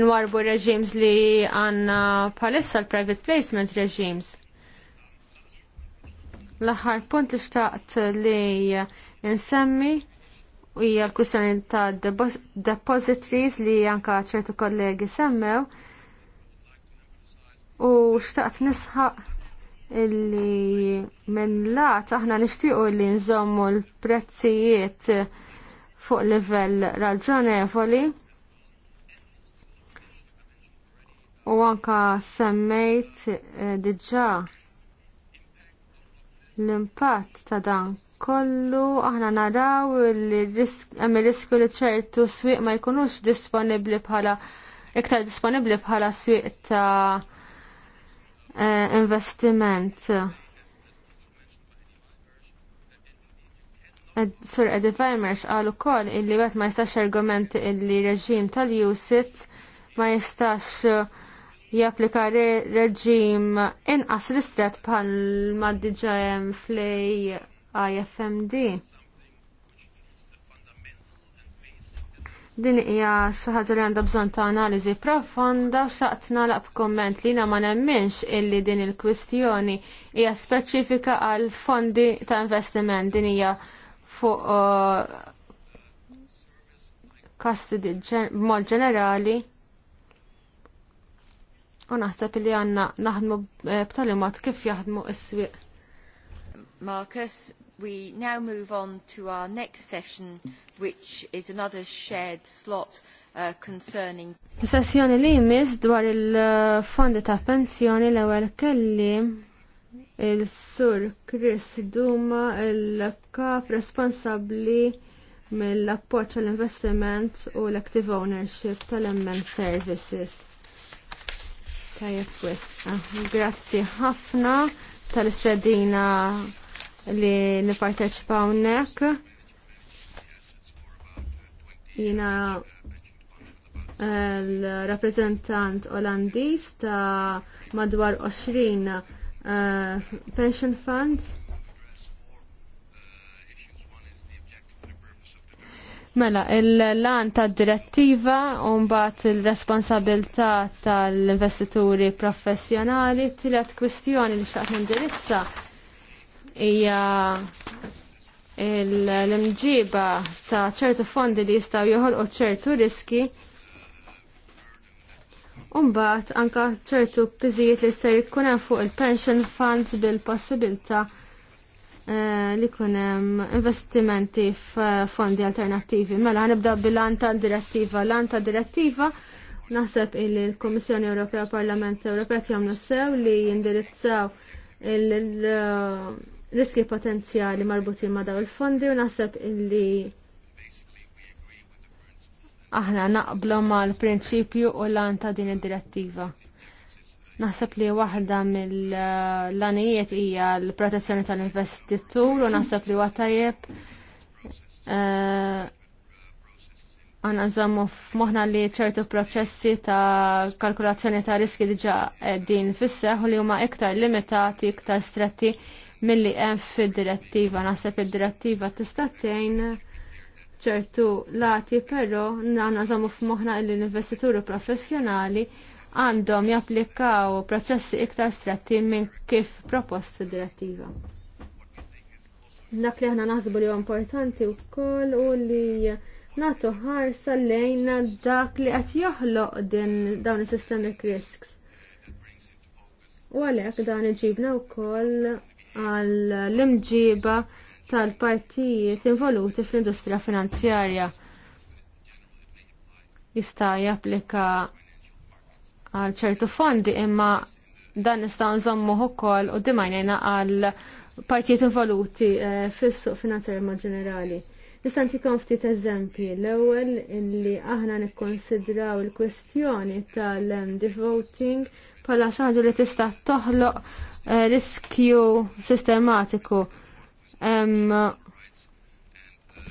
nwarbu reġims li għanna palissa l-private placement reġims. L-aħħar punt li xtaqt li nsemmi hija l-kwistjoni ta' depositories li anka ċertu kollegi semmew u xtaqt nisħaq illi minn lat aħna nixtiequ li nżommu l-prezzijiet fuq livell raġonevoli u anka semmejt eh, diġà l-impatt ta' dan kollu aħna naraw li hemm riskju li ċertu swieq ma jkunux disponibbli bħala iktar disponibbli bħala swieq ta' Eh, investiment. Sur Eddie Weimers għal ukoll illi wet ma jistax argument illi reġim tal jusit ma jistax eh, japplika reġim inqas l-istret bħal ma diġa hemm fl IFMD. Din hija xi ħaġa li għandha bżonn ta' analiżi profonda xaqt nagħlaq komment li jiena ma nemminx illi din il-kwistjoni hija speċifika għal fondi ta' investiment din hija fuq uh, custody b'mod ġenerali. U naħseb li għandna naħdmu eh, b'tali mod kif jaħdmu s-swieq. Marcus, we now move on to our next session, which is another shared slot uh, concerning... Sessjoni li jmiss dwar il-fondi ta' pensjoni l ewwel kelli, il-sur Chris Duma, il-kap responsabli mill apport l-investiment u l-active ownership tal-emmen services. Tajjeb wisqa. Ah, grazzi ħafna tal-istedina li niparteċipaw nek. Jina eh, l reprezentant Olandiż ta' madwar 20 uh, eh, pension funds. Mela, il-lan ta' direttiva unbat il-responsabilta tal-investituri professjonali tilet kwistjoni li xtaqt nindirizza hija l-imġiba ta' ċertu fondi li jistaw joħolqu ċertu riski Umbat anka ċertu piżijiet li jista' jkun hemm fuq il-pension funds bil-possibilità eh, li jkun hemm investimenti f'fondi alternattivi. Mela nibda bil-anta direttiva. L-anta direttiva naħseb li l-Kummissjoni Ewropea Parlament Ewropea jagħmlu sew li jindirizzaw il- riski potenzjali marbutin ma' daw il-fondi u naħseb illi aħna naqblu ma' l-prinċipju u l-an ta' din id-direttiva. Naħseb li waħda mill-lanijiet hija l-protezzjoni tal-investitur u naħseb li għan eh, għanna f f'moħna li ċertu proċessi ta' kalkulazzjoni ta' riski diġa din fisseħ u li huma iktar limitati, iktar stretti milli hemm fid-direttiva. Naħseb id-direttiva tista' tgħin ċertu lati, però għandna żammu f'moħħna li l-investituri professjonali għandhom japplikaw proċessi iktar stretti minn kif propost direttiva. Dak li aħna naħsbu li importanti wkoll u li nagħtu ħarsa lejna dak li qed joħloq din dawn is-systemic risks. U għalhekk dan iġibna wkoll għall-imġiba tal-partijiet involuti fl-industrija finanzjarja jista' japplika għal ċertu fondi imma dan nista' nżommu ukoll u dimajnejna għal partijiet involuti eh, fis-suq finanzjarju ma' ġenerali. Nista' ntikom ftit eżempji. L-ewwel illi aħna nikkonsidraw il-kwestjoni tal-voting bħala xi ħaġa li tista' toħloq Eh, riskju sistematiku hemm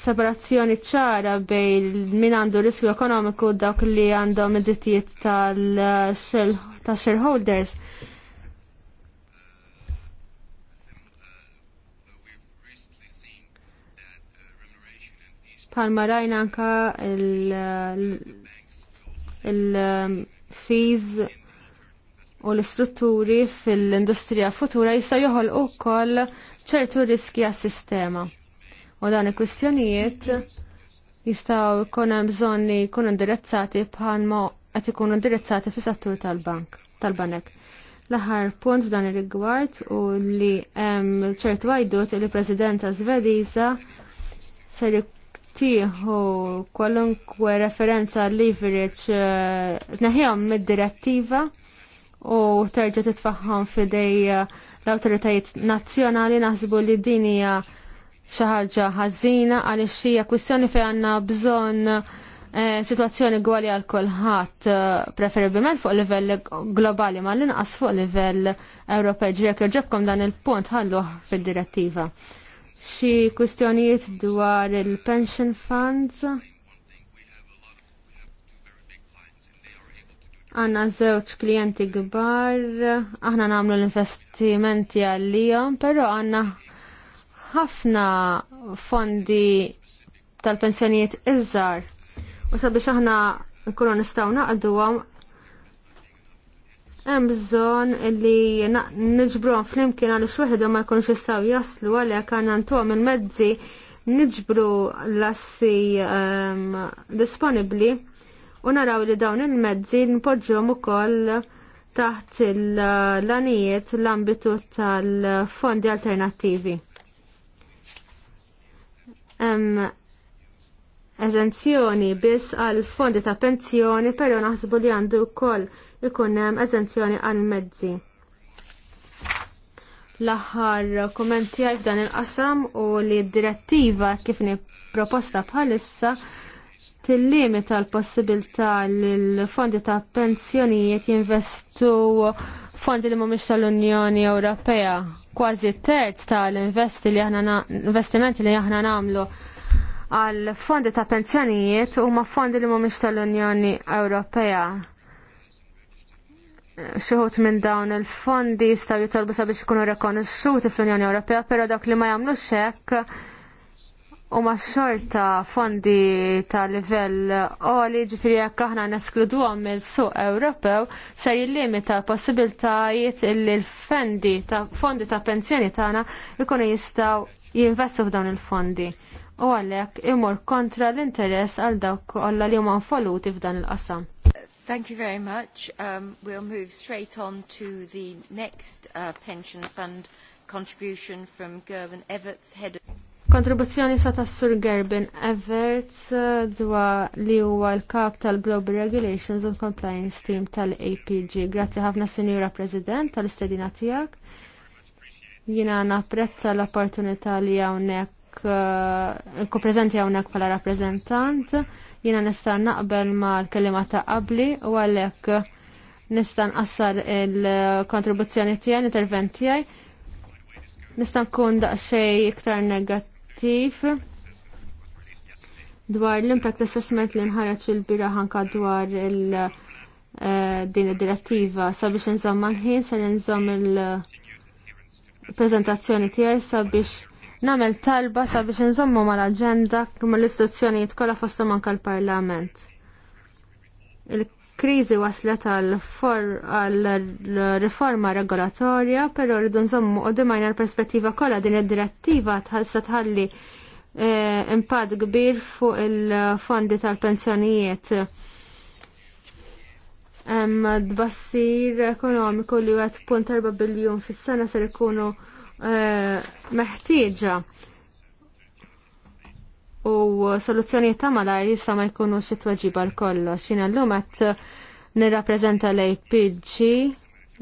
separazzjoni ċara bej min għandu riskju ekonomiku dawk li għandhom id-dittijiet tal-shareholders. Palma rajna anka il-fees il, il, il um, fees u l-istrutturi fil-industrija futura jista' joħol wkoll ċertu riski għas-sistema. U dan il-kwistjonijiet jistgħu jkun hemm bżonn li jkunu indirizzati bħalma qed ikunu indirizzati fis-settur tal-bank tal-banek. L-aħħar punt f'dan ir-rigward u li hemm ċertu għajdut li Presidenta Svediża se tieħu kwalunkwe referenza leverage eh, tneħħihom mid-direttiva u terġa titfaħħam fidej eh, l-autoritajiet nazzjonali naħsbu li din hija xi ħaġa ħażina għaliex hija kwistjoni fejn għandna bżonn eh, situazzjoni gwali għal kulħadd eh, preferibilment fuq livell globali ma l-inqas fuq livell Ewropej ġrek irġobkom dan il-punt ħalluh fid-direttiva. Xi kwistjonijiet dwar il-pension funds? Għanna zewċ klienti gbar, aħna namlu l-investimenti għalijom, pero għanna ħafna fondi tal-pensjonijiet iżżar. U sabiex aħna nkunu nistgħu naqdu għom hemm bżonn li niġbruhom flimkien għal xweħedhom ma jkunux jistgħu jaslu għalhekk għandna ntuhom il-mezzi niġbru l-assi ehm, disponibbli u naraw li dawn il-mezzi u ukoll taħt l-lanijiet l-ambitu tal-fondi alternattivi. Hemm eżenzjoni biss għal fondi ta' pensjoni, però naħsbu li għandu wkoll ikun hemm eżenzjoni għal mezzi. L-aħħar kommenti għaj f'dan il-qasam u li d-direttiva kif proposta bħalissa tillimita l-possibilità li l-fondi ta' pensjonijiet jinvestu fondi li mhumiex tal-Unjoni Ewropea. Kważi terz tal-investi li aħna investimenti li aħna nagħmlu għal fondi ta' pensjonijiet huma fondi li mhumiex tal-Unjoni Ewropea. Xi wħud minn dawn il-fondi jistgħu jitolbu sabiex ikunu rekonosciuti fl-Unjoni Ewropea, però dak li ma jagħmlux hekk u ma xorta fondi ta' livell għoli ġifiri jekk aħna neskludu għam il-suq Ewropew jillimi ta' possibiltajiet li l-fendi ta' fondi ta' pensjoni tagħna jkunu jistgħu jinvestu f'dawn il-fondi. U għalhekk imur kontra l-interess għal dawk kollha li huma involuti f'dan il-qasam. Thank you very much. Um, we'll move straight on to the next uh, pension fund contribution from Gervin Everts, head of Kontribuzzjoni sa ta' Sur Gerbin Everts eh, dwa li huwa l-kap tal-Global Regulations and Compliance Team tal-APG. Grazzi ħafna Sinjura President tal-istedina tiegħek. Jiena napprezza l-opportunità li hawnhekk eh, nkun uh, preżenti hawnhekk bħala rappreżentant. Jiena nista' naqbel ma' l-kelima ta' qabli u għalhekk nista' nqassar il-kontribuzzjoni tiegħi, l-intervent tiegħi. Nista' nkun daqsxejn iktar negattiv negattiv dwar l-impact assessment li nħarraċ il-bira ħanka dwar il- eh, din id-direttiva sabiex nżomm ħin ser nżomm il-prezentazzjoni tiegħi sabiex nagħmel talba sabiex nżommu mal-aġenda l istituzzjonijiet kollha fosthom anke l-Parlament kriżi waslet għal reforma regolatorja, però rridu nżommu dimajna l-perspettiva kollha din id-direttiva tħallsa tħalli eh, impatt kbir fuq il-fondi tal-pensjonijiet. Hemm d-bassir ekonomiku li għed punt 4 biljun fis-sena ser ikunu eh, meħtieġa u soluzzjonijiet ta' malajr jista' ma jkunux it-tweġiba l-kollox. Jien llum qed nirrappreżenta l-APG.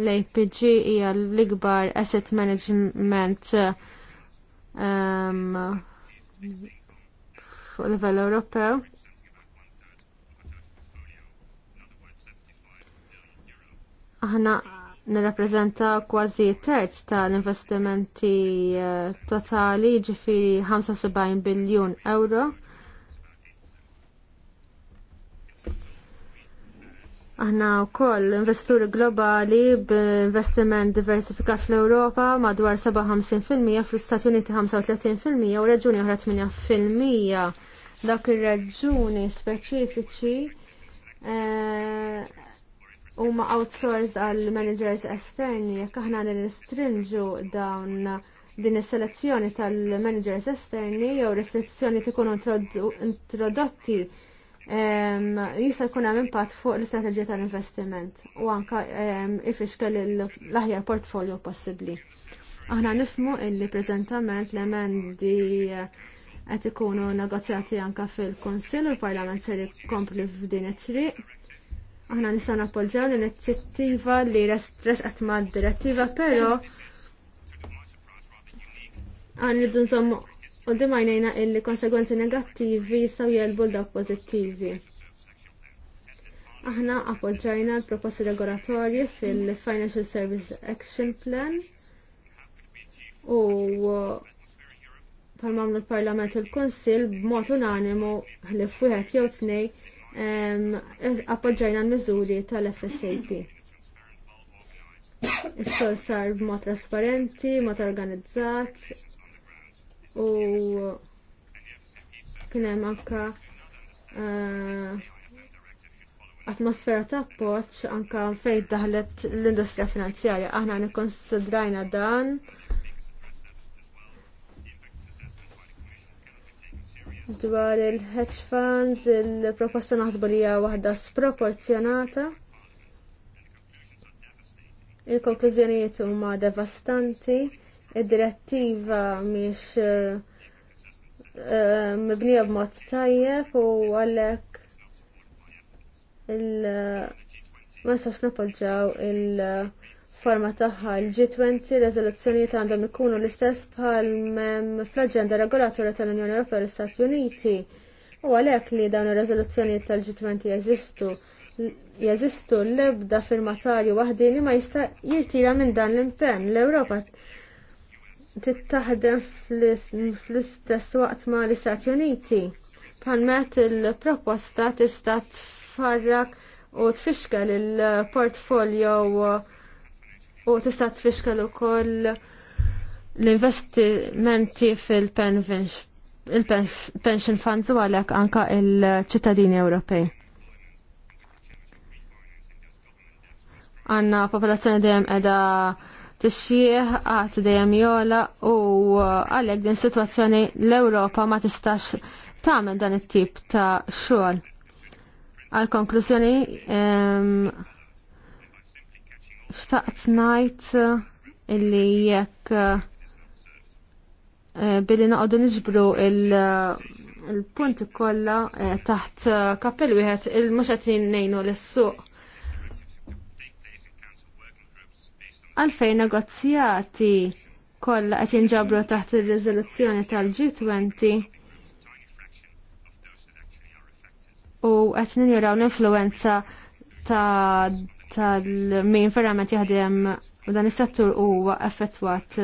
L-APG hija l-ikbar asset management um, fuq livell Ewropew. Aħna nirrappreżenta kważi terz tal-investimenti eh, totali ġifiri 75 biljun euro. Aħna u koll investuri globali b'investiment diversifikat fl-Europa madwar 57% fl-Istati Uniti 35% u reġuni oħra 8% dak ir-reġuni speċifiċi eh, huma outsource għal managers esterni, jekk aħna nirrestrinġu dawn din is-selezzjoni tal-managers esterni jew restrizzjoni tkun introdotti jista' jkun hemm impatt fuq l-istrateġija tal-investiment u anke ifixkel l-aħjar portfolio possibbli. Aħna nifmu illi preżentament l-emendi qed ikunu negozjati anke fil-Kunsill u l-Parlament se jkompli f'din it-triq Aħna nistgħu nappoġġjaw l-inizjattiva li resqat mad-direttiva, però għan niddu nżommu u dimajnejna illi konsegwenzi negattivi jistgħu jelbu l-dawk pożittivi. Aħna appoġġajna l-proposti regolatorji fil-Financial Service Action Plan u bħal uh, mamlu l-Parlament u l-Konsil b'mod unanimu ħlif wieħed jew tnej appoġġajna l-miżuri tal-FSAP. Ix-xogħol sar b'mod trasparenti, mod organizzat u kien hemm anke eh, atmosfera ta' appoġġ anke fejn daħlet l-industrija finanzjarja. Aħna nikkonsidrajna dan dwar il-hedge funds, il-proposta naħsbu li hija waħda sproporzjonata. Il-konklużjonijiet huma devastanti, id-direttiva mhix eh, eh, mibnija b'mod tajjeb u għalhekk il- ma nistax napoġġaw il- forma tagħha l-G20 rezoluzzjonijiet għandhom ikunu l-istess bħal fl-aġenda regolatorja tal-Unjoni Ewropea l istati Uniti. U għalhekk li dawn ir reżoluzzjonijiet tal tal-G20 jeżistu jeżistu l-ebda firmatarju li ma jista' jirtira minn dan l-impenn. L-Ewropa tittaħdem fl-istess waqt ma l-Istati Uniti. Palmet il-proposta tista' tfarrak u tfixkel il-portfolio u tista' tfixkel ukoll l-investimenti fil-pension funds u għalhekk anka il-ċittadini Ewropej. Għanna popolazzjoni dejjem qiegħda tixjieħ għat dejjem jola u għalhekk din sitwazzjoni l-Ewropa ma tistax tagħmel dan it-tip ta' xogħol. Għal konklużjoni xtaqt ngħid eh, illi jekk eh, billi naqdu niġbru eh, il-punti kollha taħt kappell wieħed il-mhux qed jinnejnu lis-suq. Għalfejn negozjati kollha qed jinġabru taħt ir-riżoluzzjoni tal-G20 u qed ninjuraw l-influenza ta' tal-min verament jaħdem u dan is-settur huwa affettwat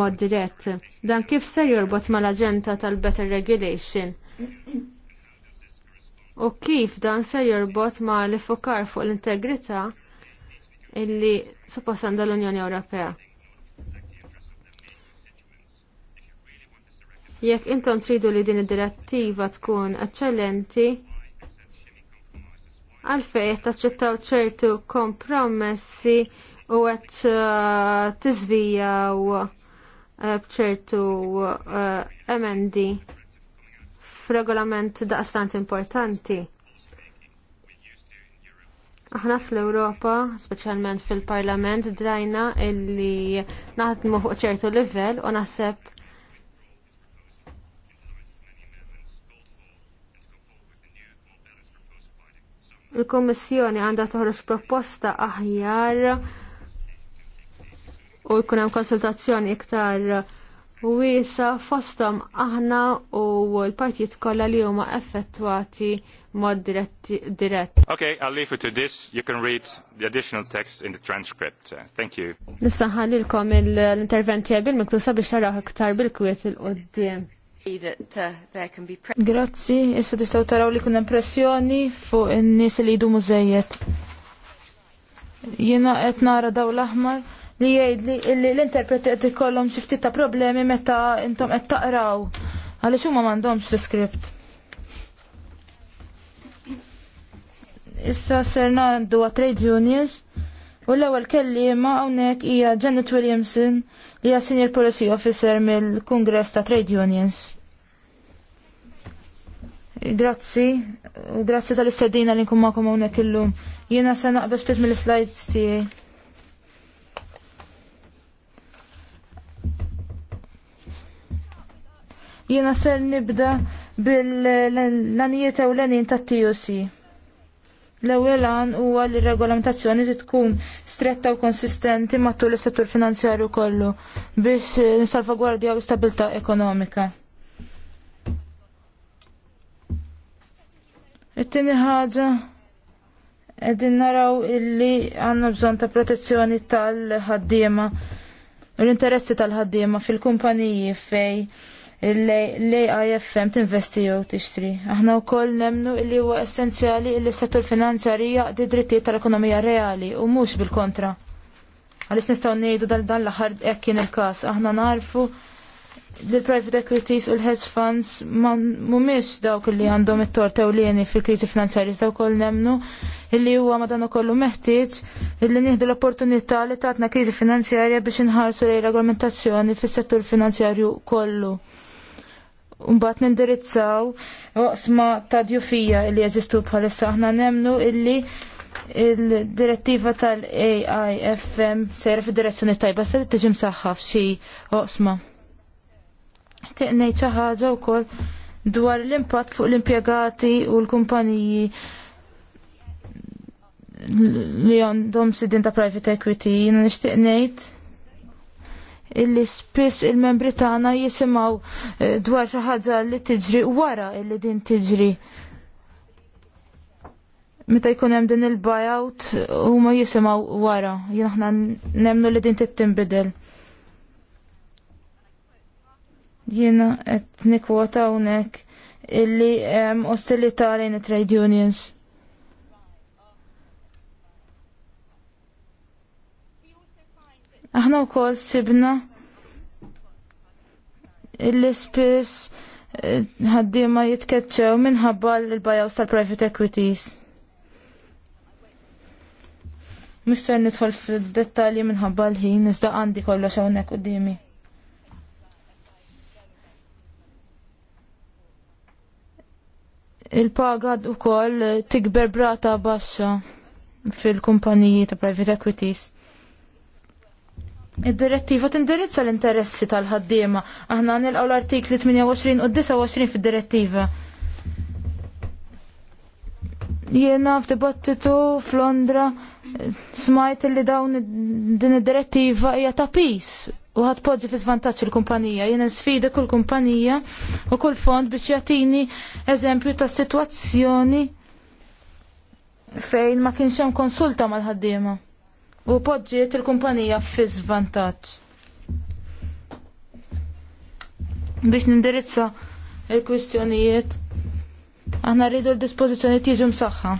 mod dirett. Dan kif ser jorbot mal-aġenda tal-better regulation? U kif dan ser jorbot ma l-ifokar fuq l-integrità illi suppost għandha l-Unjoni Ewropea? Jekk intom tridu li din id-direttiva tkun eċċellenti, għalfej taċċettaw ċertu kompromessi u għed eh, tizvijaw eh, bċertu eh, emendi f'regolament daqstant importanti. Aħna fl-Europa, speċjalment fil-Parlament, drajna illi naħdmu fuq ċertu livell u naħseb il-Kommissjoni għandha toħroġ proposta aħjar u jkun hemm konsultazzjoni iktar wiesa fosthom aħna u l-partijiet kollha li huma effettwati mod dirett. Okay, I'll leave it to this. You can read the additional text in the transcript. Uh, thank you. Nistaħallilkom l-interventi bil-miktusa biex taraw iktar bil-kwiet il-qoddim. Uh, Grazzi, issa tistaw taraw li kun impressjoni fuq in-nies li jdu mużejjed. Jiena qed nara daw l-aħmar li jgħidli li l-interpreti qed ikollhom xi ftit ta' problemi meta intom qed taqraw għaliex huma m'għandhomx l-iskript. Issa serna għandu trade unions U l-ewwel kelliema hawnhekk hija Janet Williamson li hija Senior Policy Officer mill-Kungress ta' Trade Unions. Grazzi, u grazzi tal-istedina li nkun magħkom hawnhekk illum. Jiena se naqbes ftit mill-slides tiegħi. Jiena ser nibda bil-lanijiet ewlenin tat-TUC. L-ewwel għan huwa li regolamentazzjoni li tkun stretta u konsistenti matul is-settur finanzjarju kollu biex nsalvagwardjaw l-istabilità ekonomika. It-tieni ħaġa qegħdin naraw illi għandna bżonn ta' protezzjoni tal-ħaddiema u l-interessi tal-ħaddiema fil-kumpaniji fej l-AIFM tinvesti jew tixtri. Aħna wkoll nemnu li huwa essenzjali li s-settur finanzjarija di drittijiet tal-ekonomija reali u mhux bil-kontra. Għaliex nistgħu ngħidu dan l-aħħar hekk il-każ. Aħna narfu li l-private equities u l-hedge funds mhumiex dawk li għandhom it-tort ewlieni fil-kriżi finanzjarja daw wkoll nemnu illi huwa madan ukollu meħtieġ illi nieħdu l-opportunità li tatna kriżi finanzjarja biex inħarsu lejn regolamentazzjoni fis-settur finanzjarju kollu Umbat nindirizzaw oqsma ta' djufija li jeżistu bħalissa aħna nemnu illi il-direttiva tal-AIFM sejra fi direzzjoni tajba se tiġi msaħħa f'xi oqsma. Xtieq ngħid xi ħaġa wkoll dwar l-impatt fuq l-impjegati u l-kumpaniji li għandhom sidin ta' private equity, jina nishtiq ngħid illi spiss il-membri tagħna jisimgħu eh, dwar xi ħaġa li tiġri wara illi din tiġri. Meta jkun hemm din il-buyout huma jisimgħu wara, jien aħna nemnu li din tittinbidel. Jiena qed nikwota hawnhekk illi hemm ostilità lejn it-trade unions. Aħna wkoll sibna l-ispiss eh, ħaddiema jitkeċċew minħabba l bajaw tal-private equities. Mister nidħol fil-dettalji minħabba l-ħin, iżda għandi kollox hawnhekk dimi. Il-paga u koll tikber brata baxxa fil-kumpaniji ta' private equities. Id-direttiva tindirizza l-interessi tal-ħaddiema. Aħna nilqgħu l-artikli 28 u 29 fid-direttiva. Jiena f'dibattitu f'Londra smajt li dawn din id-direttiva hija ta' pis u ħad poġġi fi svantaġġ il-kumpanija. Jiena sfida kull kumpanija u kull fond biex jagħtini eżempju ta' sitwazzjoni fejn ma kienx hemm konsulta mal-ħaddiema u podġiet il-kumpanija fi zvantaġġ. Biex nindirizza il-kwistjonijiet, aħna rridu l-dispożizzjoni tiġu msaħħa.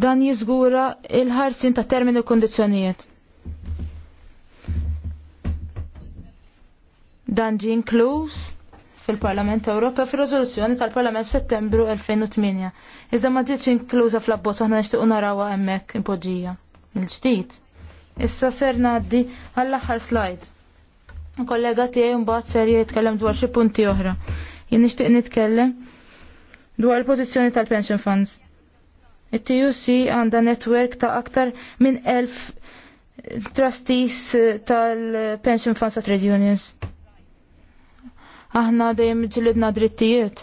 Dan jiżgura il-ħarsin ta' termini u kondizzjonijiet. Dan ġin inkluż fil-Parlament Ewropew fir-riżoluzzjoni tal-Parlament f'Settembru 2008. Iżda ma ġietx inkluża fl-abbozz aħna nixtiequ narawha hemmhekk impoġġija mill-ġdid. Issa ser ngħaddi għall-aħħar slide. Kollega tiegħi mbagħad ser jitkellem dwar xi punti oħra. Jien nixtieq nitkellem dwar il-pożizzjoni tal-pension funds. It-TUC għandha netwerk ta' aktar minn elf trustees tal-pension funds ta' trade unions aħna dejjem ġilidna drittijiet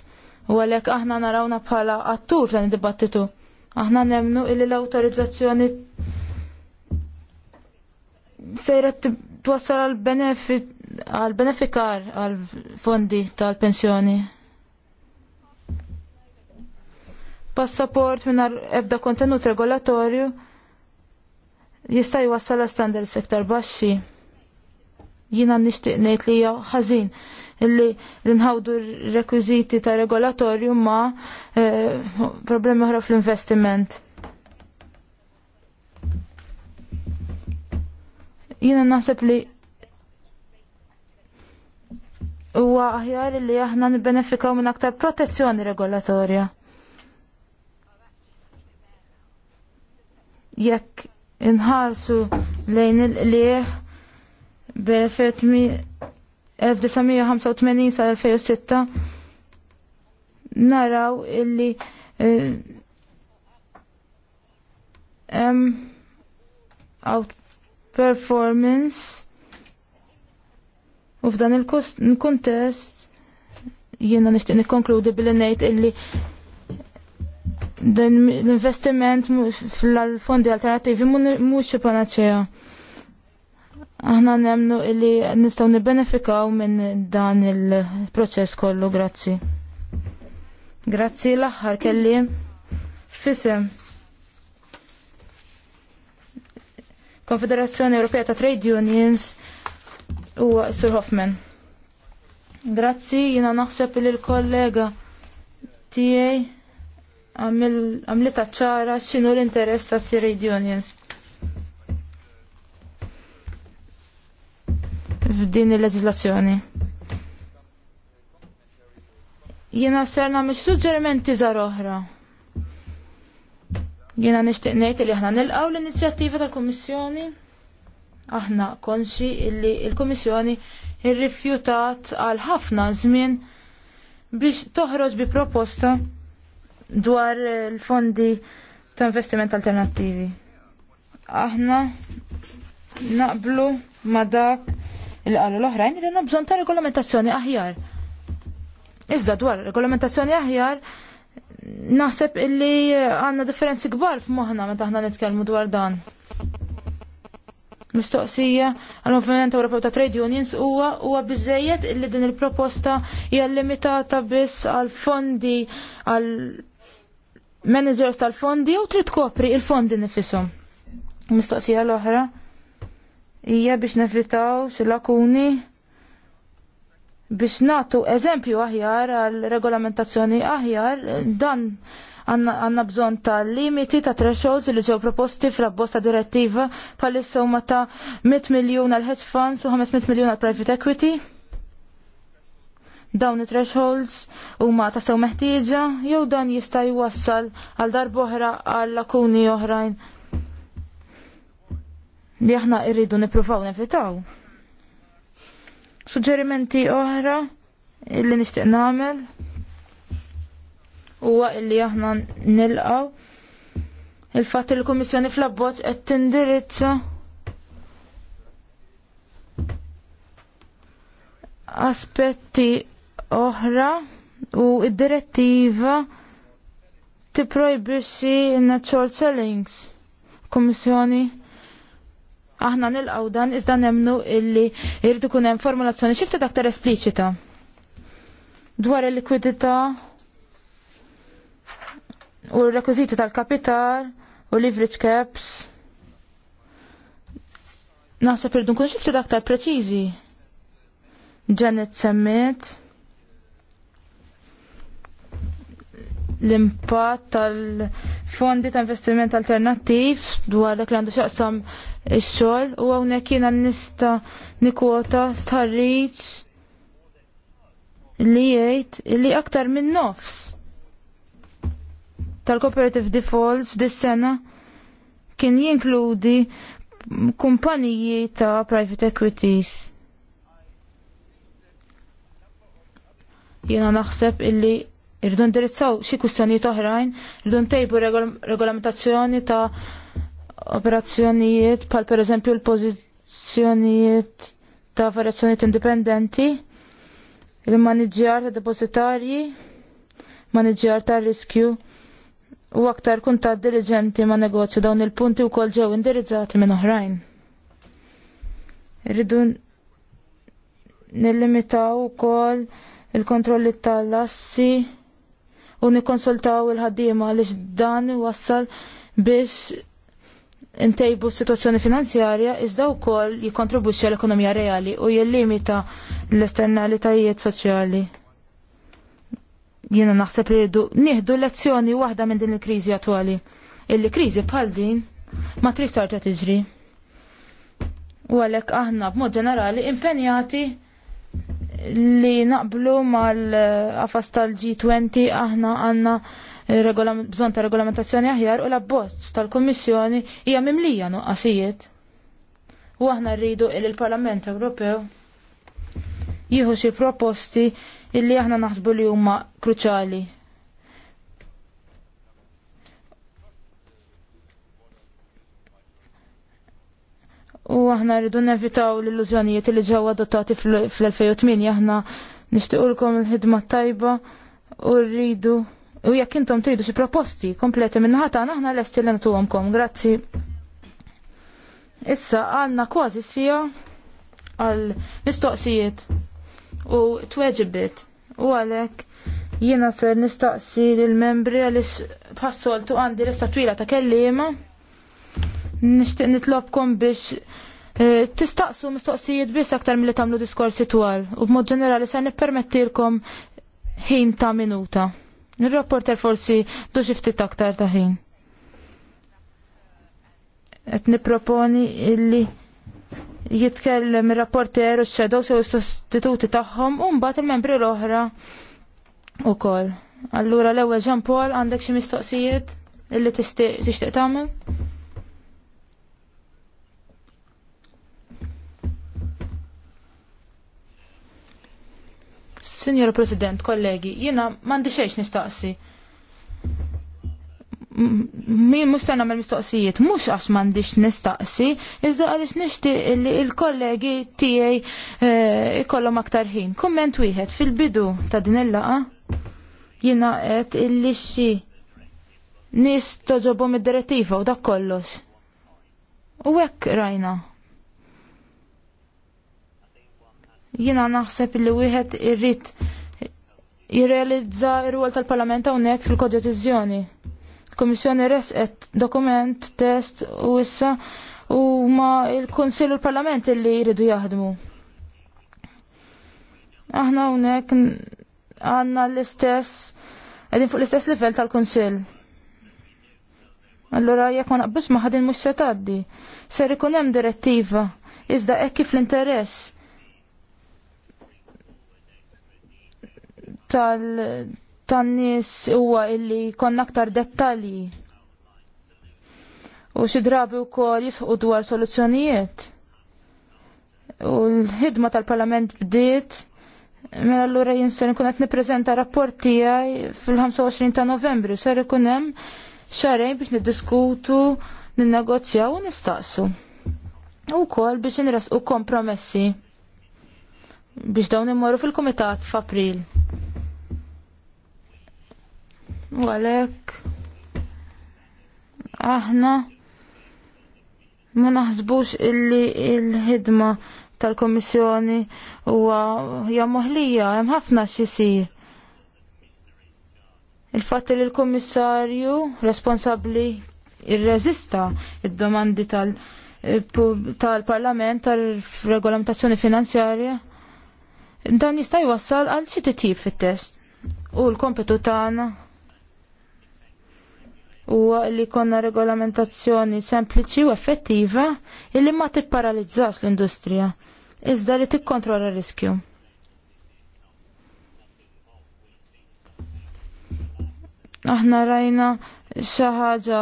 u għalhekk aħna narawna bħala attur dan id-dibattitu. Aħna nemnu illi l-awtorizzazzjoni sejra twassal għal benefikar għal fondi tal-pensjoni. Passaport minn ebda kontenut regolatorju jista' jwassal standards sektar baxxi. Jina nixtieq ngħid li hija ħażin illi l-inħawdu rekwiziti ta' regolatorju ma' eh, problemi oħra fl-investiment. Jina naħseb li huwa aħjar li aħna nibbenefikaw minn aktar protezzjoni regolatorja. Jekk inħarsu lejn il-qlieħ b'effett 1985 sa 2006 naraw illi hemm eh, outperformance u f'dan il-kuntest jiena nixtieq nikkonkludi billi ngħid illi l-investiment fl-fondi alternattivi mhux xi panaċea aħna nemnu illi nistaw nibbenefikaw minn dan il-proċess kollu, grazzi. Grazzi l-axħar kelli fisem. Konfederazzjoni Ewropea ta' Trade Unions u Sir Hoffman. Grazzi, jina naħseb li l-kollega tijaj għamlita ċara xinu l-interess ta' Trade Unions. f'din il-leġislazzjoni. Jiena serna nagħmel suġġerimenti żgħar oħra. Jiena nixtieq ngħid li aħna nilqgħu l-inizjattiva tal-Kummissjoni. Aħna konxi illi l-Kummissjoni irrifjutat għal ħafna żmien biex toħroġ bi proposta dwar il-fondi ta' investiment alternattivi. Aħna naqblu ma dak il-qalu l-oħrajn li għandna ta' regolamentazzjoni aħjar. Iżda dwar regolamentazzjoni aħjar naħseb illi għandna differenzi kbar f'moħħna meta aħna nitkellmu dwar dan. Mistoqsija għal-Movement Ewropew ta' Trade Unions huwa huwa biżejjed illi din il-proposta hija limitata biss għal fondi għal managers tal-fondi u trid tkopri il-fondi nifisom. Mistoqsija l-oħra hija biex nevitaw xi lakuni biex natu eżempju aħjar għal regolamentazzjoni aħjar dan għanna bżon ta' limiti ta' thresholds li ġew proposti fl-abbosta direttiva palissa huma ta' 100 miljun għal hedge funds u 500 miljun għal private equity. Dawn it-thresholds huma ta' sew meħtieġa jew dan jista' jwassal għal darboħra oħra għal lakuni oħrajn li aħna irridu nippruvaw nefitaw. Suġġerimenti oħra illi nixtieq nagħmel huwa illi aħna nilqaw il-fatt il kummissjoni fl-abbozz qed tindirizza aspetti oħra u id-direttiva tipprojbixxi in-natural sellings. Kummissjoni Aħna nilqaw dan iżda nemnu illi jrid ikun hemm formulazzjoni xi ftit aktar espliċita. Dwar il-likwidità u r-rekwiżiti tal-kapital u leverage caps. Naħseb irdu nkun xi ftit aktar preċiżi. Janet semmet l-impatt tal-fondi ta' investiment alternattiv dwar dak li għandu xaqsam ix-xogħol u hawnhekk jiena nista' nikwota stħarriġ li jgħid li aktar minn nofs tal-cooperative defaults dis sena kien jinkludi kumpaniji ta' private equities. Jiena naħseb illi rridu ndirizzaw xi kwistjonijiet oħrajn, irridu ntejbu regolamentazzjoni ta' operazzjonijiet pal per eżempju l-pożizzjonijiet ta' operazzjonijiet indipendenti, il-maniġjar ta' depozitarji, maniġjar ta' riskju u aktar ta' diligenti ma' negozju dawn il-punti u kol ġew indirizzati minn oħrajn. Rridu nillimitaw kol il-kontrolli tal-assi u nikonsultaw il-ħaddima li dan wassal biex intejbu situazzjoni finanzjarja iżda wkoll jikkontribwixxi l-ekonomija reali u jellimita l-esternalitajiet soċjali. Jiena naħseb li rridu nieħdu lezzjoni waħda minn din il-kriżi attwali. Il-kriżi bħal din ma trix tarġa' tiġri. U għalhekk aħna b'mod ġenerali impenjati li naqblu mal afas tal tal-G20 aħna għandna bżon ta' regolamentazzjoni aħjar u l-abbozz tal-Kommissjoni hija mimlija nuqqasijiet. U aħna rridu il parlament Ewropew jieħu xi proposti illi aħna naħsbu li huma kruċali. U aħna rridu nevitaw l-illużjonijiet li ġew adottati fl-2008 aħna nixtiequlkom il-ħidma tajba u rridu U jekk intom tridu xi proposti kompleti minn ħata aħna lesti li ntuhomkom. Grazzi. Issa għandna kważi sija għal mistoqsijiet u tweġibiet u għalhekk jiena ser nistaqsi lill membri għaliex bħassoltu għandi lista twila ta' kelliema. Nixtieq nitlobkom biex e, tistaqsu mistoqsijiet biss aktar milli tagħmlu diskorsi twal u b'mod ġenerali se nippermettilkom ħin ta' minuta nir rapporter forsi du xiftit aktar taħin. Et niproponi illi jitkellem il-rapporter u x-shadow sew sostituti tagħhom u mbagħad il-membri l-oħra wkoll. Allura l-ewwel Jean Paul għandek xi mistoqsijiet illi tixtieq tagħmel? Signora President, kollegi, jiena mandi xejx nistaqsi. Min mhux se nagħmel mistoqsijiet, mhux għax m'għandix nistaqsi, iżda għaliex nixtieq li l-kollegi tijaj eh, ikollhom aktar ħin. Kumment wieħed fil-bidu ta' din il-laqa jiena qed illi xi nies toġobhom id-direttiva u dak kollox. U hekk rajna. Jiena naħseb li wieħed irrit jirrealizza r-rwol tal-Parlament hawnhekk fil-kodeċiżjoni. Il-Kummissjoni resqet dokument, test u issa u ma il-Kunsill u l-Parlament li jridu jaħdmu. Aħna hawnhekk għandna l-istess qegħdin fuq l-istess livell tal-Kunsill. Allora jekk ma naqbux ma ħadin mhux se tgħaddi. Ser ikun hemm direttiva iżda hekk kif l-interess tal tannis huwa illi konna aktar dettalji u xi drabi wkoll jisħu dwar soluzzjonijiet. U l-ħidma tal-Parlament bdiet Mela allura jinsen ikun qed nippreżenta rapport tiegħi fil-25 ta' Novembru ser ikun hemm xarej biex niddiskutu, ninnegozjaw u nistaqsu. U wkoll biex inresqu kompromessi biex dawn immorru fil-Kumitat f'April. U aħna ma naħsbux illi il-ħidma tal-Komissjoni huwa hija moħlija hemm ħafna x'isir. Il-fatt li l-Kummissarju responsabbli irreżista id-domandi tal-Parlament tal-regolamentazzjoni finanzjarja dan jista' jwassal għal xi titjib fit-test. U l-kompetu tagħna u li konna regolamentazzjoni sempliċi u effettiva illi ma tipparalizzax l-industrija iżda li tikkontrolla riskju. Aħna rajna xi ħaġa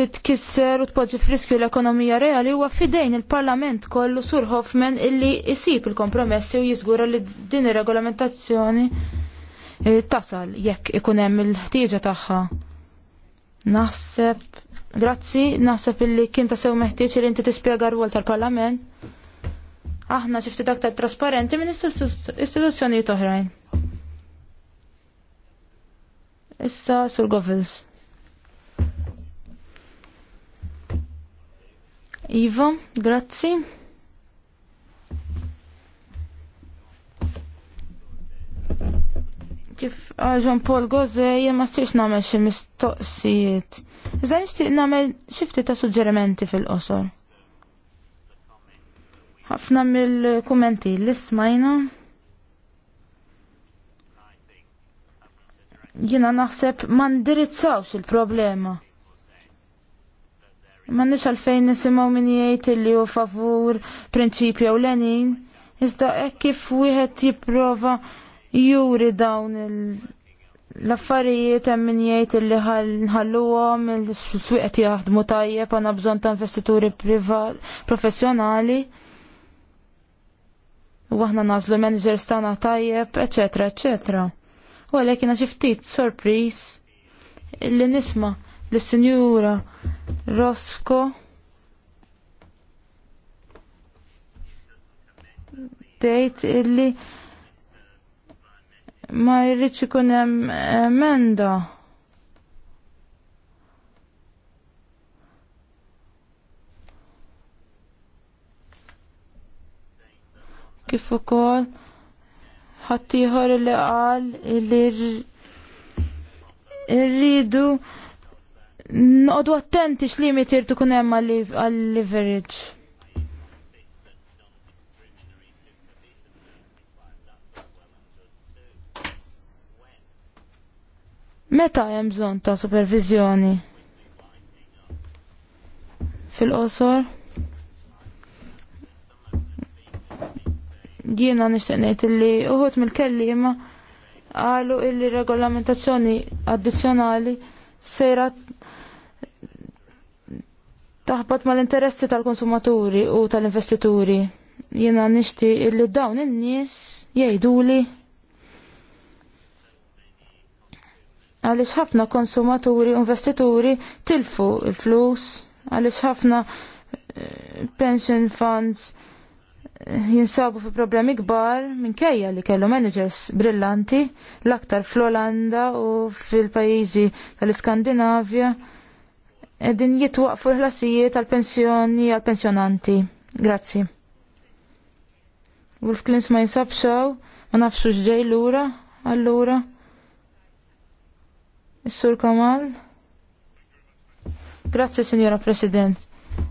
titkisser u tpoġġi friskju l-ekonomija reali huwa fidejn il-Parlament kollu Sur Hoffman illi isib il-kompromessi u jiżgura li din ir-regolamentazzjoni eh, tasal jekk ikun hemm il-ħtieġa tagħha. Naħseb, grazzi, naħseb illi kien ta' sew meħtieġ li inti tispjega r tal-Parlament. Aħna xifti aktar trasparenti minn istituzzjoni oħrajn. Issa sur Govils. Ivo, grazzi. Kif ah, Jean Paul gozze jien ma stix nagħmel xi mistoqsijiet. Iżda nixtieq nagħmel xi ftit ta' suġġerimenti fil-qosor. Ħafna mill-kumenti li ismajna Jiena naħseb ma ndirizzawx il-problema. Ma nix għalfejn nisimaw min jgħid li hu favur prinċipju u lenin. Iżda hekk kif wieħed jipprova juri dawn l-affarijiet hemm min jgħid illi nħalluhom il-swieqet jaħdmu tajjeb għandna bżonn ta' investituri privat professjonali u aħna nażlu managers tagħna tajjeb, eċetera, eċetera. U għalhekk jiena xi ftit sorpriż illi nisma' lis-Sinjura Rosco tgħid illi ma jirrit ikun hemm eh, emenda. Kif ukoll ħaddieħor li qal li rridu noqogħdu attenti x'limit irid ikun hemm għal-leverage. Meta hemm bżonn ta' supervizjoni? Fil-qosor? Jiena nixtieq ngħid illi uħud mill-kelliema qalu illi regolamentazzjoni addizzjonali sejra taħbad mal-interessi tal-konsumaturi u tal-investituri. Jiena nixtieq illi dawn in-nies jgħiduli Għaliex ħafna konsumaturi, investituri tilfu il-flus, għaliex ħafna eh, pension funds eh, jinsabu fi problemi kbar kajja li kellu managers brillanti l-aktar fl-Olanda u fil-pajizi tal-Iskandinavja edin jitwaqfu l-ħlasijiet għal-pensjoni għal-pensjonanti. Grazzi. Wolf Klins ma xaw, ma nafxux x'ġej l-ura, għall-ura. Is-Sur Kamal? Grazzi, Signora President.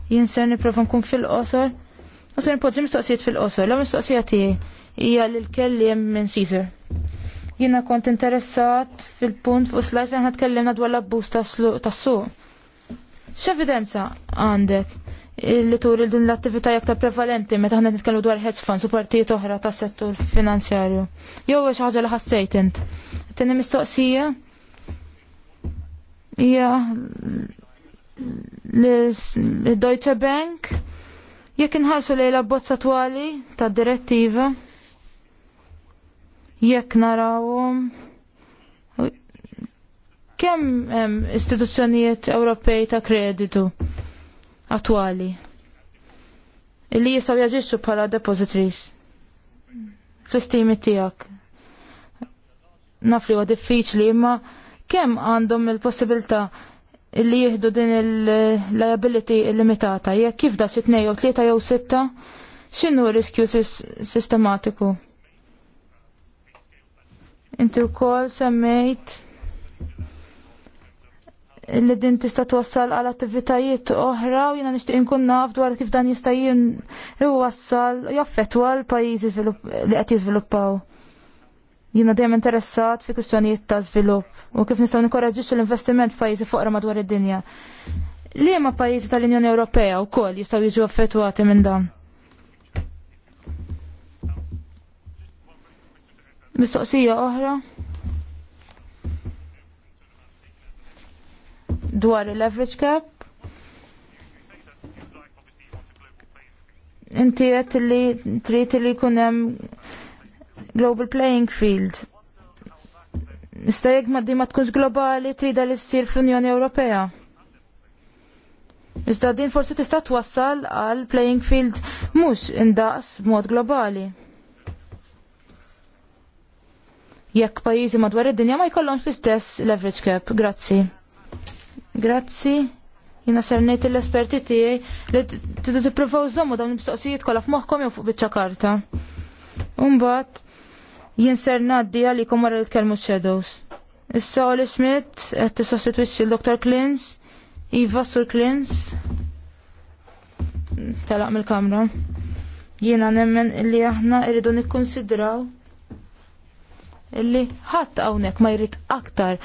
Jien ser niprofa nkun fil-qosor. U ser nipoġi mistoqsijiet fil-qosor. La mistoqsija tiegħi hija l kelli minn Caesar. Jiena kont interessat fil-punt fuq slajd fejn tkellimna dwar l-abbuż tas-suq. X'evidenza għandek li tur il din l-attività jektar prevalenti meta ħna nitkellmu dwar hedge funds u partijiet oħra tas-settur finanzjarju. Jew xi ħaġa li ħassejt int. Tieni mistoqsija? Ja, l-Deutsche Bank jekk inħarsu l abbozza twali tad direttiva jekk narawhom kemm hemm istituzzjonijiet Ewropej ta' kreditu attwali illi jistgħu jaġixxu bħala depositris fl-istimi tiegħek. Naf li huwa diffiċli imma kemm għandhom il-possibilità li jieħdu din il-liability limitata, jekk kif da xitnej jew tlieta jew sitta, x'inhu riskju sistematiku? Inti wkoll semmejt li din tista' twassal għal attivitajiet oħra u jiena nixtieq inkun naf dwar kif dan jista' jien iwassal jaffettwa l-pajjiżi li qed jiżviluppaw. Jina dejjem interessat fi kustjonijiet ta' żvilupp u kif nistgħu nikoraġġixxu l-investiment f'pajjiżi foqra madwar id-dinja. Liema pajjiżi tal-Unjoni Ewropea wkoll jistgħu jiġu affettwati minn dan? Mistoqsija oħra dwar il-leverage cap inti għet li trid li kunem global playing field. Nista' jekk ma ma tkunx globali trida li ssir fl-Unjoni Ewropea. Iżda din forsi tista' twassal għal playing field mhux indaqs b'mod globali. Jekk pajjiżi madwar id-dinja ma jkollhomx l-istess leverage cap. Grazzi. Grazzi. Jina ser ngħid l-esperti tiegħi li tiddu tippruvaw żommu dawn il-mistoqsijiet kollha f'moħħkom jew fuq biċċa karta. Umbagħad jinser naddi għalikom wara tkelmu s shadows. Issa Oli Schmidt qed tissostitwixxi l-Dr. Klins, Iva Sur Klins. Telaq mill-kamra. Jiena nemmen illi aħna rridu nikkonsidraw illi ħadd hawnhekk ma jrid aktar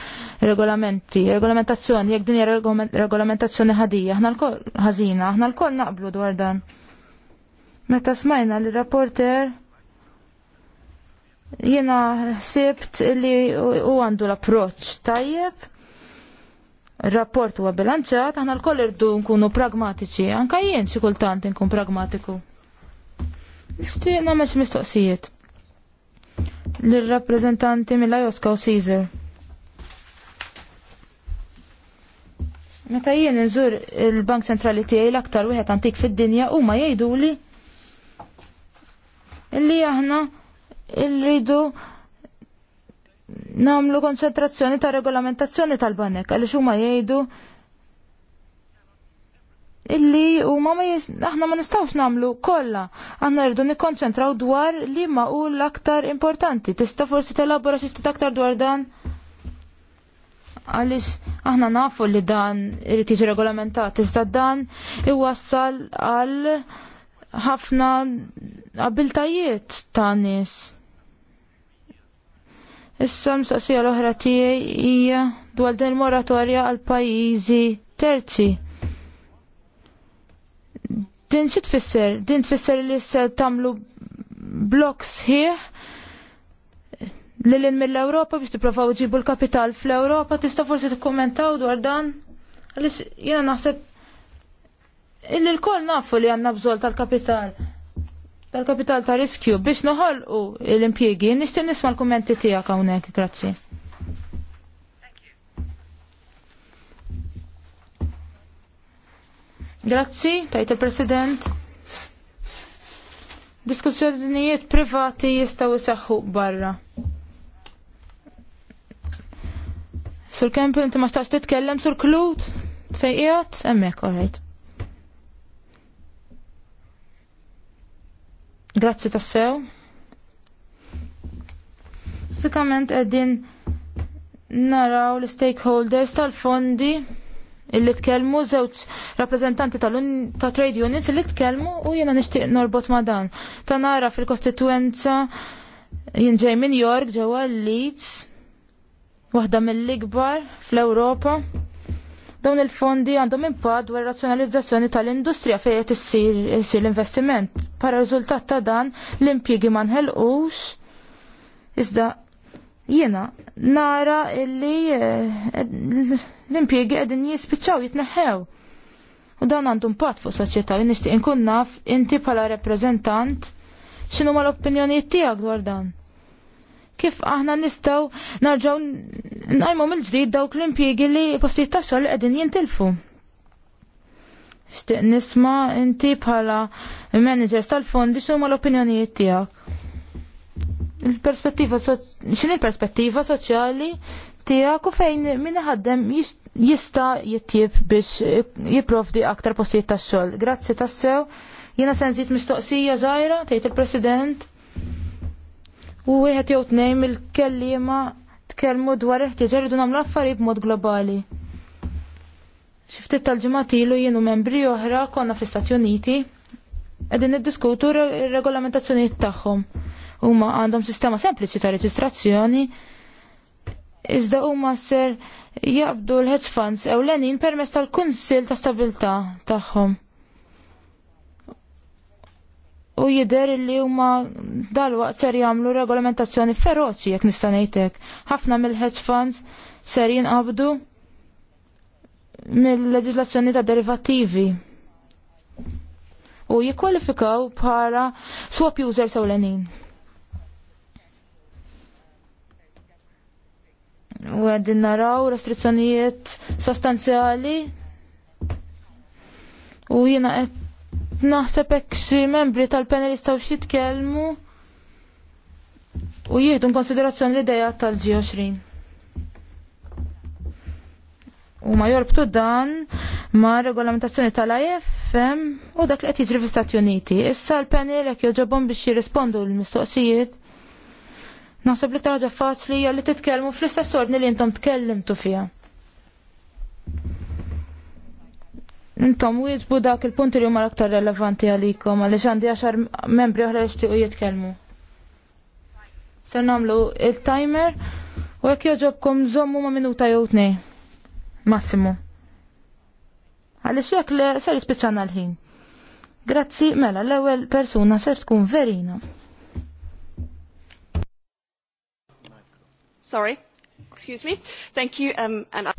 regolamenti, regolamentazzjoni, jekk din hija regolamentazzjoni ħadija, aħna l-kol ħażina, aħna l-kol naqblu dwar dan. Meta smajna li rapporter Jiena sebt li u għandu l-approċ tajjeb. rapport huwa għabilanċat, aħna l-koll irdu nkunu pragmatiċi, anka jien xi kultant nkun pragmatiku. Ixti nagħmel mistoqsijiet. Lir-rappreżentanti mill-Ajoska u Caesar. Meta jien nżur il-Bank Centrali tiegħi l-aktar wieħed antik fid-dinja huma jgħiduli li aħna irridu namlu konċentrazzjoni ta' regolamentazzjoni tal-banek, għaliex huma jgħidu illi u ma aħna ma nistawx namlu kolla. Aħna rridu nikkonċentraw dwar li ma u l-aktar importanti. Tista' forsi telabora xi ftit aktar dwar dan? Għaliex aħna nafu li dan irid jiġi regolamentat, iżda dan iwassal għal ħafna abiltajiet ta' nies Issa mistoqsija l-oħra tiegħi hija dwar din moratorja għal pajjiżi terzi. Din xi tfisser? Din tfisser li se tagħmlu blok sħiħ lil mill-Ewropa biex tipprovaw iġibu l-kapital fl-Ewropa tista' forsi tikkummentaw dwar dan? Għaliex jiena naħseb illi l nafu li għandna bżonn tal-kapital tal-kapital ta' riskju biex noħolqu l-impjiegi. Nixtieq nisma' l-kummenti tiegħek hawnhekk, grazzi. Grazzi, tajt il-President. Diskussjonijiet privati jistgħu jisaxħu barra. Sur kempin, inti ma stax titkellem sur Klut? Fejqijat? Emmek, all right. Grazzi tassew. Sikament qegħdin naraw l-stakeholders tal-fondi illi tkellmu żewġ rappreżentanti ta' trade unions illi tkellmu u jiena nixtieq norbot ma' dan. Ta' nara fil-kostituenza jien ġej minn York ġewwa Leeds, waħda mill-ikbar fl-Ewropa. Dawn il-fondi għandhom impatt dwar razzjonalizzazzjoni tal-industrija fejn qed issir l-investiment. Para riżultat ta' dan l-impjiegi ma nħelqux iżda jiena nara illi eh, l-impjiegi qegħdin jispiċċaw jitneħħew. U dan għandu impatt fuq soċjetà u nixtieq inkun naf inti bħala rappreżentant x'inhuma l-opinjonijiet tiegħek dwar dan kif aħna nistaw narġaw najmu mill-ġdid dawk l-impjegi li postijiet ta' xogħol qegħdin jintilfu. Xtieq nisma inti bħala managers tal-fondi x'huma l-opinjonijiet tiegħek. Il-perspettiva x'in il-perspettiva soċjali tiegħek u fejn min ħaddem jista' jittieb biex jipprovdi aktar postijiet tax-xogħol. Grazzi tassew. Jiena se mistoqsija żgħira tgħid il-President u wieħed jew tnejn mill-kelliema tkellmu dwar iħtieġ dunam nagħmlu affarijiet b'mod globali. Xi ftit tal-ġimgħat ilu jienu membri oħra konna fl-Istati Uniti qegħdin niddiskutu r-regolamentazzjonijiet tagħhom. Huma għandhom sistema sempliċi ta' reġistrazzjoni iżda huma ser jaqbdu l-hedge funds ewlenin permezz tal-Kunsill ta' Stabilta tagħhom u jider li huma dalwaqt ser jagħmlu regolamentazzjoni feroċi jekk nista' ngħidlek. Ħafna mill-hedge funds ser jinqabdu mill-leġislazzjoni ta' derivattivi u jikkwalifikaw bħala swap user sewlenin. U għedin naraw restrizzjonijiet sostanzjali u jina qed Naħseb hekk xi membri tal-panel jistgħu xi tkellmu u jieħdu konsiderazzjoni l-idea tal-G20. U ma jorbtu dan ma regolamentazzjoni tal-IFM u dak li qed jiġri fl-Istati Uniti. Issa l-panel jekk joġobhom biex jirrispondu l-mistoqsijiet. Naħseb li ħaġa faċli hija li titkellmu fl-istess ordni li intom tkellimtu fiha. Intom jizbu dak il-punti li huma aktar relevanti għalikom għaliex għandi għaxar membri oħra jixtiequ jitkellmu. Ser nagħmlu il-timer u jekk joġobkom zommu ma' minuta jew tnej. Massimu. Għaliex xiek li ser jispiċċana l-ħin. Grazzi, mela l-ewwel persuna ser tkun Verina. Sorry, excuse me. Thank you um, and I...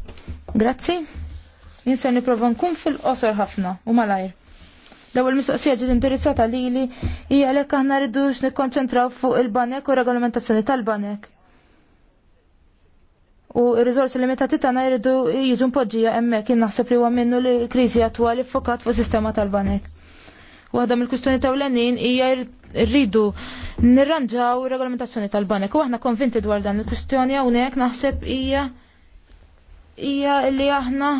Grazzi. Jinsa niprofa nkun fil-qosor ħafna u malajr. L-ewwel mistoqsija ġiet indirizzata lili hija għalhekk aħna rridux nikkonċentraw fuq il-banek u regolamentazzjoni tal-banek. U r-riżorsi limitati tagħna jridu jiġu mpoġġija hemmhekk in naħseb li huwa minnu li l-kriżi attwali ffokat fuq sistema tal-banek. Waħda mill-kwistjoni ta'wlenin hija rridu nirranġaw regolamentazzjoni tal-banek. U aħna konvinti dwar dan il-kwistjoni hawnhekk naħseb hija hija li aħna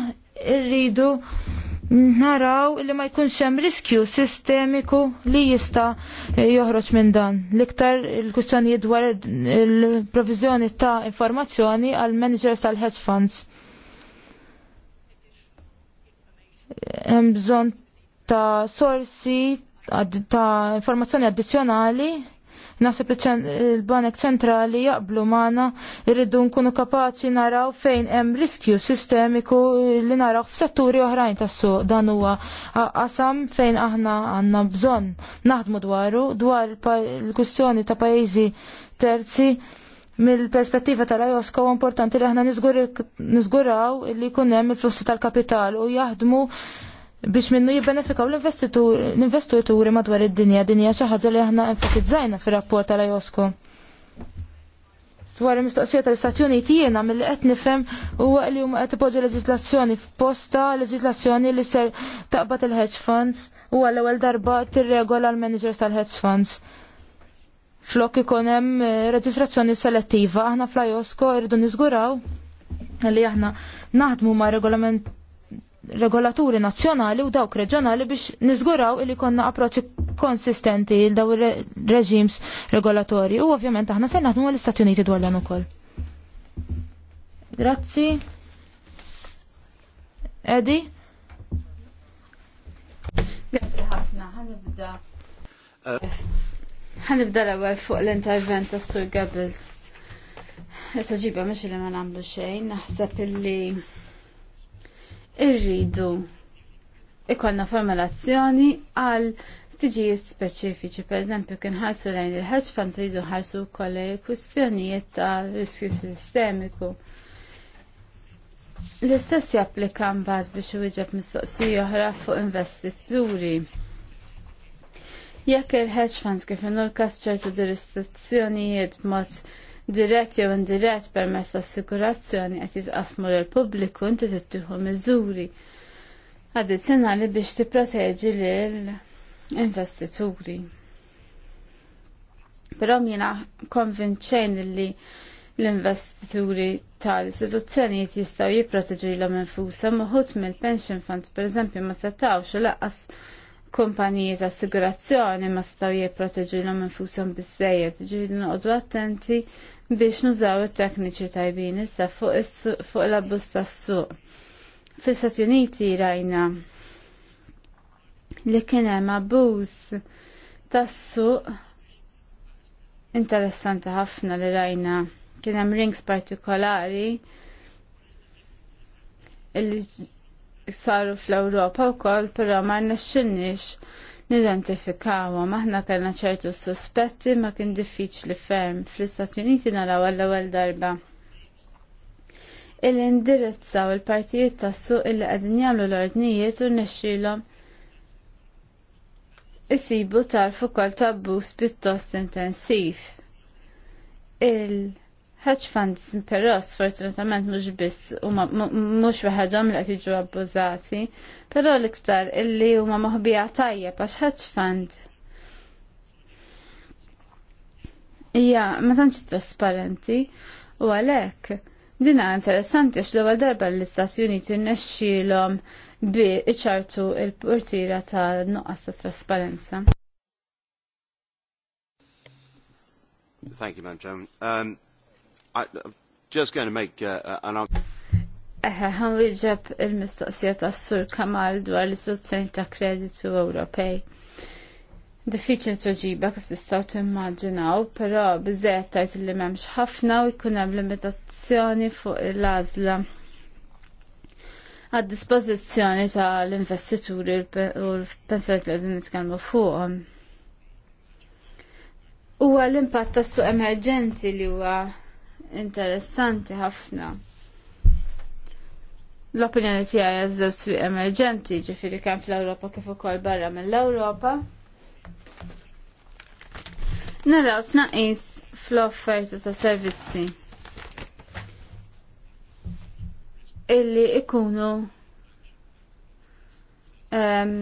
irridu naraw li ma jkunx hemm riskju sistemiku li jista' joħroġ minn dan. L-iktar il kustjonijiet dwar il-provizjoni ta' informazzjoni għal managers tal-hedge funds. Hemm bżonn ta' sorsi ta' informazzjoni addizzjonali Nasib il banek Ċentrali jaqblu magħna irridu nkunu kapaċi naraw fejn hemm riskju sistemiku li naraw f'setturi oħrajn tas-suq dan huwa qasam fejn aħna għandna bżonn naħdmu dwaru dwar il-kwistjoni ta' pajjiżi terzi mill-perspettiva tal-IOSCO importanti li aħna nizguraw li jkun hemm il-flussi tal-kapital u jaħdmu biex minnu jibbenefikaw l-investituri madwar id-dinja, dinja xi ħaġa li aħna enfatizzajna fir-rapport tal Josko. Dwar il-mistoqsija tal-Istati Uniti jiena mill qed nifhem huwa li huma qed ipoġġu leġislazzjoni f'posta leġislazzjoni li ser taqbad il-hedge funds u għall ewwel darba tirregola l-managers tal-hedge funds. Flok ikun hemm eh, reġistrazzjoni selettiva aħna fl-Josko irridu niżguraw li aħna naħdmu ma' regolament regolaturi nazzjonali u dawk reġjonali biex niżguraw li konna approċċi konsistenti il daw reġims regolatori. U ovvjament aħna se naħdmu l-Istati Uniti dwar dan ukoll. Grazzi. Edi. Grazzi ħafna, ħanibda. Ħanibda l-ewwel fuq l-intervent tas-Sur Gabbels. Issa mhux li ma nagħmlu xejn, naħseb illi irridu ikollna formulazzjoni għal tiġijiet speċifiċi, per eżempju, kien ħarsu lejn il ħedġ fan tridu ħarsu wkoll il-kwistjonijiet ta' riskju sistemiku. L-istess japplika mbagħad biex wieġeb mistoqsija oħra fuq investituri. Jekk il-hedge funds kif inhu l-każ ċertu jurisdizzjonijiet b'mod dirett jew indirett permezz tas-sikurazzjoni qed jitqasmu lil pubbliku inti tittieħu miżuri addizzjonali biex tipproteġi lil investituri. Però jiena konvinċejn li l-investituri tal-istituzzjonijiet jistgħu jipproteġu lhom infushom uħut mill-pension funds pereżempju ma setawx u laqqas kumpaniji ta' assigurazzjoni ma staw jipproteġu l-om infusom bizzejed, ġividu noqdu attenti biex nużaw it-tekniċi tajbin issa fuq fuq l abbus tas-suq. fil stati Uniti rajna li kien hemm abbuż tas-suq interessanti ħafna li rajna kien hemm rings partikolari illi saru fl-Ewropa wkoll però ma rnexxinniex nidentifikawhom. Aħna kellna ċertu suspetti ma kien diffiċli ferm fl-Istati Uniti naraw għall-ewwel darba. Il-indirizzaw il-partijiet tas-suq illi qegħdin jagħmlu l-ordnijiet u nexxilhom isibu tarfu kol tabbus pjuttost intensiv. Il- hedge funds però sfortunatamente, mhux biss huma mhux waħedhom li qed jiġu abbużati, però l-iktar illi huma moħbija tajjeb għax hedge fund. Ija, ma tantx trasparenti u għalhekk dina interessanti għax l-ewwel darba l-Istati Uniti nnexxielhom bi iċartu il-portira ta' nuqqas ta' trasparenza. Thank you, Madam Chairman. Um, I, just going to make uh, uh an Eħe, għan wieġeb il-mistoqsija ta' sur Kamal dwar l-istituzzjoni ta' kreditu Ewropej. Diffiċil toġiba kif tistaw timmaġinaw, pero bizzet tajt li memx ħafna u jkun hemm limitazzjoni fuq l-għażla għad dispożizzjoni ta' l-investituri u l-pensjoni li qegħdin nitkellmu fuqhom. Huwa l-impatt tas-suq emerġenti li huwa interessanti ħafna. L-opinjoni tiegħi għażew swieq emerġenti ġifieri kemm fl-Ewropa kif ukoll barra mill-Ewropa. Naraw snaqis fl-offerta ta' servizzi illi ikunu um,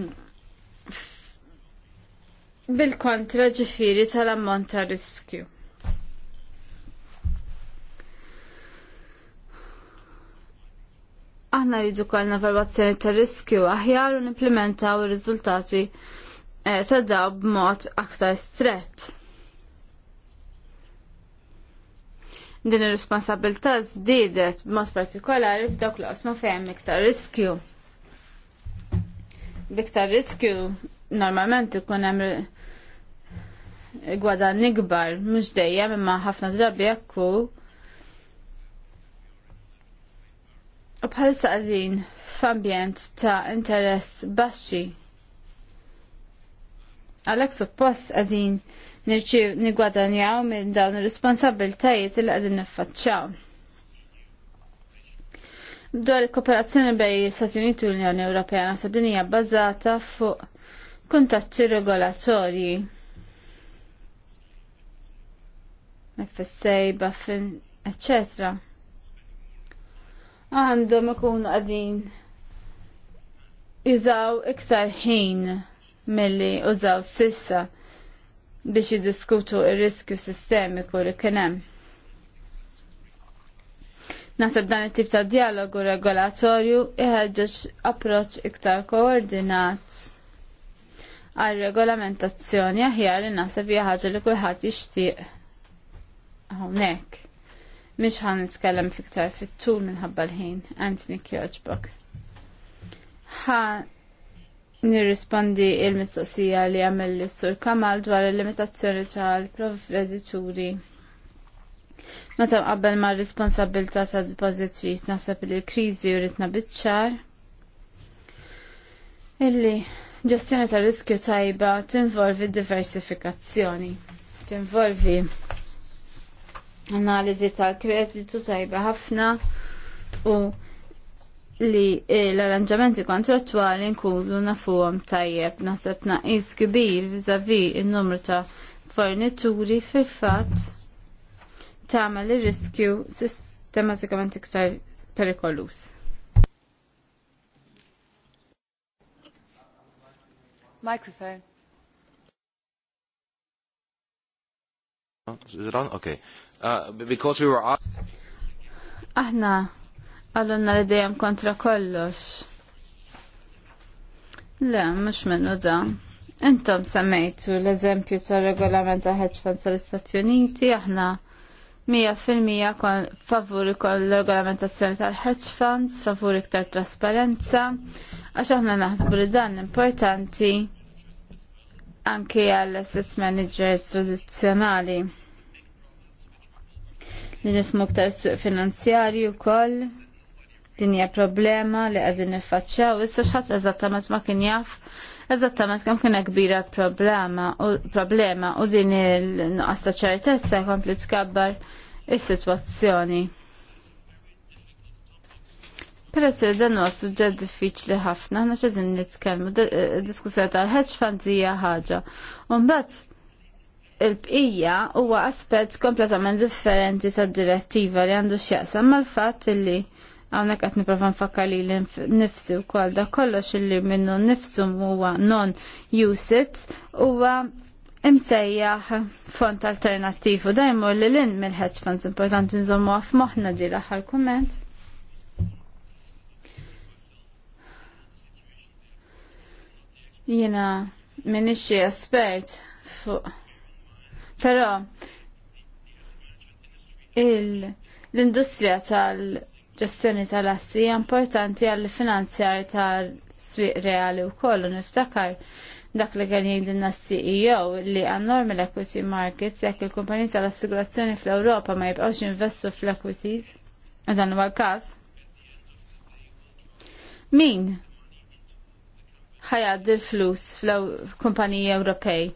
bil-kontra ġifiri tal-ammont ta' riskju. aħna rridu kollna valwazzjoni ta' riskju aħjar u nimplementaw ir-riżultati eh, ta' daw b'mod aktar strett. Din ir-responsabilità żdiedet b'mod partikolari f'dawk l-osma fejn iktar riskju. Biktar riskju normalment ikun hemm gwadan ikbar, mhux dejjem imma ħafna drabi jekk bħalissa qegħdin f'ambjent ta' interess baxxi. Għalhekk suppost qegħdin nirċiev nigwadanjaw minn dawn ir-responsabbiltajiet li qegħdin niffaċċjaw. Dwar il-kooperazzjoni bej istati Uniti u l-Unjoni Ewropea naħseb din hija bbażata fuq kuntatti regolatorji. FSA, baffin, eccetera għandhom ikunu għadin jużaw iktar ħin milli użaw sissa biex jiddiskutu ir-riskju sistemiku li kien hemm. Naħseb dan it-tip ta' dialogu regolatorju iħeġġeġ approċċ iktar koordinat għal regolamentazzjoni aħjar li naħseb hija ħaġa li kulħadd jixtieq hawnhekk. Mish ħan nitkellem fiktar fit-tul minħabba l-ħin, Anthony Kjoġbok. Ħa nirrispondi il-mistoqsija li għamil l-sur Kamal dwar il-limitazzjoni tal-provvedituri. Meta qabel ma' responsabilta ta' depozitriz naħseb li l-krizi u ritna bitċar. Illi, ġestjoni tal-riskju tajba tinvolvi diversifikazzjoni. Tinvolvi analiżi tal-kreditu tajba ħafna u li l-arranġamenti kontrattwali nkunu nafuhom tajjeb naħseb naqis kbir viżavi n-numru ta' fornituri fil-fatt tagħmel ir-riskju sistematikament iktar perikolus. Microphone. Is it on? Okay. Uh, because we were Aħna għallunna li dejjem kontra kollox. Le, mux minnu da. Intom semmejtu l-eżempju tar regolament ta' hedge funds tal-Istati Uniti, aħna Mija fil-mija favuri kol l-regolamentazzjoni tal-hedge funds, favuri iktar trasparenza, għax aħna naħsbu li dan importanti anke għall asset managers tradizzjonali li nifmu ktar suq finanzjarju wkoll din hija problema li qegħdin niffaċċjaw issa xħat eżattament ma kien jaf eżattament kemm kien kbira problema u problema u din il-nuqqas ta' ċertezza jkompli tkabbar is-sitwazzjoni. Peress li dan huwa suġġett diffiċli ħafna, aħna din nitkellmu eh, diskussjoni tal-hedge funds hija ħaġa. U mbagħad il-bqija huwa aspett kompletament differenti tad direttiva li għandu x'jaqsam mal-fatt li għawnek qed niprofa nfakkar li nifsu nifsi kol da kollox li minnu nifsu huwa non usits huwa imsejjaħ font alternattiv u dajmu li l-in mill-hedge funds importanti nżommu għaf moħna di l-axar komment. Jena xie espert fuq Però l-industrija tal-ġestjoni tal-assi hija importanti għall finanzjar tal-swieq reali wkoll u niftakar dak li kien jgħidilna CEO li għannorm l-equity markets jekk il kumpanija tal-assigurazzjoni fl-Ewropa ma jibqgħux investu fl-equities, u dan huwa l-każ. Min ħajad il-flus fl-kumpaniji Ewropej?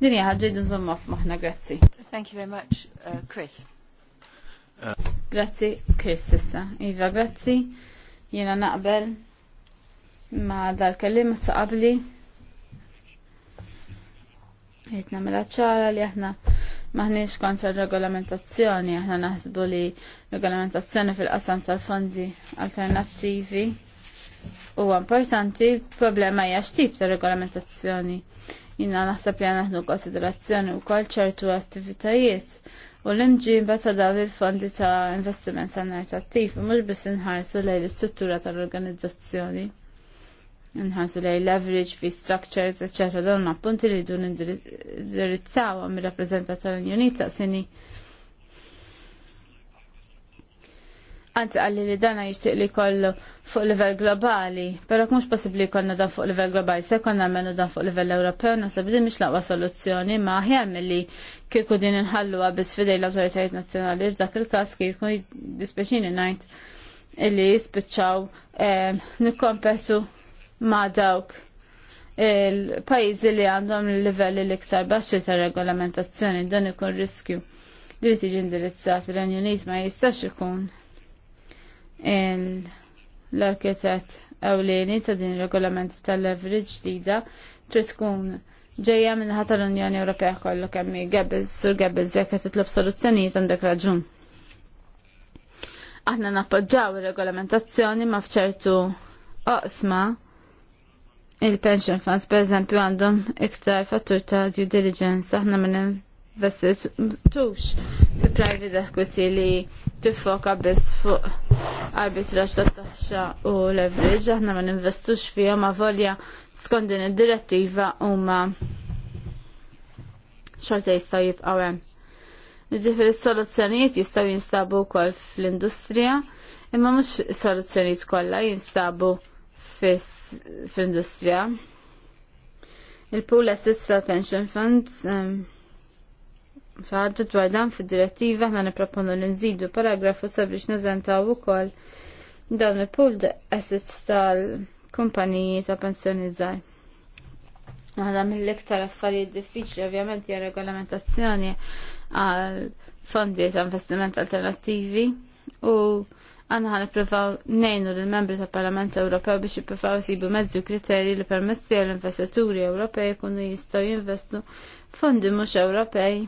Dinja hija ħaġa nżomma f'moħħna, grazzi. Thank you very much, uh, Chris. Grazzi, Chris issa. Iva, grazzi. Jiena naqbel ma dal-kellim ta' qabli. Jitna mela ċara li aħna maħniex kontra regolamentazzjoni, aħna naħsbu li regolamentazzjoni fil-qasam tal-fondi alternattivi u importanti, problema hija x'tip ta' regolamentazzjoni. Jina naħseb li għanaħnu konsiderazzjoni u kol ċertu attivitajiet u l-imġiba ta' dawn il-fondi ta' investiment alternattiv u mux bis nħarsu lej l istruttura tal-organizzazzjoni. Nħarsu lej leverage fi structures, eccetera, dawn appunti li jdu indirizzawa mir rappresentat tal-Unjoni ta' sini Għanti għalli li dana jishtiq li kollu fuq livell globali, pero mux possibli konna dan fuq livell globali, se konna menu dan fuq livell Ewropew, nasa din mish laqwa soluzzjoni, ma ħjar mill-li kiku din nħallu għabis fidej l autoritajt nazjonali, f'dak il-kas kiku dispeċini najt illi jispiċċaw eh, nikkompetu ma dawk il-pajizi li għandhom il-livelli l-iktar baxxi ta' regolamentazzjoni dan ikun riskju li tiġi indirizzat l-Unjoniet ma jistax ikun l-arkitett ewlieni ta' din regolament tal-leverage ġdida trid tkun ġejja minnaħa tal-Unjoni Ewropea kollu kemm Goebbels sur Goebbels jekk qed titlob soluzzjonijiet għandek raġun. Aħna nappoġġaw ir-regolamentazzjoni ma' fċertu oqsma il-pension funds per eżempju għandhom iktar fattur ta' due diligence aħna ma' investitux fi private equity li tiffoka biss fuq arbitraġ ta' taxxa u leverage, aħna ma ninvestux fihom ma volja skont din id-direttiva huma xorta jistgħu jibqgħu hemm. Jiġifieri s soluzzjonijiet jistgħu jinstabu wkoll fl-industrija, imma mhux soluzzjonijiet kollha jinstabu fl-industrija. Il-pool assist pension funds um, ħadda dwar dan fid-direttiva aħna nipproponu li nżidu paragrafu sabiex u ukoll dawn il pull assets tal-kumpaniji ta' pensjoni żgħar. Għada mill-iktar affarijiet diffiċli ovvjament hija regolamentazzjoni għal fondi ta' investiment alternattivi u għanna ħan ippruvaw nejnu l-membri ta' Parlament Ewropew biex ippruvaw sibu mezzu kriterji li permessi l-investituri Ewropej kunu jistaw jinvestu fondi mux Ewropej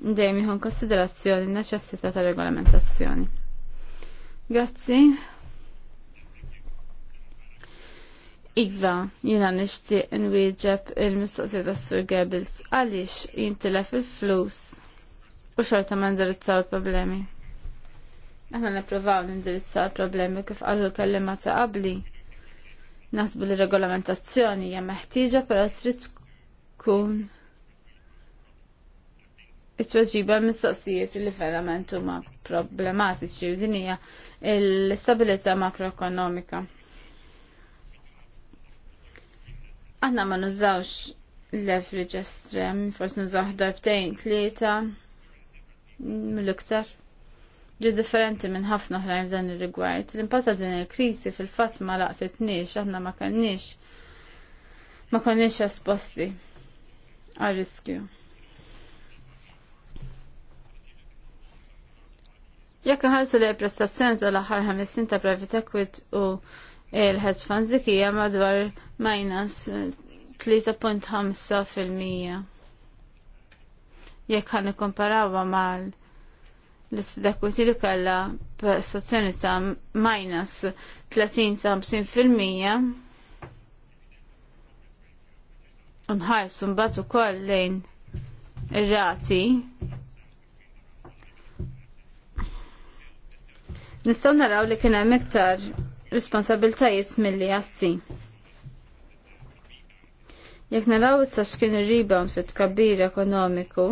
dejjem jħon konsiderazzjoni n-neċessità ta' regolamentazzjoni. Grazzi. Iva, jina nishtiq nwieġeb il-mistoqsija ta' Sur Goebbels għaliex jintilef il-flus u xorta ma indirizzaw il-problemi. Aħna nippruvaw nindirizzaw il-problemi kif qalu l-kellima ta' qabli. Nasbu li regolamentazzjoni hija meħtieġa però trid tkun it-tweġiba mistoqsijiet li verament huma problematiċi u din hija l-istabilità makroekonomika. Aħna ma nużawx leverage estrem, forsi nużaw darbtejn tlieta mill-iktar. Ġi differenti minn ħafna oħrajn f'dan ir-rigward. L-impatt ta' din il-krisi fil-fatt ma laqsitniex, aħna ma kellniex ma konniex esposti għal riskju. Jekk nħarsu li prestazzjoni tal-aħħar ħames snin ta' private equity u l-hedge funds dik hija madwar minus 3.5 eh, fil-mija. Jekk ħan ikkomparawha mal l-istakwiti li kellha prestazzjoni ta' minus 30 sa 50 fil Nħarsu mbagħad ukoll lejn ir-rati Nistgħu naraw li kien hemm iktar responsabiltajiet milli jassi. Jekk naraw issa x'kien ir-rebound fit kabir ekonomiku,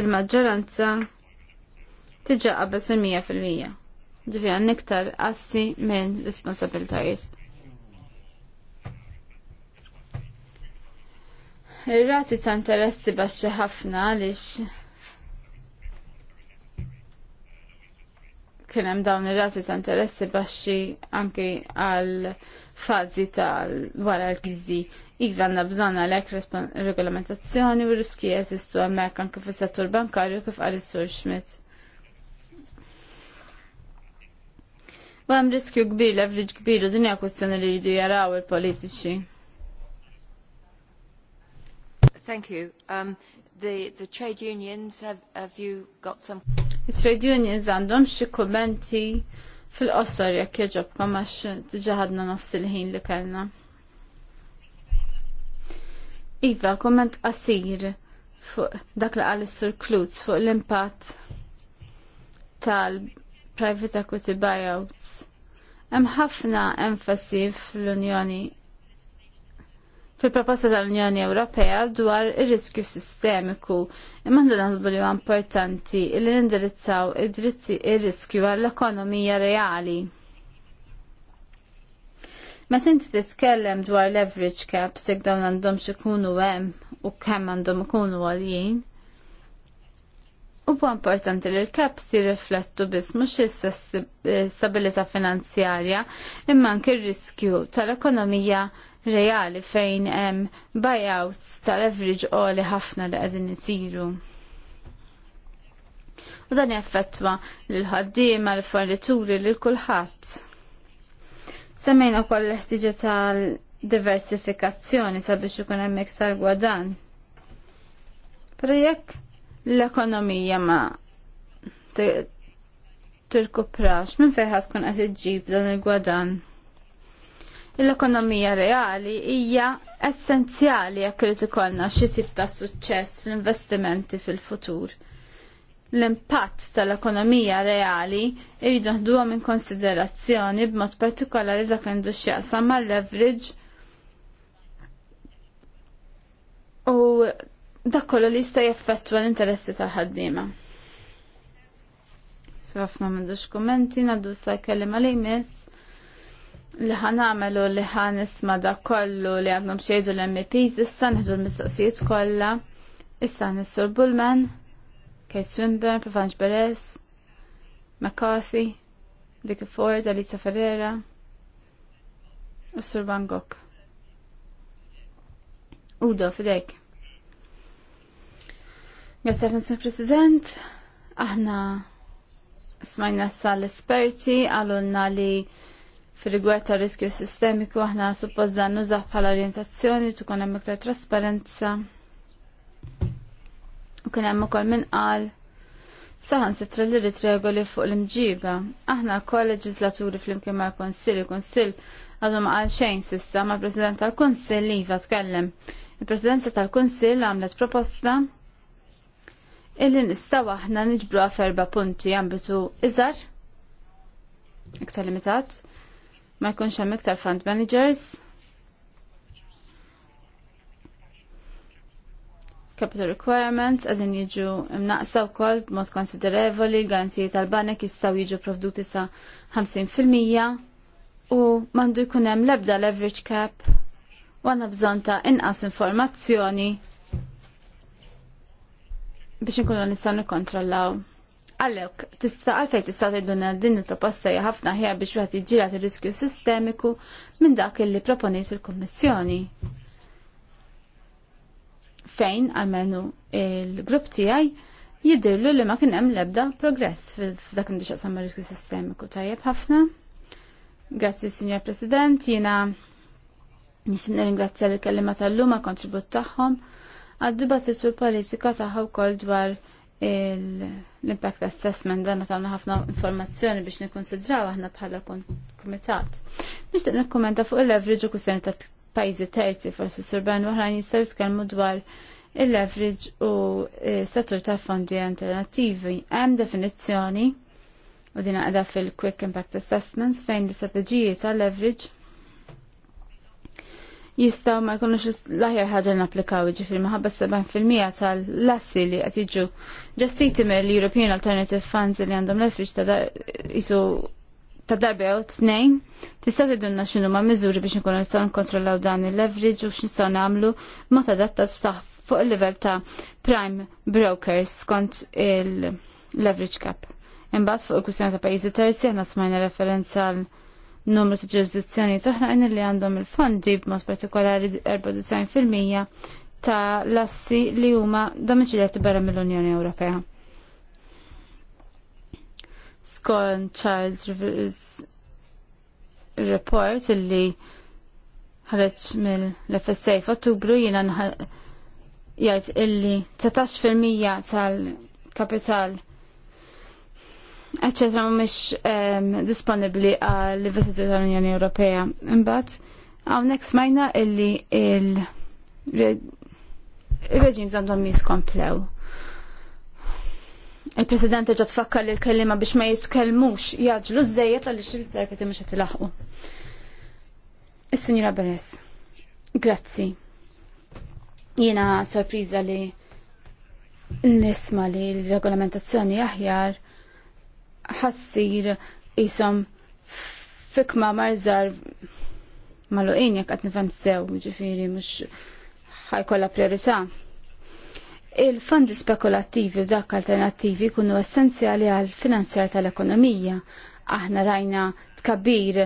il-maġġoranza tiġa għabbas il-mija fil-mija. Ġifi għan iktar assi minn responsabiltajiet. Ir-rati ta' interessi baxxi ħafna għaliex kien hemm dawn ir razzi ta' interessi baxxi anki għal fażi tal wara l-kriżi. Iva għandna bżonn għalhekk regolamentazzjoni u riski jesistu għamek anki fis-settur bankarju kif għal is-Sur Schmidt. U hemm riskju kbir, leverage kbir u dinja hija kwestjoni li jridu jaraw il-politiċi. Thank you. Um, the, the trade unions, have, have you got some it trade unions għandhom xi kummenti fil-qosor jekk jogħġobkom għax ħadna nofs il-ħin li kellna. Iva, komment qasir fuq dak li qal is-Sur Klutz fuq l-impatt tal-private equity buyouts. Hemm ħafna enfasi fl-Unjoni fil-proposta tal-Unjoni Ewropea dwar ir-riskju sistemiku. Imma għandu naħsbu li importanti li nindirizzaw ir-riskju għall-ekonomija reali. Meta inti titkellem dwar leverage caps jekk dawn għandhom xikunu hemm u kemm għandhom ikunu U Huwa importanti li l si riflettu biss mhux issa eh, stabilita finanzjarja imma anke r-riskju tal-ekonomija reali fejn hemm buyouts tal-average qoli ħafna li qegħdin isiru. U dan jaffettwa lill ħaddiema l fornituri lil kulħadd. Semmejna wkoll l-ħtiġa tal-diversifikazzjoni sabiex ikun hemm iktar gwadan. Però jekk l-ekonomija ma tirkuprax minn fejn tkun qed iġġib dan il-gwadan l-ekonomija reali hija essenzjali jekk irid ikollna xi tip ta' suċċess fl-investimenti fil-futur. L-impatt tal-ekonomija reali jridu naħduha minn konsiderazzjoni b'mod partikolari dak għandu x'jaqsam mal-leverage u dak kollu li jista' jaffettwa l-interessi tal-ħaddiema. Sofna m'għandux kummenti, naddu sa' kellim għal jmiss li ħan għamelu li ħan isma da kollu li għadnum xejdu l-MPs, issa nħġu l-mistoqsijiet kolla, issa l Bullman, Kate Swinburne, Pavanj Beres, McCarthy, Vicky Ford, Alisa Ferreira, u Sur Van Gogh. Udo, fidejk. Grazie, Mr. President. Aħna smajna s l-esperti, għalunna li fil-rigward ta' riskju sistemiku aħna suppost dan nużaħ bħala orientazzjoni tkun hemm iktar trasparenza. U kien hemm ukoll min qal saħan sitra li rrit regoli fuq l-imġiba. Aħna kol leġislaturi fl-imkien ma' konsil, konsil għadu ma' għal xejn sissa ma' president tal-konsil li jiva tkellem. Il-presidenza tal-konsil għamlet proposta illi nistaw aħna niġbru ferba punti għambitu iżar, iktar limitat, ma jkunx hemm iktar fund managers. Capital requirements għadin jiġu imnaqsa u koll b'mod konsiderevoli, l-garanzijiet tal-banek jistaw jiġu provduti sa 50% u mandu jkun hemm lebda leverage cap u għanna bżon ta' inqas informazzjoni biex nkunu nistaw nikkontrollaw. Għallek, tista' għalfej tista' tgħidulna din il-proposta hija ħafna ħjar biex wieħed jiġġieled ir-riskju sistemiku minn dak li proponis il-Kummissjoni. Fejn għalmenu il-grupp tiegħi jiddirlu li ma kien hemm l-ebda progress f'dak li xaqsam riskju sistemiku tajjeb ħafna. Grazzi Signor President, jiena nixtieq nirringrazzja l-kellima tal-lum kontribut tagħhom għad-dibattitu politika tagħha wkoll dwar l-impact assessment dan għandna ħafna informazzjoni biex nikkonsidraw aħna bħala kumitat. Nixtieq nikkumenta fuq il-leverage u kusen ta' pajzi terzi forsi surban oħrajn jistgħu jitkellmu dwar il-leverage u e, settur ta' fondi alternattivi. Hemm definizzjoni u din għada fil-Quick Impact Assessments fejn l strategijiet tal leverage jistaw ma jkunux l-aħjar ħagġa n-applikaw ġifiri maħabba 7% tal-lassi li għat jġu ġastiti me l-European Alternative Funds li għandhom l-efriċ ta' jisu ta' darbi għaw t-snejn, tista' tidunna xinu ma' mizuri biex nkunu nistaw nkontrollaw dan il-leverage u x'nistgħu nagħmlu ma ta' datta fuq il-level ta' prime brokers skont il-leverage cap. Imbagħad fuq il kustjoni ta' pajjiżi terzi aħna smajna referenza għal numru ta' ġurisdizzjoni toħra in li għandhom il-fondi b'mod partikolari 94% ta' lassi li huma domiċiljati barra mill-Unjoni Ewropea. Skon Charles Rivers report illi ħareċ mill-FSA f'Ottubru jiena jgħid illi 13% tal-kapital eccetera, mhix um, ehm, disponibbli għal l-Vizitu tal-Unjoni Ewropea. Imbagħad hawnhekk smajna illi il-reġim għandhom jiskomplew. Il-President ġa tfakkar li l-kellima biex ma jitkellmux jaġlu żejjed għaliex il-interpreti mhux qed ilaħqu. Is-Sinjura Beres, grazzi. Jiena sorpriża li nisma li l-regolamentazzjoni aħjar ħassir jisom fikma marżar maluqin jek għat nifem sew ġifiri mux ħajkolla priorità. Il-fondi spekulattivi u dak alternattivi kunu essenzjali għal finanzjar tal-ekonomija. Aħna rajna tkabbir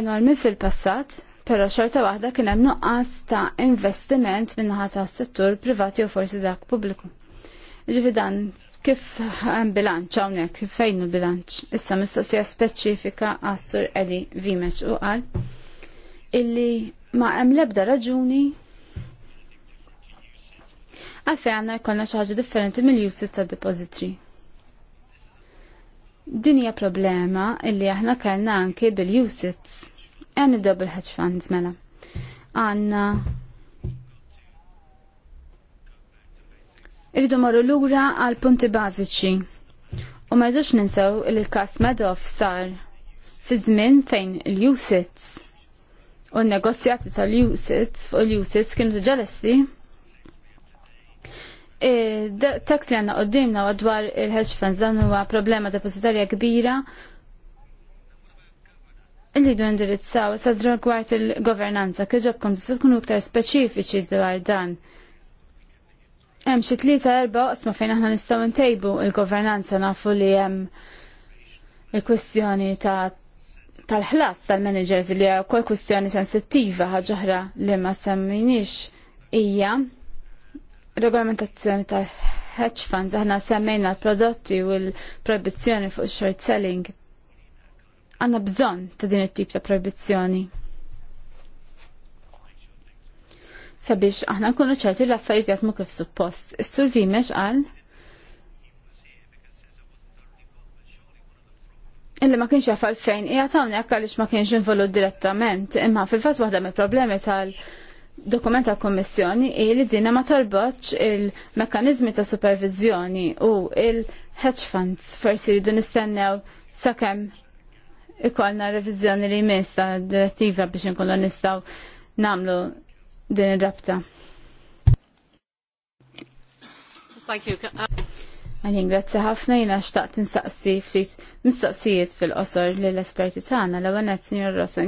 enormi fil-passat, pero xorta waħda kien hemm nuqqas ta' investiment minnaħa ta' settur privati u forsi dak pubbliku. Ġifi dan kif hemm bilanċ hawnhekk, fejn il-bilanċ. Issa mistoqsija speċifika għas-sur Eli Vimeċ u qal illi ma hemm l-ebda raġuni għafi għanna jkollna xi ħaġa differenti mill-uses ta' depozitri. Din hija problema illi aħna kellna anki bil-uses. għan nibdew bil-hedge funds mela. Irridu marru lura għal punti bażiċi. U ma rridux ninsew il-kas Madoff sar fi żmien fejn il-USITS u n-negozjati tal-USITS fuq il-USITS kienu ġalessi e, Tekst li għanna għoddimna għadwar il-hedge funds dan huwa problema depozitarja kbira illi du indirizzaw sa' dwar il-governanza kħiġobkom tista' tkunu iktar speċifiċi dwar dan. Hemm xi tlieta erba' qosma fejn aħna nistgħu ntejbu il-governanza nafu li hemm il kwistjoni ta' tal-ħlas tal-managers li hija wkoll kwistjoni sensittiva oħra li ma semminix hija regolamentazzjoni tal-hedge funds aħna semmejna l-prodotti u l-proibizzjoni fuq short selling. Għanna bżonn ta' din it-tip ta' proibizzjoni. sabiex aħna nkunu ċerti l-affarijiet jatmu kif suppost. Is-sur Vimex qal Illi ma kienx jafal fejn, hija hawnhekk għaliex ma kienx involut direttament, imma fil-fatt waħda mill-problemi tal- dokument tal kommissjoni i li dina ma torbotx il mekanizmi ta' supervizjoni u il-hedge funds forsi ridu nistennew sakemm ikolna revizjoni li jmiss ta' direttiva biex nkunu nistaw namlu din il rabta Thank you. Uh, Għalin, grazzi ħafna jina xtaqt nistaqsi ftit mistoqsijiet fil-qosor li l-esperti tagħna l għanet Sinjor Rosa.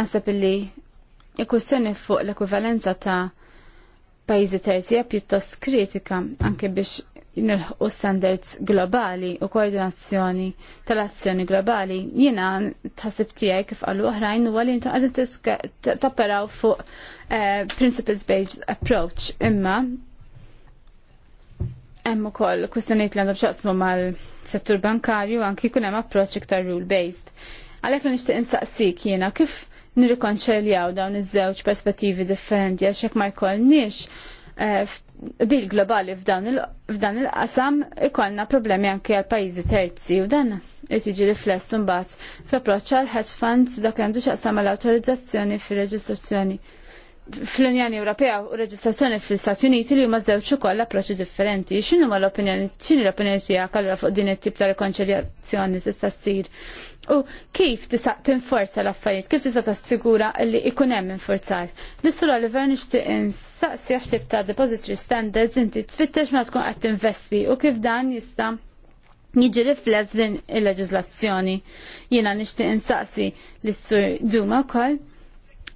Nasab illi il-kwistjoni fuq l ekvivalenza ta' pajjiżi terzija pjuttost kritika anke biex nilħu standards globali u koordinazzjoni tal-azzjoni globali, jina tħasib tijaj kif għallu oħrajn u għalli jintu għadin tapperaw fuq eh, principles-based approach imma hemm ukoll kwistjonijiet li għandhom xaqsmu mal-settur bankarju anki jkun hemm approċċ iktar rule-based. Għalhekk li nixtieq insaqsik jiena kif nirrikonċeljaw dawn iż-żewġ perspettivi differenti għax hekk ma jkollniex Eh, bil globali f'dan il-qasam ikollna problemi anke għal pajjiżi terzi u dan qed jiġi rifless imbagħad fl-approċċ għal hedge funds dak għandu x'aqsam għall awtorizzazzjoni fir-reġistrazzjoni fl-Unjoni Ewropea u reġistrazzjoni fl-Istati Uniti li huma żewġ ukoll approċċi differenti. X'inhu ma l-opinjoni x'inhi l-opinjoni tiegħek allura fuq din it-tip ta' rekonċiljazzjoni tista' ssir? U kif tista' tinforza l-affarijiet? Kif tista' tassigura li jkun hemm infurzar? Nissura li ver nixtieq insaqsi għax tip ta' depository standards inti tfittex ma tkun qed tinvesti u kif dan jista' jiġi riflet din il-leġiżlazzjoni. Jiena nixtieq insaqsi l-sur Duma wkoll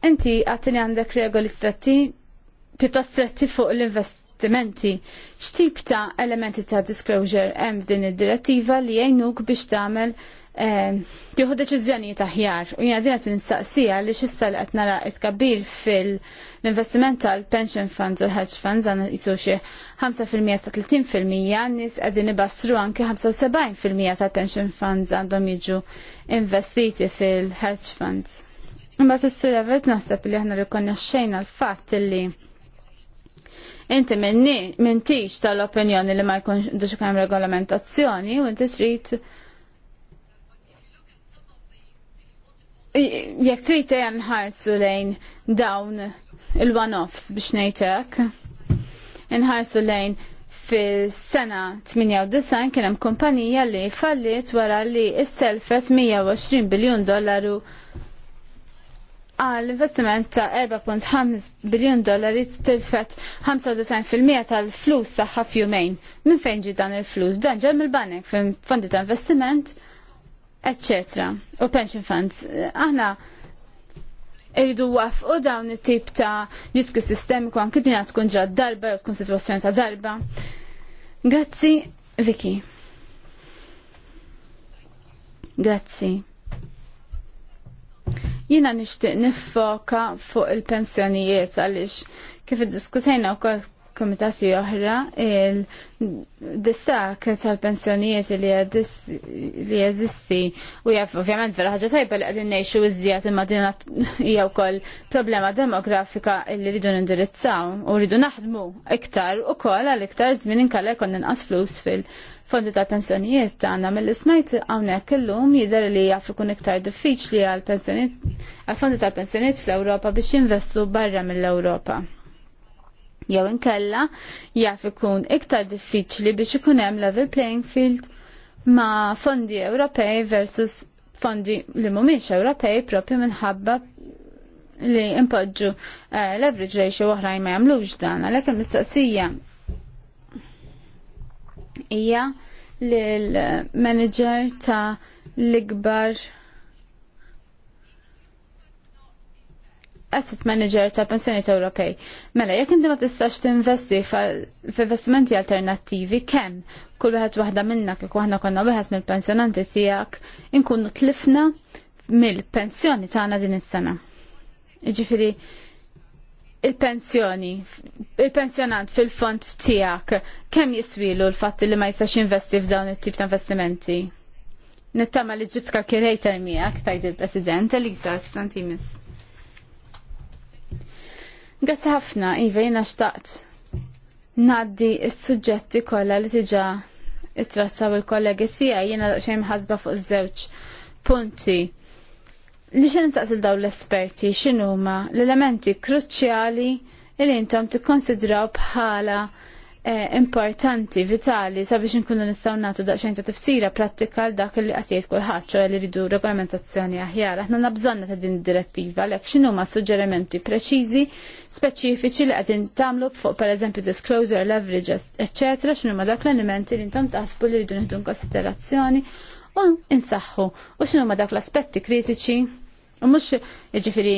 Inti għattini għandek regoli stretti, pjuttost stretti fuq l-investimenti. X'tip ta' elementi ta' disclosure hemm f'din id-direttiva li jgħinuk biex tagħmel eh, tieħu deċiżjoni ta' ħjar. U jiena din qed nistaqsija li x'issa li qed nara kabbir fil-investiment tal-pension funds u hedge funds għandna qisu xi 5% sa 30% nies qegħdin ibassru anke 75% tal-pension funds għandhom jiġu investiti fil-hedge funds. Imma t-surrevet naħseb li aħna rikonnaxxejna l-fatt li inti minni mintix tal-opinjoni li ma jkunx kemm regolamentazzjoni u inti trid jekk trid ejja nħarsu lejn dawn il-one-offs biex ngħidlek. Inħarsu lejn fis-sena 98 kien hemm kumpanija li fallit wara li s-selfet 120 biljun dollaru għal investiment ta' 4.5 biljon dollari tilfet 95% tal-flus ta' ħaf jumejn. Minn fejn ġi dan il-flus? Dan ġem il-banek fim fondi ta' investiment, etc. U pension funds. Aħna irridu u dawn it-tip ta' riskju sistemiku anki kittina tkun ġad darba u tkun situazzjoni ta' darba. Grazzi, Vicky. Grazzi. Jina nishtiq nifoka fuq il-pensjonijiet għalix kif id-diskutajna u kol komitati oħra il-distak tal-pensjonijiet li jeżisti u jaff ovvjament vera ħaġa tajba li qegħdin ngħixu iżjed imma din jew kol problema demografika li rridu nindirizzaw u rridu naħdmu iktar kol għal iktar żmien inkalla jkun inqas flus fil-fondi tal-pensjonijiet tagħna mill-ismajt hawnhekk illum jidher li jaf ikun iktar diffiċli għal għal-fondi tal-pensjonijiet fl-Ewropa biex jinvestu barra mill-Ewropa jew inkella jaf ikun iktar diffiċli biex ikun hemm level playing field ma' fondi Ewropej versus fondi li mhumiex Ewropej propju minħabba li impoġġu uh, leverage ratio oħrajn ma jagħmlux dan, għalhekk il-mistoqsija hija lil manager ta' l-ikbar asset manager ta' pensjoniet Ewropej. Mela, jekk inti ma tistax tinvesti f'investimenti alternattivi kemm kull wieħed waħda minna kif waħna konna wieħed mill-pensjonanti tiegħek inkunu tlifna mill-pensjoni tagħna din is-sena. Jiġifieri il-pensjoni, il-pensjonant fil-fond tiegħek kemm jiswilu l-fatt li ma jistax investi f'dawn it-tip ta' investimenti? Nittama li ġibt kalkulator miegħek tajt il-President Elisa Santimis. Għas ħafna, Iva, jena xtaqt. Naddi s-sujġetti kolla li tiġa it-trattaw il-kollegi tija, jena xejn ħazba fuq żewġ punti. Li xejn il daw l-esperti, xinuma l-elementi kruċjali li intom tikkonsidraw bħala Eh, importanti, vitali, sabiex nkunu nistaw natu daqxajn ta' tifsira pratika l dak li għatiet kullħat, li ridu regolamentazzjoni aħjar. Aħna nabżonna ta' din direttiva, l xinu ma' suġġerimenti preċizi, speċifiċi li għatin tamlu fuq per eżempju disclosure, leverage, etc. xinu ma' dak l-elementi li intom taħsbu li ridu nħidun konsiderazzjoni u insaħħu u xinu ma' dak l-aspetti kritiċi U mux ġifiri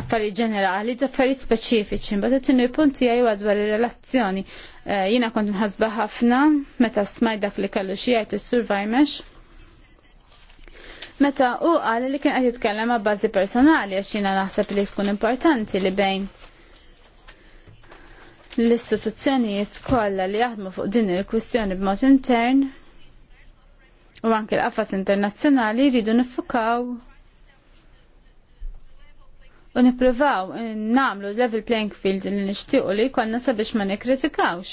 affarijiet ġenerali, affarijiet speċifiċi, mbagħad it-tieni punti għaj dwar ir-relazzjoni. Eh, jiena kont mħazba ħafna meta smajdak li kellu xi jgħid is-survivmex. Meta u qal li kien qed jitkellem ma' bażi personali għax jiena naħseb li tkun importanti li bejn l-istituzzjonijiet kollha li jaħdmu fuq din il-kwistjoni b'mod intern u anke l-qafas internazzjonali jridu nifukaw u nippruvaw eh, nagħmlu level playing field li nixtiequ li jkollna sabiex ma nikkritikawx.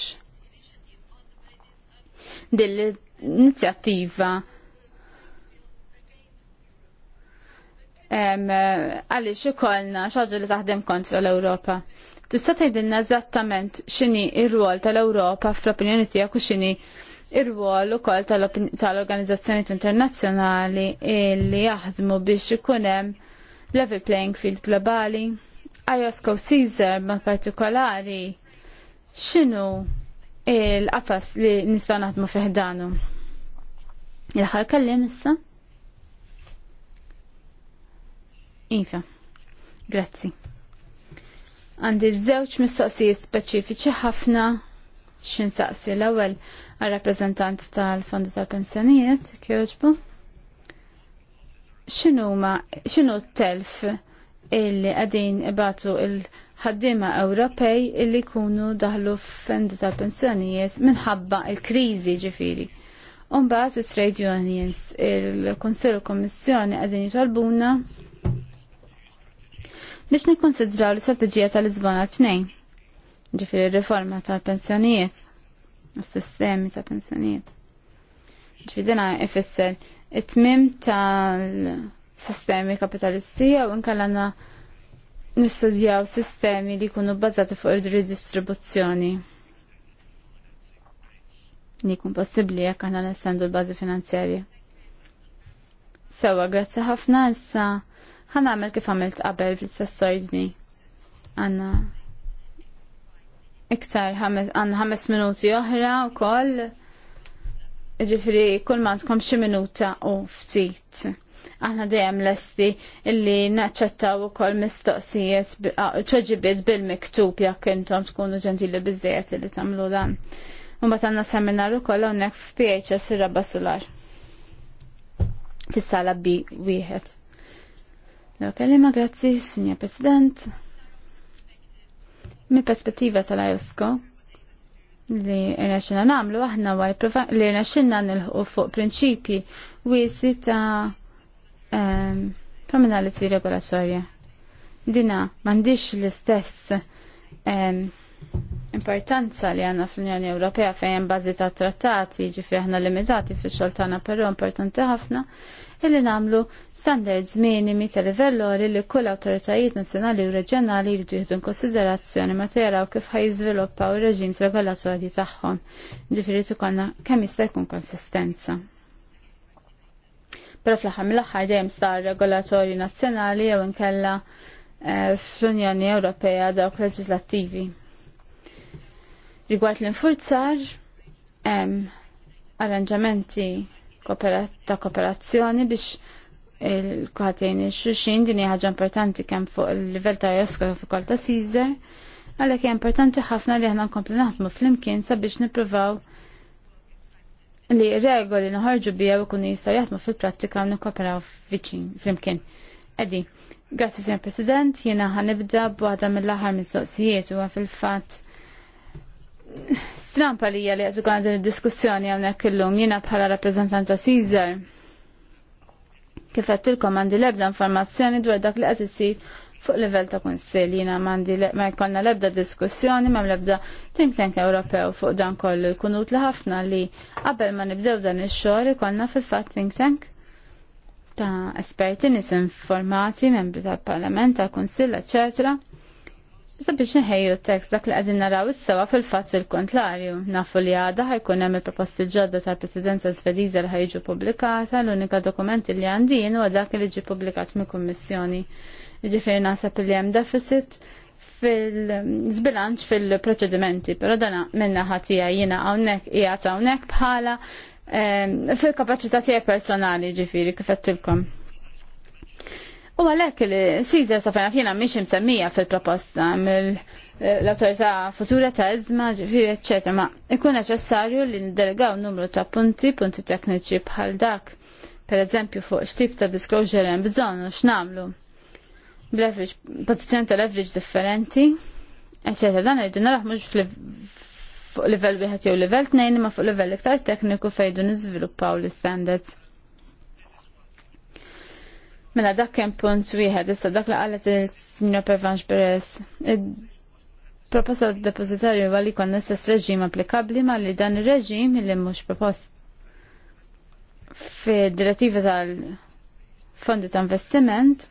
Din l-inizjattiva eh, għaliex ikollna xaġa li taħdem kontra l-Ewropa. Tista' tgħidilna eżattament x'inhi r-rwol tal-Ewropa fl-opinjoni tiegħek u x'inhi ir-rwol ukoll tal-organizzazzjoni internazzjonali li jaħdmu biex ikun hemm level playing field globali, AJOSKO Caesar ma' partikolari, xinu il-qafas li nistanat ma fiħdanu. Il-ħar kallim issa? Iva, grazzi. Għandi żewġ mistoqsijiet speċifiċi ħafna x'insaqsi l-ewwel għal reprezentant tal-Fondi tal-Pensjonijiet, kjoġbu ma, xinu t-telf illi għadin ibatu il-ħaddima Ewropej illi kunu daħlu f'endi tal-pensjonijiet minħabba il-krizi ġifiri. Umbat il-trade unions, il-Konsilu Kommissjoni għadin jitalbuna? biex nikkonsidraw l strategija tal-Lisbona 2, ġifiri riforma tal-pensjonijiet, u s-sistemi tal-pensjonijiet. Ġifiri dina ifisser it-tmim tal-sistemi kapitalistija u nkalana nistudjaw sistemi li kunu bazzati fuq ir-redistribuzzjoni. Li kun possibli jekk aħna nestendu l-bażi finanzjarja. Sewa, grazzi ħafna issa ħan għamil kif għamilt qabel fl-istess ordni. Għanna iktar għanna ħames minuti oħra u koll ġifri kull ma tkom xi minuta u ftit. Aħna dejjem lesti illi naċċettaw ukoll mistoqsijiet tweġibiet bil-miktub jekk intom tkunu ġentili biżejjed li tagħmlu dan. U mbagħad għandna seminar ukoll hawnhekk f'PHS ir-Rabba Solar. Fis-sala B1. Lew kellima grazzi, Sinja President. Mill perspettiva tal ajosko li rnaxxina namlu aħna għal li rnaxxina nilħu fuq prinċipji wiesi ta' um, ehm, prominaliti regolatorja. Dina mandiċ l-istess um, importanza li għanna fl-Unjoni Ewropea fejn bazi ta' trattati ġifri aħna limitati fi xoltana però importanti ħafna illi namlu standards minimi ta' livello li kull autoritajiet nazzjonali u reġjonali jridu jieħdu konsiderazzjoni meta jaraw kif ħajżviluppaw ir-reġims regolatorji tagħhom. Ġifieri tkun kemm jista' jkun konsistenza. Però fl-aħħar mill-aħħar dejjem star regolatorji nazzjonali jew inkella eh, fl-Unjoni Ewropea dawk leġislattivi. Rigward l-infurzar, arranġamenti ta' kooperazzjoni biex il-kuħatejn il-xuxin din ħaġa importanti kemm fuq il-livell ta' Josko fuq kol ta' Caesar għalhekk hija importanti ħafna li aħna nkompli naħdmu flimkien sabiex nippruvaw li regoli nħarġu bija u kunu jistaw jaħdmu fil-prattika u nikoperaw viċin fl-imkien. Edi, grazzi Sr. President, jena ħanibda b'waħda mill-aħħar mistoqsijiet u fil-fat strampa li li għazu għandu diskussjoni għamnek illum jina bħala rappresentanta Caesar. Kif għattilkom għandi lebda informazzjoni dwar dak li għatissi fuq level ta' konsil jina mandi ma jkollna lebda diskussjoni ma lebda think tank Ewropew fuq dan kollu jkunut li ħafna li qabel ma nibdew dan ix-xogħol ikollna fil fat think tank ta' esperti nis informati membri tal-parlament, tal-kunsill, eccetera Issa biex nħejju t-tekst dak li għadin naraw is-sewa fil-fatt il-kontlarju. Nafu li għada ħajkun hemm il-proposti ġodda tal-Presidenza Svediza li ħajġu pubblikata, l-unika dokumenti li għandin huwa dak li ġi pubblikat mill-Kummissjoni. Ġifieri naħseb li hemm deficit fil-zbilanċ fil-proċedimenti, pero dana minna ħatija jina għawnek, jgħat għawnek bħala eh, fil-kapacità tiegħek personali ġifiri kif U għalhekk li Caesar safena fjena miex msemmija fil-proposta mill l-autorità futura ta' izma ġifiri eccetera, ma ikun neċessarju li ndelegaw numru ta' punti, punti tekniċi bħal dak, per eżempju fuq x'tip ta' disclosure hemm bżonn u x'namlu. B'leverage, pozizjoni ta' leverage differenti, eccetera, dan irridu naraħ mhux fuq livell wieħed jew level tnejn ma fuq level iktar tekniku fejdu niżviluppaw l-standards. Mela dak kemm punt wieħed issa dak li qalet il-Sinjor Pervanx Perez. Proposta depozitarju għalli kon istess reġim applikabli ma li dan ir-reġim li mhux propost fid-direttiva tal-fondi ta' investiment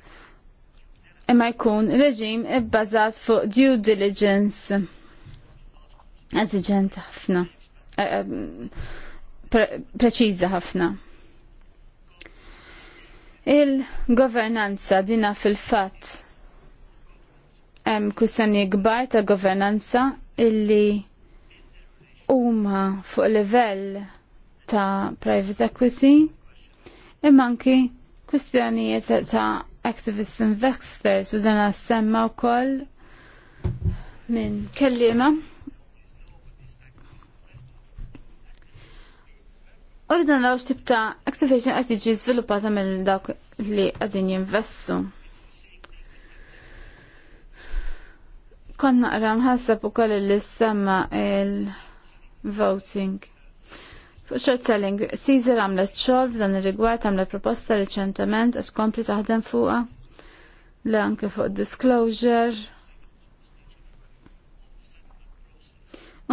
imma jkun reġim ibbażat fuq due diligence eżiġenti ħafna, eh, eh, preċiża ħafna. Il-governanza dina fil-fatt hemm kustani kbar ta' governanza illi huma fuq livell ta' private equity imma anki kustjonijiet ta' activist investors u dan semma wkoll minn kellima. U rridu naraw x'tib ta' activation qed jiġi żviluppata mill dawk li qegħdin jinvestu. Konna qra u ukoll li semma il-voting. Fuq short selling, Caesar għamlet xogħol f'dan ir-rigward għamla proposta reċentament qed tkompli taħdem fuqha. l anke fuq disclosure u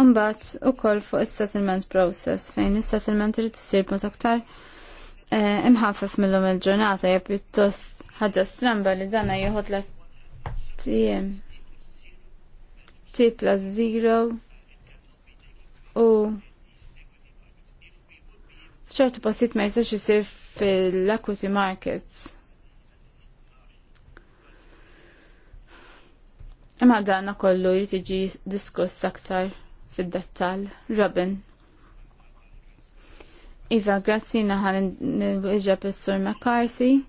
ukoll fuq is-settlement process fejn is-settlement irid isir mod aktar eh, imħaffef millum il-ġurnata hija pjuttost ħaġa stramba li dana jieħu tiem. T plus zero u f'ċertu postijiet ma jistax isir fil-equity markets. Imma dana kollu jrid iġi diskuss aktar fid-dettal. Robin. Iva, grazzi naħan n il-Sur McCarthy.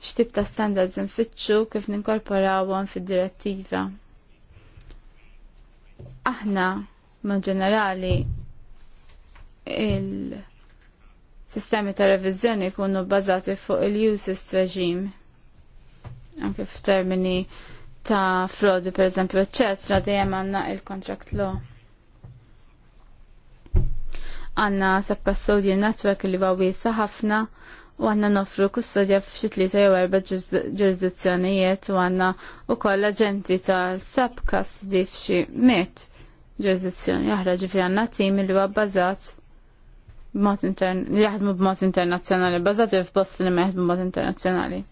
Xtib ta' standards nfittxu kif ninkorporawhom fid-direttiva. Aħna, mal ġenerali, il-sistemi ta' revizjoni kunu bazati fuq il-uses reġim. Anke f'termini termini ta' frodi per eżempju, eccetera, dejjem għandna il-contract law. Għanna sub-custodial network li huwa wiesa ħafna u għanna nofru kustodja f'xi tlieta jew erba' ġurisdizzjonijiet u għanna wkoll aġenti ta' sub-custody f'xi miet ġurisdizzjoni oħra ġifieri għandna tim li huwa bbażat b'mod intern li jaħdmu b'mod internazzjonali, bbażat f'post li ma jaħdmu b'mod internazzjonali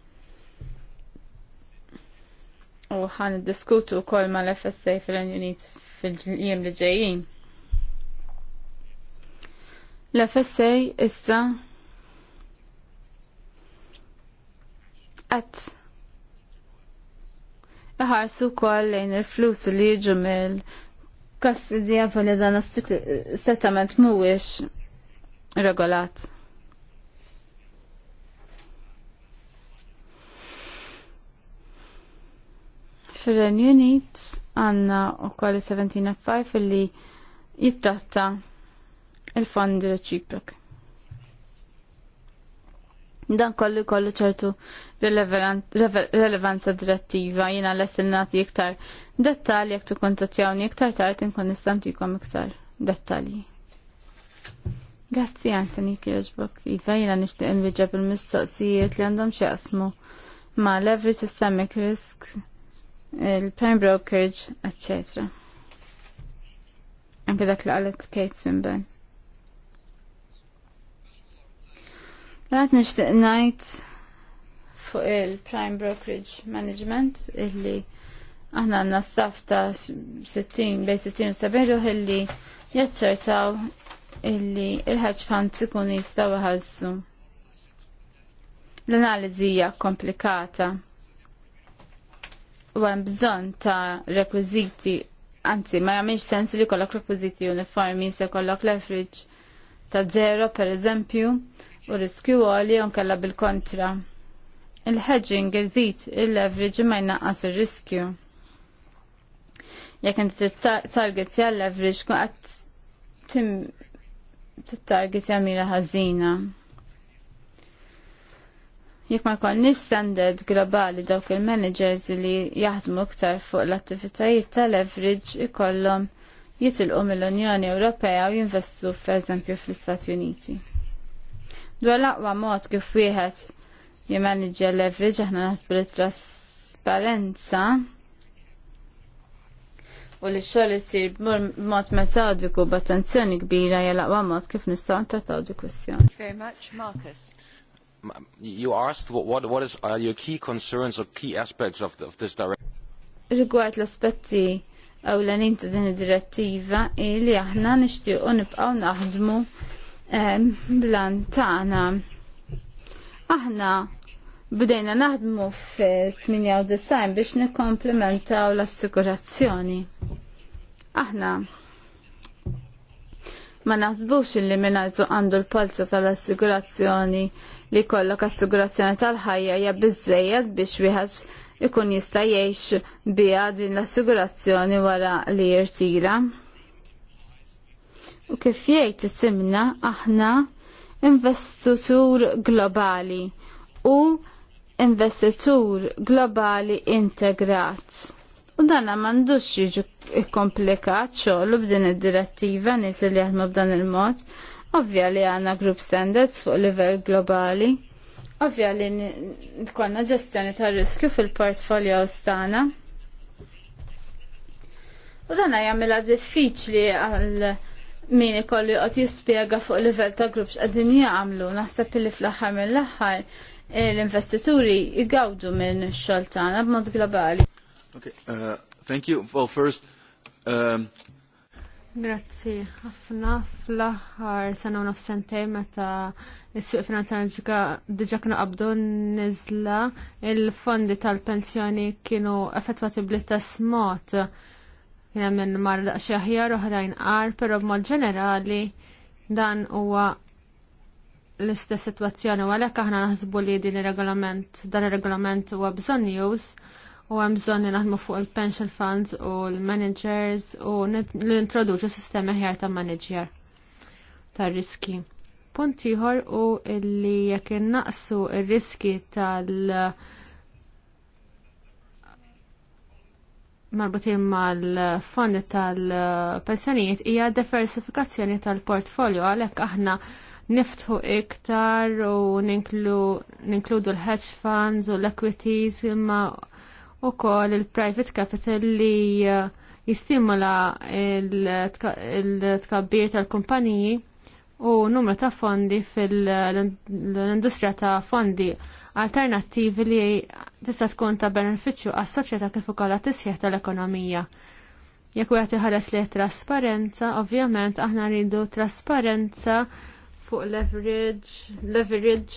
u ħan diskutu kol ma l-FSA fil-Unit fil-jiem li ġejjin. L-FSA issa għat iħarsu kol lejn il-flus li jiġu mill kastidija li dan settament mhuwiex regolat. fil ren Unit għanna u koll 17 fil-li jitratta il-fondi reċiprok. Dan kollu kollu ċertu relevanza direttiva jina l-essinati iktar dettali jek tu kontazzjawni iktar tard inkun nistantikom iktar dettali. Grazzi Antoni Kirchbok, Iva jina nishtiq nviġa bil-mistoqsijiet li għandhom xieqsmu ma l l-every systemic risk il-prime brokerage, etc. Anke dak li qalet Kate Swinburne. Għat nishtiq najt fuq il-prime brokerage management illi aħna għanna staff ta' 60 bej 60 u 70 illi jaċċertaw illi il-hedge funds ikun jistaw ħalsu. L-analizi hija komplikata u hemm bżonn ta' rekwiżiti anzi ma jagħmilx sens li kollok rekwiżiti uniformi se kollok leverage ta' zero per eżempju u riskju għoli kella bil-kontra. Il-hedging iżid il-leverage ma jnaqqas ir-riskju. Jekk inti target jgħal leverage kun qatt tittarget ja mira ħażina. Jekk ma jkollniex standard globali dawk il-managers li jaħdmu iktar fuq l-attivitajiet tal-leverage ikollhom jitilqu mill-Unjoni Ewropea u jinvestu f'eżempju fl-Istati Uniti. Dwar l-aqwa mod kif wieħed l leverage aħna naħsbu li trasparenza u li xogħol isir b'mod metodiku b'attenzjoni kbira l aqwa mod kif nistgħu ntrattaw di kwestjoni. Very much, Marcus you asked what, what what is, are your key concerns or key aspects of, of this directive? Rigward l-aspetti għaw l ta' din id-direttiva li aħna nixtiequ nibqgħu naħdmu ehm, blan tagħna. Aħna bdejna naħdmu f-98 biex nikkomplementaw l assikurazzjoni Aħna ma naħsbux li minn għandu l-polza tal assikurazzjoni li jkollok assigurazzjoni tal-ħajja hija biżżejjed biex wieħed ikun jista' jgħix biha din l-assigurazzjoni wara li jirtira. U kif jgħid isimna aħna investitur globali u investitur globali integrat. U danna mandux jiġu komplikat xogħol b'din id-direttiva nies li jaħdmu b'dan il-mod Ovvja li għanna group standards fuq livell globali. Ovvja li konna ġestjoni ta' riskju fil-portfolio stana. U dan jagħmilha diffiċli għal min ikollu qed jispjega fuq livell ta' grupp x'qegħdin jagħmlu. Naħseb li fl-aħħar mill-aħħar l-investituri jgawdu minn xogħol tagħna b'mod globali. Okay, uh, thank you. Well, first, um, Grazzi, ħafna fl-aħħar sena u sentej meta s-suq finanzjarġika diġa kienu qabdu nizla il-fondi tal-pensjoni kienu effettwati bl-istess mod jena minn marda xaħjar uħrajn qar, pero b'mod ġenerali dan huwa l-istess situazzjoni u għalek aħna naħsbu li din ir-regolament dan ir-regolament huwa bżonn już u hemm bżonn li naħdmu fuq il-pension funds u l-managers u l-introduċu sistema ħjar ta' manager ta' riski. Punt ieħor u li jekk innaqsu il riski tal- marbutin mal-fondi tal-pensjonijiet hija diversifikazzjoni tal-portfolio għalhekk aħna niftħu iktar u ninkludu l-hedge funds u l-equities imma u kol il-private capital li uh, jistimula il-tkabbir tal-kumpaniji u numru ta' fondi fil-industrija ta' fondi alternattivi li tista' tkun ta' benefiċċju għas soċjetà kif ukoll għat tal-ekonomija. Jekk wieħed iħares li trasparenza, ovvjament aħna rridu trasparenza fuq leverage, leverage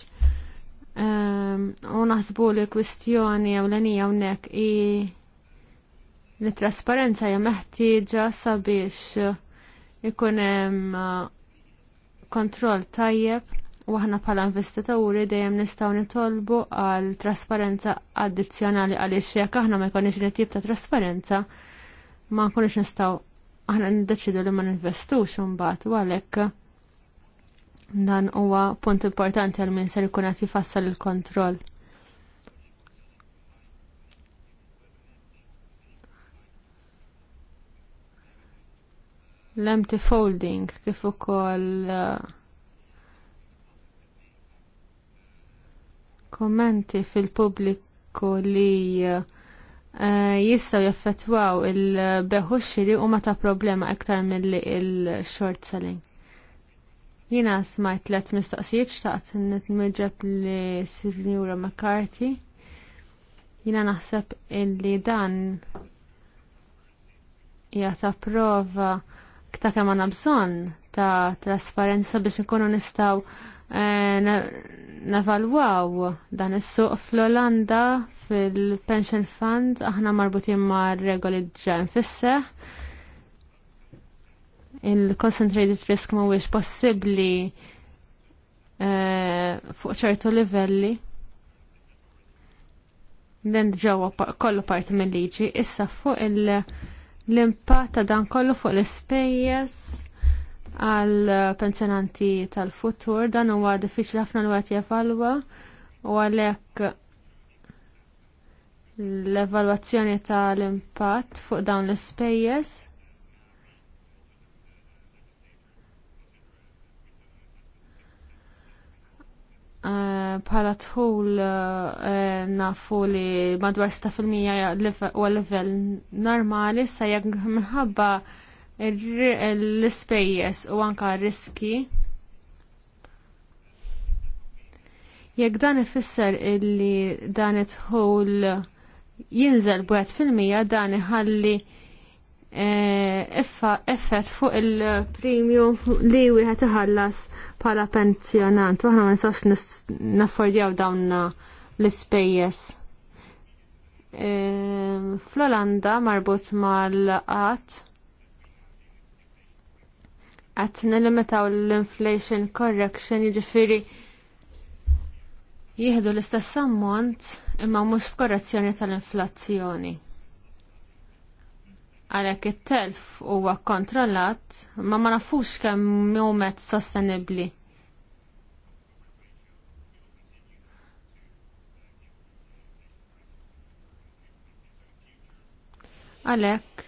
Ehm, u naħsbu li kwistjoni ewlenija hawnhekk i li trasparenza hija meħtieġa sabiex ikun hemm eh, kontroll tajjeb u aħna bħala investituri dejjem nistgħu nitolbu għal trasparenza addizzjonali għaliex jekk aħna ma jkunx li tip ta' trasparenza ma nkunx nistgħu aħna niddeċidu li ma ninvestux imbagħad u għalhekk Dan huwa punt importanti għal min ser ikun qed jifassal il-kontroll. L-empty folding kif ukoll uh, kommenti fil-pubbliku li uh, jistaw jaffetwaw il li u ma ta' problema iktar mill-short selling. Jina smajt let mistoqsijiet xtaqt nitmiġeb li Sirnjura McCarthy. Jina naħseb illi dan jata prova ta' kemm għandna bżonn ta' trasparenza biex nkunu nistgħu eh, navalwaw dan is-suq fl-Olanda fil-pension fund aħna marbutin ma' regoli ġen fisseħ il-concentrated risk ma wiex possibli eh, fuq ċertu livelli. Dend ġewwa kollu parti mill-liġi, issa fuq l-impatt ta' dan kollu fuq l-ispejjeż għal pensjonanti tal-futur dan huwa diffiċli ħafna l-wet jevalwa u għalhekk l-evalwazzjoni tal-impatt fuq dawn l-ispejjeż Eh, bħala tħul eh, nafu li madwar 6% u level normali sa jekk minħabba l-ispejjeż u anka riski jekk dan ifisser illi dan tħul jinżel bwet fil-mija dan iħalli eh, effett fuq il-premium li wieħed iħallas bħala pensjonant, aħna ma nistax naffordjaw dawn l-ispejjeż. Ehm, Fl-Olanda marbut mal-qatt qatt nelimitaw l-inflation correction jiġifieri jieħdu l-istess ammont imma mhux f'korrezzjoni tal-inflazzjoni għalhekk it-telf huwa kontrollat ma ma nafux kemm mumet sostenibli. sostenibbli. Għalhekk